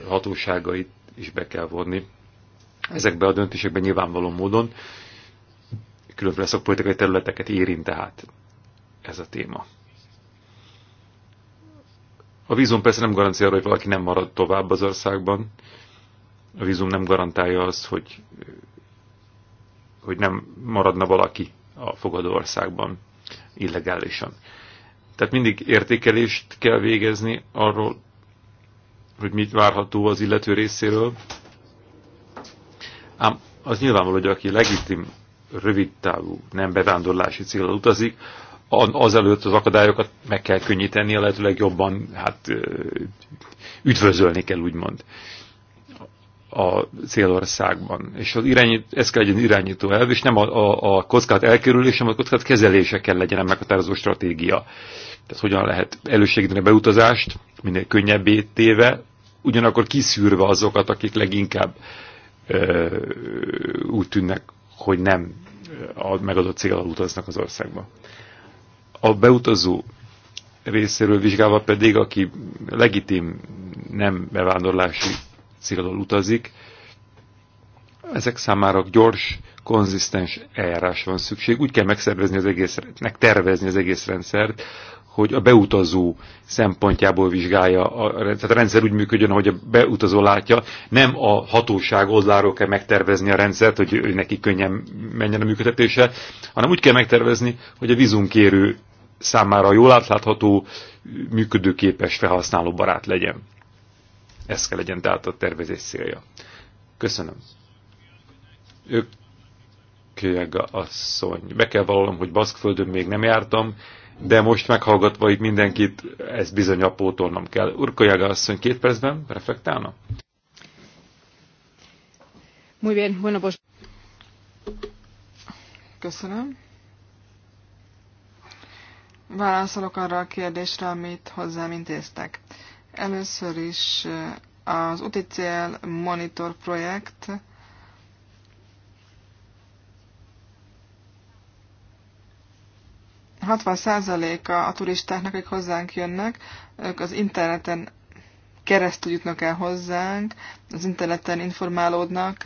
hatóságait is be kell vonni ezekbe a döntésekben nyilvánvaló módon, különféle szakpolitikai területeket érint tehát ez a téma. A vízum persze nem garancia arra, hogy valaki nem marad tovább az országban. A vízum nem garantálja azt, hogy, hogy nem maradna valaki a fogadó országban illegálisan. Tehát mindig értékelést kell végezni arról, hogy mit várható az illető részéről. Ám az nyilvánvaló, hogy aki legitim rövidtávú, nem bevándorlási célra utazik, azelőtt az akadályokat meg kell könnyíteni, a lehetőleg jobban, hát, üdvözölni kell, úgymond a célországban. És az irányít, ez kell legyen irányító elv, és nem a, a, a kockát elkerülés, hanem a kockát kezelése kell legyen a meghatározó stratégia. Tehát hogyan lehet elősegíteni a beutazást, minél könnyebbé téve, ugyanakkor kiszűrve azokat, akik leginkább ö, úgy tűnnek hogy nem a megadott cél utaznak az országba. A beutazó részéről vizsgálva pedig, aki legitim nem bevándorlási célról utazik, ezek számára gyors, konzisztens eljárás van szükség. Úgy kell megszervezni az egésznek, tervezni az egész rendszert, hogy a beutazó szempontjából vizsgálja, a, tehát a rendszer úgy működjön, ahogy a beutazó látja, nem a hatóság oldaláról kell megtervezni a rendszert, hogy, hogy neki könnyen menjen a működtetése, hanem úgy kell megtervezni, hogy a vízumkérő számára jól átlátható, működőképes, felhasználó barát legyen. Ez kell legyen tehát a tervezés célja. Köszönöm. Ők a asszony. Be kell vallanom, hogy Baszkföldön még nem jártam, de most meghallgatva itt mindenkit, ez bizony pótolnom kell. Urkolyága asszony két percben reflektálna? Muy bien, bueno, pues... Köszönöm. Válaszolok arra a kérdésre, amit hozzám intéztek. Először is eh, az UTCL Monitor projekt 60%-a a turistáknak, akik hozzánk jönnek, ők az interneten keresztül jutnak el hozzánk, az interneten informálódnak,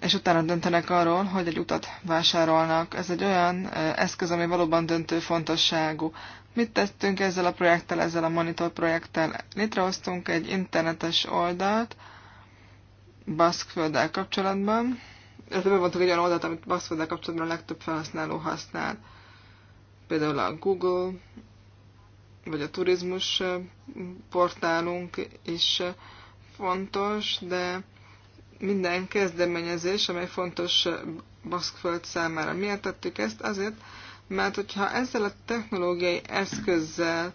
és utána döntenek arról, hogy egy utat vásárolnak. Ez egy olyan eszköz, ami valóban döntő fontosságú. Mit tettünk ezzel a projekttel, ezzel a monitor projekttel? Létrehoztunk egy internetes oldalt Baszkfölddel kapcsolatban, illetve bevontuk egy olyan oldalt, amit buzzford kapcsolatban a legtöbb felhasználó használ. Például a Google, vagy a turizmus portálunk is fontos, de minden kezdeményezés, amely fontos Baszkföld számára. Miért tettük ezt? Azért, mert hogyha ezzel a technológiai eszközzel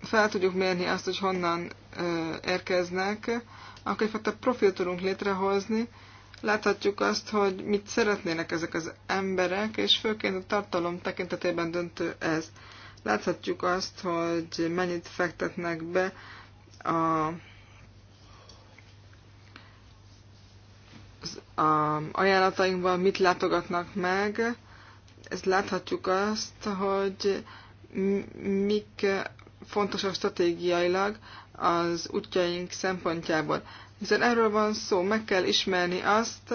fel tudjuk mérni azt, hogy honnan ö, érkeznek, akkor egyfajta profilt tudunk létrehozni, láthatjuk azt, hogy mit szeretnének ezek az emberek, és főként a tartalom tekintetében döntő ez. Láthatjuk azt, hogy mennyit fektetnek be a, a ajánlatainkban, mit látogatnak meg. Ezt láthatjuk azt, hogy mik fontosak stratégiailag az útjaink szempontjából. Hiszen erről van szó, meg kell ismerni azt,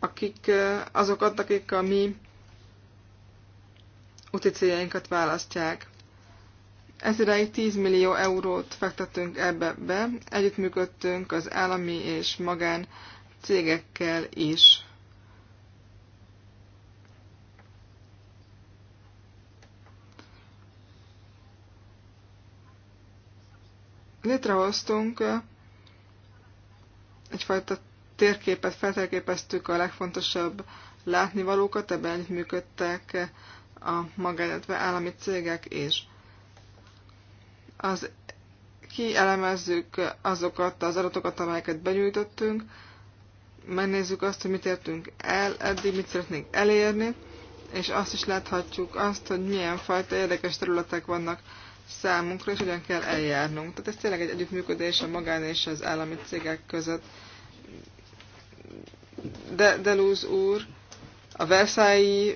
akik, azokat, akik a mi úti céljainkat választják. Ez idáig 10 millió eurót fektettünk ebbe be, együttműködtünk az állami és magán cégekkel is. Létrehoztunk egyfajta térképet feltérképeztük a legfontosabb látnivalókat, ebben működtek a magánetve állami cégek és az kielemezzük azokat az adatokat, amelyeket benyújtottunk, megnézzük azt, hogy mit értünk el, eddig mit szeretnénk elérni, és azt is láthatjuk azt, hogy milyen fajta érdekes területek vannak számunkra, és hogyan kell eljárnunk. Tehát ez tényleg egy együttműködés a magán és az állami cégek között. De, Deluz úr, a Versailles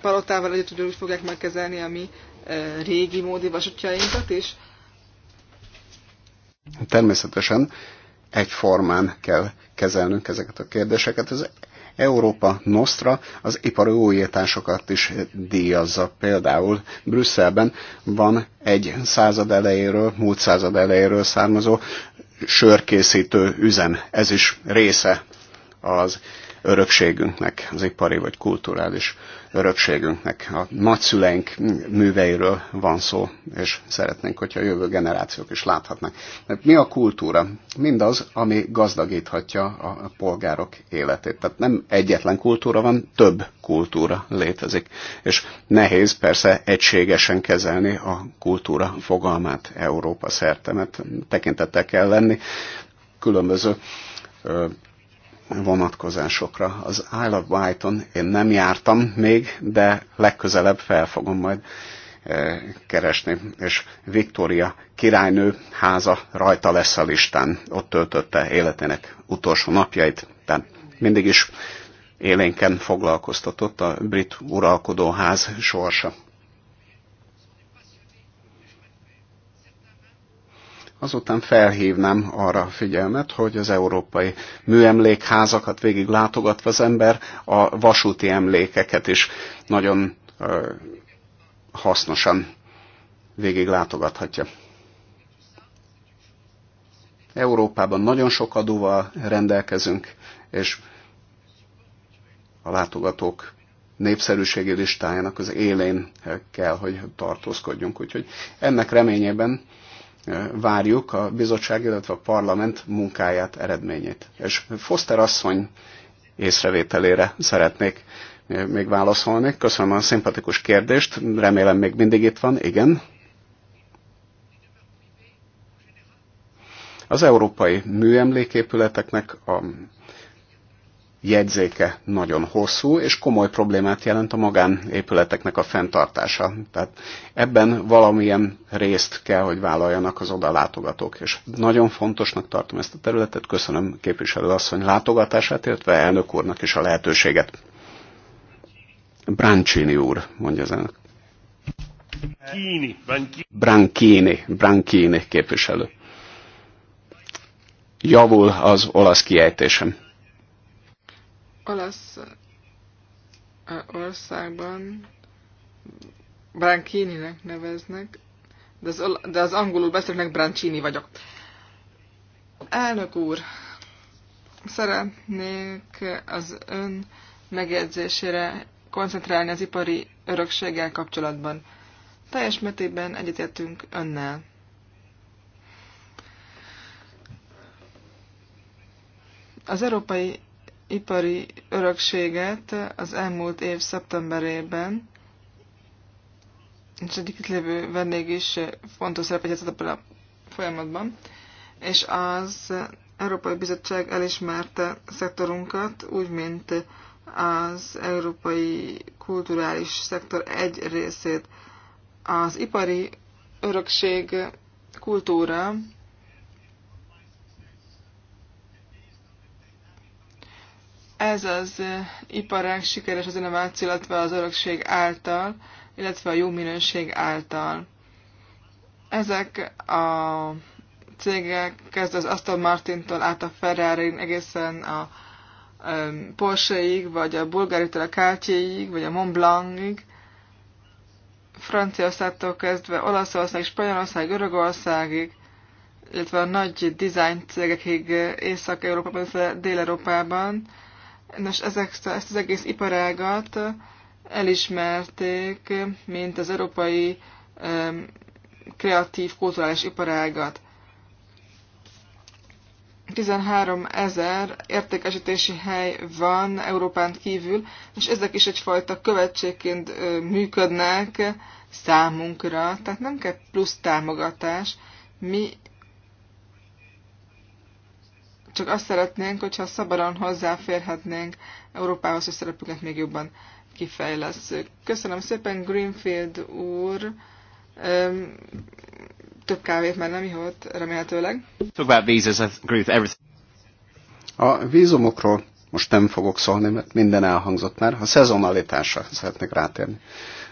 palotával együtt ugyanúgy fogják megkezelni a mi régi módi vasútjainkat is? Természetesen egyformán kell kezelnünk ezeket a kérdéseket. Ez Európa Nostra az ipari újításokat is díjazza. Például Brüsszelben van egy század elejéről, múlt század elejéről származó sörkészítő üzem. Ez is része az örökségünknek, az ipari vagy kulturális örökségünknek, a nagyszüleink műveiről van szó, és szeretnénk, hogyha a jövő generációk is láthatnak. Mert mi a kultúra? Mindaz, ami gazdagíthatja a polgárok életét. Tehát nem egyetlen kultúra van, több kultúra létezik. És nehéz persze egységesen kezelni a kultúra fogalmát Európa szerte, mert tekintettel kell lenni különböző vonatkozásokra. Az Isle of Wight-on én nem jártam még, de legközelebb fel fogom majd e, keresni, és Viktória királynő háza rajta lesz a listán, ott töltötte életének utolsó napjait, tehát mindig is élénken foglalkoztatott a brit uralkodóház sorsa. Azután felhívnám arra a figyelmet, hogy az európai műemlékházakat végig látogatva az ember a vasúti emlékeket is nagyon hasznosan végig látogathatja. Európában nagyon sok adóval rendelkezünk, és a látogatók népszerűségi listájának az élén kell, hogy tartózkodjunk. Úgyhogy ennek reményében várjuk a bizottság, illetve a parlament munkáját, eredményét. És Foster asszony észrevételére szeretnék még válaszolni. Köszönöm a szimpatikus kérdést, remélem még mindig itt van, igen. Az európai műemléképületeknek a jegyzéke nagyon hosszú, és komoly problémát jelent a magánépületeknek a fenntartása. Tehát ebben valamilyen részt kell, hogy vállaljanak az oda látogatók. És nagyon fontosnak tartom ezt a területet. Köszönöm képviselő asszony látogatását, illetve elnök úrnak is a lehetőséget. Brancini úr, mondja az elnök. Brancini Brancini Brancini képviselő. Javul az olasz kiejtésem olasz országban Brancini-nek neveznek, de az, de az angolul beszélnek Brancini vagyok. Elnök úr, szeretnék az ön megjegyzésére koncentrálni az ipari örökséggel kapcsolatban. Teljes mértékben egyetértünk önnel. Az európai ipari örökséget az elmúlt év szeptemberében, és egyik itt lévő vendég is fontos szerepet játszott ebben a folyamatban, és az Európai Bizottság elismerte szektorunkat, úgy, mint az európai kulturális szektor egy részét. Az ipari örökség kultúra Ez az iparág sikeres az innováció, illetve az örökség által, illetve a jó minőség által. Ezek a cégek, kezd az Aston Martintól át a ferrari egészen a Porsche-ig, vagy a Bulgáritól a Cartier-ig, vagy a Mont Blanc-ig, Franciaországtól kezdve Olaszország, Spanyolország, Görögországig, illetve a nagy design cégekig Észak-Európában, Dél-Európában, Nos, ezek, ezt az egész iparágat elismerték, mint az európai um, kreatív kulturális iparágat. 13 ezer értékesítési hely van Európán kívül, és ezek is egyfajta követségként működnek számunkra, tehát nem kell plusz támogatás. Mi csak azt szeretnénk, hogyha szabadon hozzáférhetnénk Európához, hogy szerepüket még jobban kifejlesszük. Köszönöm szépen, Greenfield úr. Um, több kávét már nem ihott, remélhetőleg. A vízumokról most nem fogok szólni, mert minden elhangzott már. A szezonalitásra szeretnék rátérni.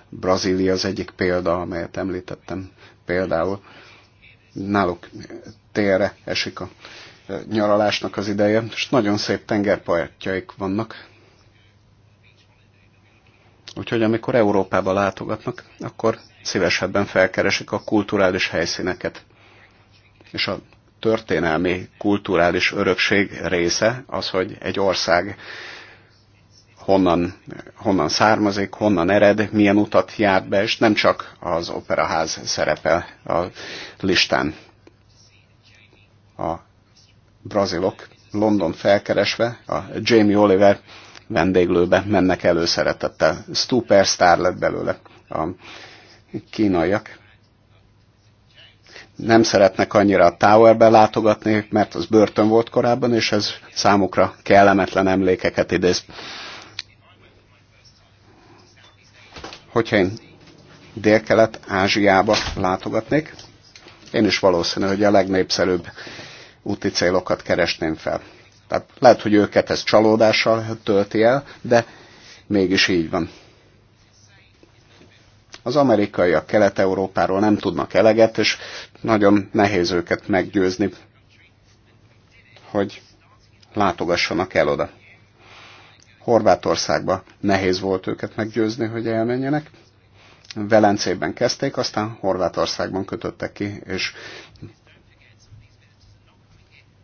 Brazília az egyik példa, amelyet említettem például. Náluk télre esik a nyaralásnak az ideje, és nagyon szép tengerpartjaik vannak. Úgyhogy amikor Európába látogatnak, akkor szívesebben felkeresik a kulturális helyszíneket. És a történelmi, kulturális örökség része az, hogy egy ország honnan, honnan származik, honnan ered, milyen utat járt be, és nem csak az operaház szerepel a listán. A brazilok London felkeresve a Jamie Oliver vendéglőbe mennek előszeretettel. Superstar lett belőle a kínaiak. Nem szeretnek annyira a Towerbe látogatni, mert az börtön volt korábban, és ez számukra kellemetlen emlékeket idéz. Hogyha én Dél-Kelet-Ázsiába látogatnék, én is valószínű, hogy a legnépszerűbb úti célokat keresném fel. Tehát lehet, hogy őket ez csalódással tölti el, de mégis így van. Az amerikaiak Kelet-Európáról nem tudnak eleget, és nagyon nehéz őket meggyőzni, hogy látogassanak el oda. Horvátországba nehéz volt őket meggyőzni, hogy elmenjenek. Velencében kezdték, aztán Horvátországban kötöttek ki, és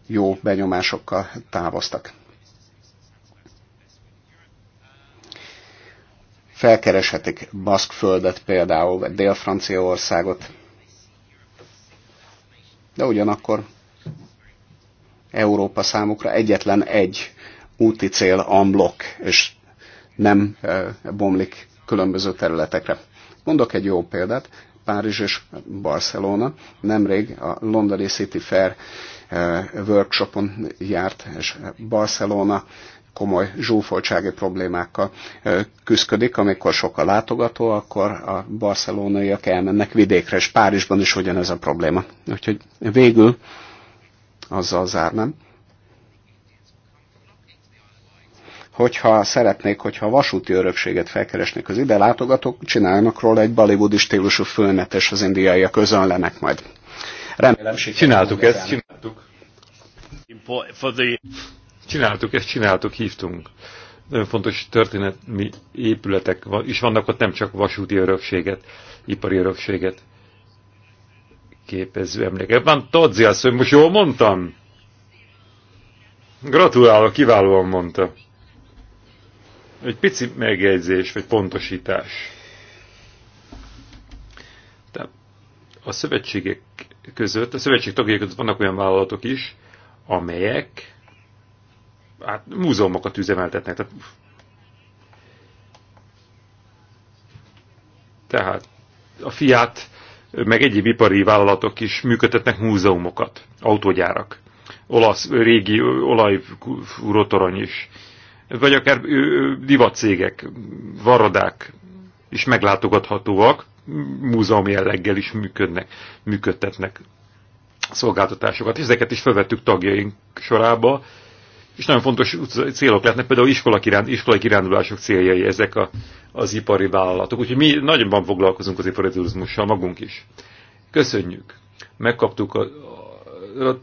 jó benyomásokkal távoztak. Felkereshetik Baszkföldet például, vagy Dél-Franciaországot, de ugyanakkor Európa számukra egyetlen egy úti cél amblok, és nem e, bomlik különböző területekre. Mondok egy jó példát, Párizs és Barcelona nemrég a Londoni City Fair workshopon járt, és Barcelona komoly zsúfoltsági problémákkal küzdik, amikor sok a látogató, akkor a barcelonaiak elmennek vidékre, és Párizsban is ugyanez a probléma. Úgyhogy végül azzal zárnám. Hogyha szeretnék, hogyha a vasúti örökséget felkeresnék az ide látogatók, csinálnak róla egy bollywoodi stílusú főnetes és az indiaiak özönlenek majd. Remélem Csináltuk ezt. Csináltuk. Csináltuk, ezt csináltuk, hívtunk. Nagyon fontos történetmi épületek is vannak ott, nem csak vasúti örökséget, ipari örökséget képező emléke. Van Todzi azt, hogy most jól mondtam? Gratulálok, kiválóan mondta. Egy pici megjegyzés, vagy pontosítás. De a szövetségek között, a szövetség tagjai között vannak olyan vállalatok is, amelyek hát, múzeumokat üzemeltetnek. Tehát, tehát a fiát, meg egyéb ipari vállalatok is működtetnek múzeumokat, autógyárak. Olasz, régi olajfúrótorony is. Vagy akár divatcégek, varadák is meglátogathatóak, múzeum jelleggel is működnek, működtetnek szolgáltatásokat, és ezeket is felvettük tagjaink sorába, és nagyon fontos célok lehetnek, például iskola kiránd, iskolai kirándulások céljai ezek a, az ipari vállalatok. Úgyhogy mi nagyban foglalkozunk az ipari turizmussal magunk is. Köszönjük! Megkaptuk a, a, a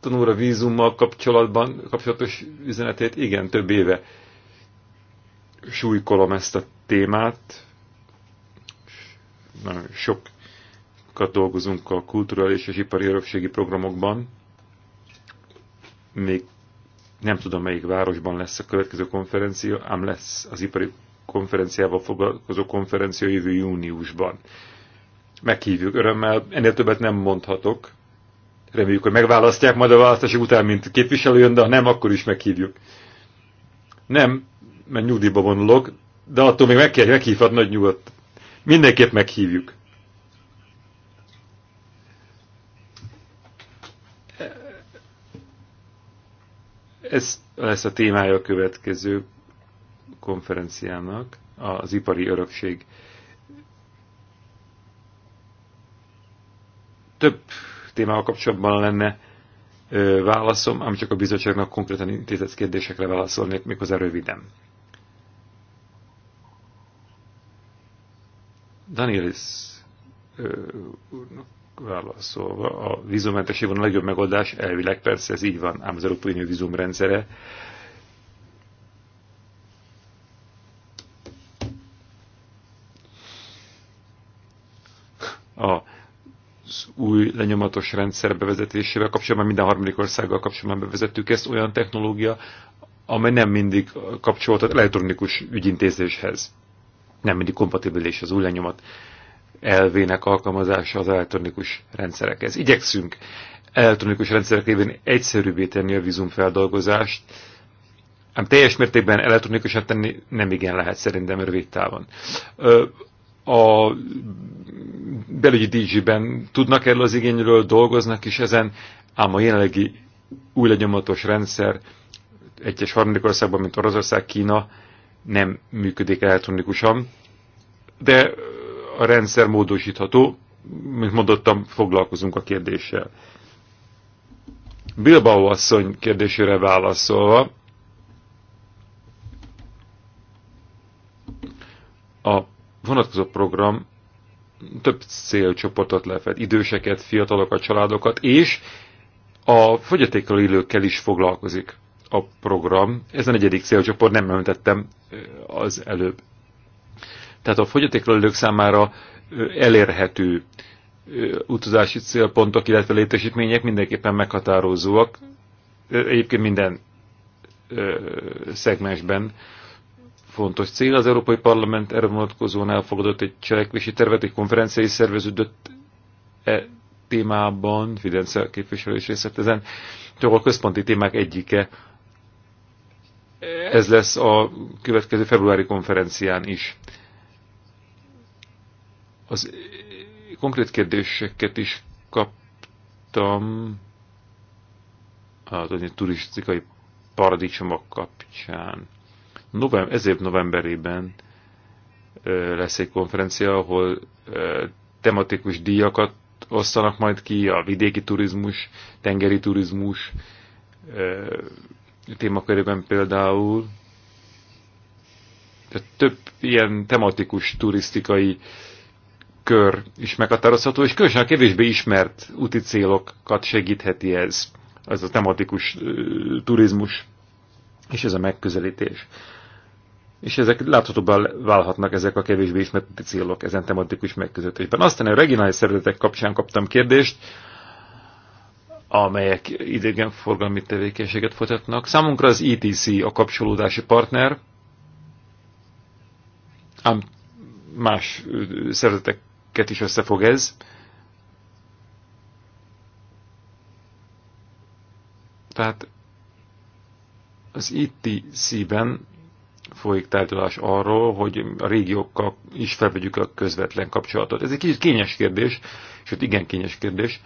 tanúra vízummal kapcsolatban kapcsolatos üzenetét. Igen, több éve súlykolom ezt a témát. Nagyon sok sokat dolgozunk a kulturális és ipari örökségi programokban. Még nem tudom, melyik városban lesz a következő konferencia, ám lesz az ipari konferenciával foglalkozó konferencia jövő júniusban. Meghívjuk örömmel, ennél többet nem mondhatok. Reméljük, hogy megválasztják majd a választások után, mint képviselő jön, de ha nem, akkor is meghívjuk. Nem, mert nyugdíjba vonulok, de attól még meg kell, meghívhat nagy nyugodt. Mindenképp meghívjuk. Ez lesz a témája a következő konferenciának, az ipari örökség. Több témával kapcsolatban lenne válaszom, ám csak a bizottságnak konkrétan intézett kérdésekre válaszolnék, méghozzá röviden. Danielis úrnak válaszolva, a vízumentesség van a legjobb megoldás, elvileg persze ez így van, ám az Európai Unió vízumrendszere a új lenyomatos rendszer bevezetésével kapcsolatban, minden harmadik országgal kapcsolatban bevezettük ezt, olyan technológia, amely nem mindig kapcsolódott elektronikus ügyintézéshez. Nem mindig kompatibilis az új lenyomat elvének alkalmazása az elektronikus rendszerekhez. Igyekszünk elektronikus rendszerek révén egyszerűbbé tenni a vízumfeldolgozást, ám teljes mértékben elektronikusan tenni nem igen lehet szerintem rövid távon. A belügyi DG-ben tudnak erről az igényről, dolgoznak is ezen, ám a jelenlegi új legyomatos rendszer egyes harmadik országban, mint Oroszország, Kína nem működik elektronikusan, de a rendszer módosítható, mint mondottam, foglalkozunk a kérdéssel. Bilbao asszony kérdésére válaszolva, a vonatkozó program több célcsoportot lefed, időseket, fiatalokat, családokat, és a fogyatékkal élőkkel is foglalkozik a program. Ez a negyedik célcsoport, nem említettem az előbb tehát a fogyatékkal élők számára elérhető utazási célpontok, illetve létesítmények mindenképpen meghatározóak. Egyébként minden szegmensben fontos cél. Az Európai Parlament erre vonatkozóan elfogadott egy cselekvési tervet, egy konferencia is szerveződött e témában, Fidence képviselő is részlet ezen. Csak a központi témák egyike. Ez lesz a következő februári konferencián is. Az konkrét kérdéseket is kaptam az a turistikai paradicsomok kapcsán. November, ezért novemberében lesz egy konferencia, ahol tematikus díjakat osztanak majd ki, a vidéki turizmus, tengeri turizmus témakörében például. Tehát több ilyen tematikus turisztikai kör is meghatározható, és különösen a kevésbé ismert úti célokat segítheti ez, ez a tematikus turizmus, és ez a megközelítés. És ezek láthatóban válhatnak ezek a kevésbé ismert úti célok ezen tematikus megközelítésben. Aztán a regionális szervezetek kapcsán kaptam kérdést, amelyek idegenforgalmi tevékenységet folytatnak. Számunkra az ETC a kapcsolódási partner, ám más szervezetek ket is összefog ez. Tehát az itti szíben folyik tárgyalás arról, hogy a régiókkal is felvegyük a közvetlen kapcsolatot. Ez egy kicsit kényes kérdés, és ott igen kényes kérdés,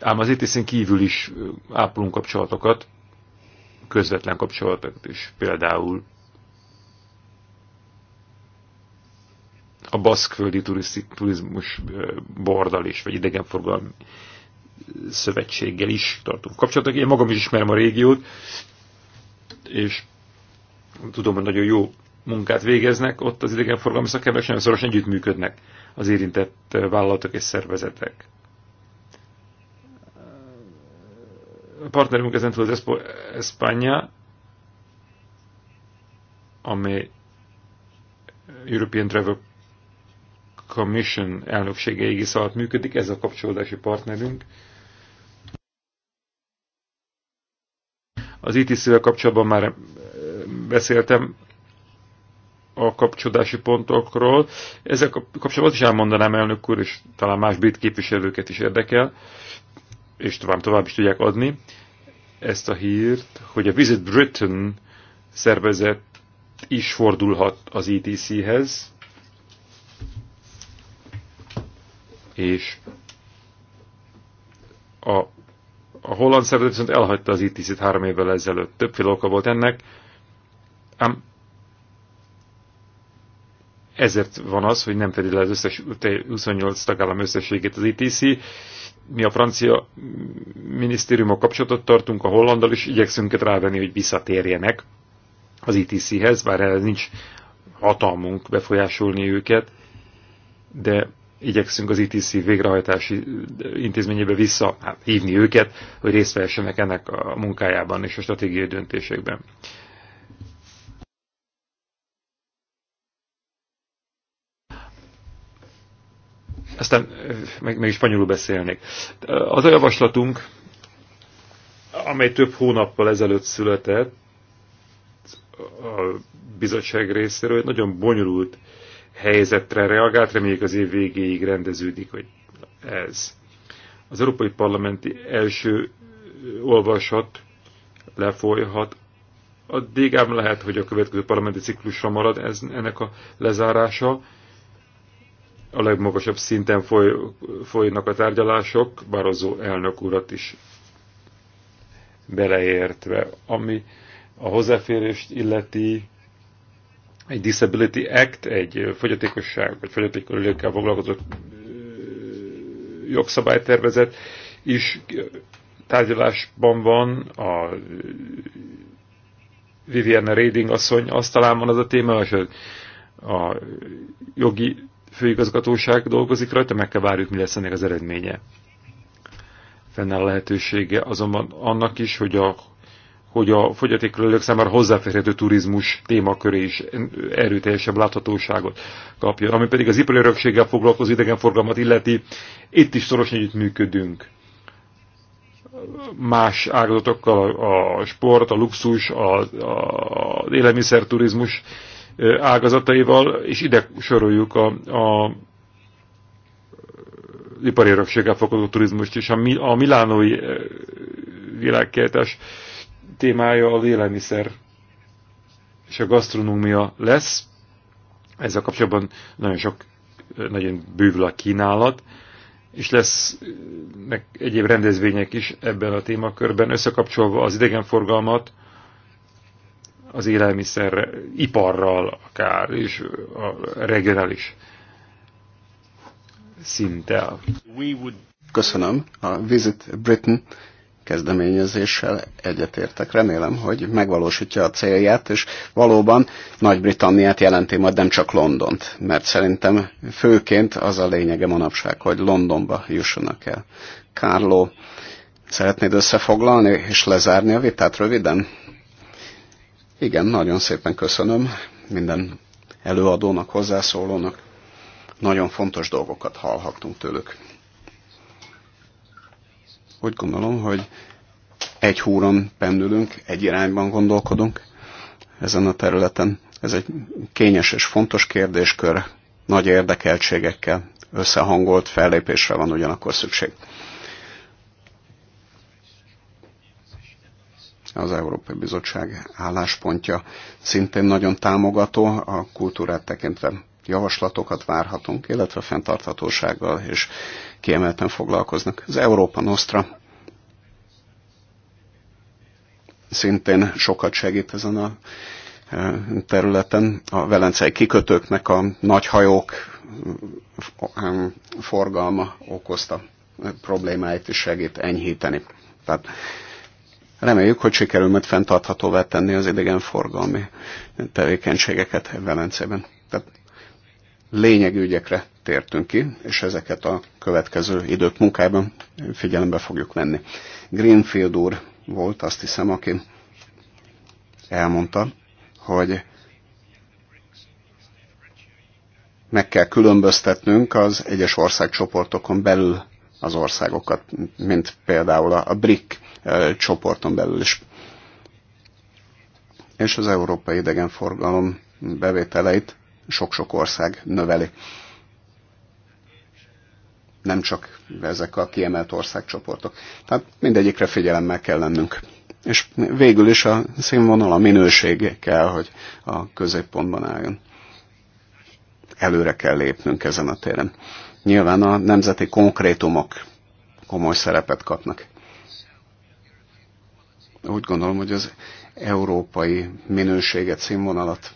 ám az itti szín kívül is ápolunk kapcsolatokat, közvetlen kapcsolatokat is. Például a baszkföldi turizmus bordal is, vagy idegenforgalmi szövetséggel is tartunk kapcsolatot. Én magam is ismerem a régiót, és tudom, hogy nagyon jó munkát végeznek, ott az idegenforgalmi szakemberek nagyon szorosan együttműködnek az érintett vállalatok és szervezetek. A partnerünk ezen túl az Espanya, amely European Travel Commission elnöksége égisz alatt működik, ez a kapcsolódási partnerünk. Az ITC-vel kapcsolatban már eh, beszéltem a kapcsolódási pontokról. Ezzel kapcsolatban is elmondanám elnök úr, és talán más brit képviselőket is érdekel, és tovább, tovább is tudják adni ezt a hírt, hogy a Visit Britain szervezet is fordulhat az ETC-hez, és a, a holland szervezet viszont elhagyta az ITC-t három évvel ezelőtt. Többféle oka volt ennek, ám ezért van az, hogy nem fedi le az összes 28 tagállam összességét az ITC. Mi a francia minisztériumok kapcsolatot tartunk, a hollandal is igyekszünk rávenni, hogy visszatérjenek az ITC-hez, bár ez nincs hatalmunk befolyásolni őket, de igyekszünk az ITC e végrehajtási intézményébe vissza hát, hívni őket, hogy részt vehessenek ennek a munkájában és a stratégiai döntésekben. Aztán meg, meg is spanyolul beszélnék. Az a javaslatunk, amely több hónappal ezelőtt született a bizottság részéről, egy nagyon bonyolult helyzetre reagált, reméljük az év végéig rendeződik, hogy ez. Az Európai Parlamenti első olvasat lefolyhat, A dégám lehet, hogy a következő parlamenti ciklusra marad ez, ennek a lezárása. A legmagasabb szinten foly, folynak a tárgyalások, Barozó elnök urat is beleértve. Ami a hozzáférést illeti, egy Disability Act, egy fogyatékosság vagy fogyatékossággal foglalkozó jogszabálytervezet is tárgyalásban van, a Vivienne Reding asszony asztalában az a téma, és a, a jogi főigazgatóság dolgozik rajta, meg kell várjuk, mi lesz ennek az eredménye. Fennáll a lehetősége azonban annak is, hogy a hogy a fogyatékkelők számára hozzáférhető turizmus témaköré is erőteljesebb láthatóságot kapja. Ami pedig az ipari örökséggel foglalkozó idegenforgalmat illeti, itt is szorosan együtt működünk. Más ágazatokkal a sport, a luxus, az, az élelmiszerturizmus ágazataival, és ide soroljuk a, a ipari örökséggel foglalkozó turizmust is. A, a milánói világkeltes témája az élelmiszer és a gasztronómia lesz. Ezzel kapcsolatban nagyon sok, nagyon bővül a kínálat, és lesz meg egyéb rendezvények is ebben a témakörben, összekapcsolva az idegenforgalmat az élelmiszer iparral akár, és a regionális szinttel. Köszönöm. A Visit Britain kezdeményezéssel egyetértek. Remélem, hogy megvalósítja a célját, és valóban Nagy-Britanniát jelenti majd nem csak Londont, mert szerintem főként az a lényege manapság, hogy Londonba jussanak el. Kárló, szeretnéd összefoglalni és lezárni a vitát röviden? Igen, nagyon szépen köszönöm minden előadónak, hozzászólónak. Nagyon fontos dolgokat hallhattunk tőlük. Úgy gondolom, hogy egy húron pendülünk, egy irányban gondolkodunk ezen a területen. Ez egy kényes és fontos kérdéskör, nagy érdekeltségekkel összehangolt fellépésre van ugyanakkor szükség. Az Európai Bizottság álláspontja szintén nagyon támogató, a kultúrát tekintve javaslatokat várhatunk, illetve fenntarthatósággal és kiemelten foglalkoznak. Az Európa Nostra szintén sokat segít ezen a e, területen. A velencei kikötőknek a nagy hajók e, e, forgalma okozta problémáit is segít enyhíteni. Tehát reméljük, hogy sikerül majd fenntarthatóvá tenni az idegenforgalmi tevékenységeket Velencében. Tehát lényegügyekre tértünk ki, és ezeket a következő idők munkájában figyelembe fogjuk venni. Greenfield úr volt, azt hiszem, aki elmondta, hogy meg kell különböztetnünk az egyes országcsoportokon belül az országokat, mint például a BRIC csoporton belül is. És az európai idegenforgalom bevételeit sok-sok ország növeli nem csak ezek a kiemelt országcsoportok. Tehát mindegyikre figyelemmel kell lennünk. És végül is a színvonal, a minőség kell, hogy a középpontban álljon. Előre kell lépnünk ezen a téren. Nyilván a nemzeti konkrétumok komoly szerepet kapnak. Úgy gondolom, hogy az európai minőséget, színvonalat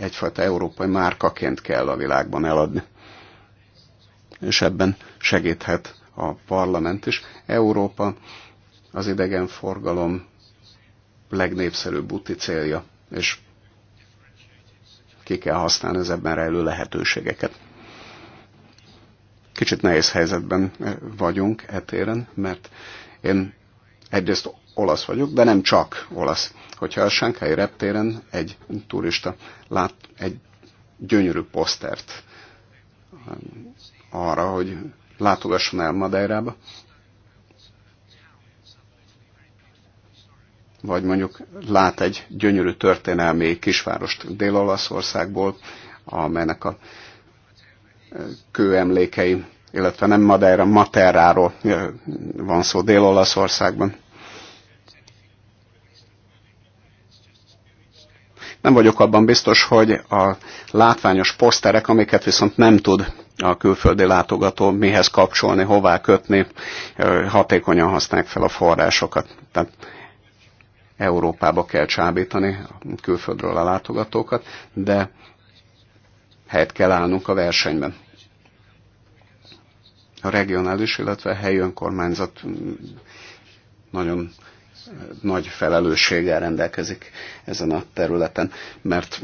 egyfajta európai márkaként kell a világban eladni és ebben segíthet a parlament is. Európa az idegenforgalom legnépszerűbb úti célja, és ki kell használni az ebben rejlő lehetőségeket. Kicsit nehéz helyzetben eh, vagyunk etéren, mert én egyrészt olasz vagyok, de nem csak olasz. Hogyha a Sánkhái reptéren egy turista lát egy gyönyörű posztert arra, hogy látogasson el Madeirába, vagy mondjuk lát egy gyönyörű történelmi kisvárost Dél-Olaszországból, amelynek a e, kőemlékei, illetve nem Madeira, Materráról e, van szó Dél-Olaszországban. Nem vagyok abban biztos, hogy a látványos poszterek, amiket viszont nem tud a külföldi látogató mihez kapcsolni, hová kötni, hatékonyan használják fel a forrásokat. Tehát Európába kell csábítani a külföldről a látogatókat, de helyet kell állnunk a versenyben. A regionális, illetve a helyi önkormányzat mm, nagyon nagy felelősséggel rendelkezik ezen a területen, mert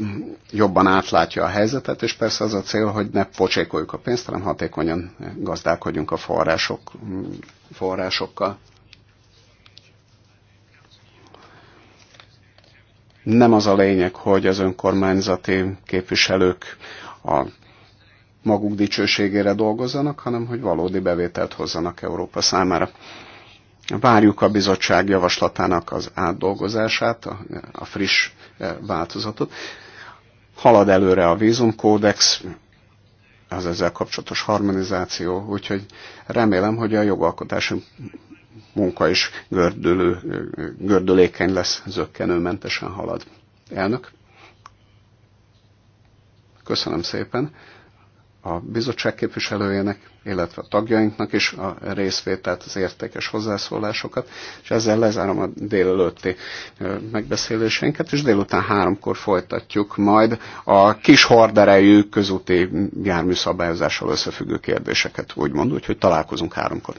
jobban átlátja a helyzetet, és persze az a cél, hogy ne pocsékoljuk a pénzt, hanem hatékonyan gazdálkodjunk a források, forrásokkal. Nem az a lényeg, hogy az önkormányzati képviselők a maguk dicsőségére dolgozzanak, hanem hogy valódi bevételt hozzanak Európa számára. Várjuk a bizottság javaslatának az átdolgozását, a friss e, változatot. Halad előre a vízumkódex, az ezzel kapcsolatos harmonizáció, úgyhogy remélem, hogy a jogalkotási munka is gördülő, gördülékeny lesz, zöggenőmentesen halad. Elnök, köszönöm szépen a bizottság képviselőjének, illetve a tagjainknak is a részvételt, az értékes hozzászólásokat, és ezzel lezárom a délelőtti megbeszéléseinket, és délután háromkor folytatjuk majd a kis horderejű közúti járműszabályozással összefüggő kérdéseket, úgymond, úgyhogy találkozunk háromkor.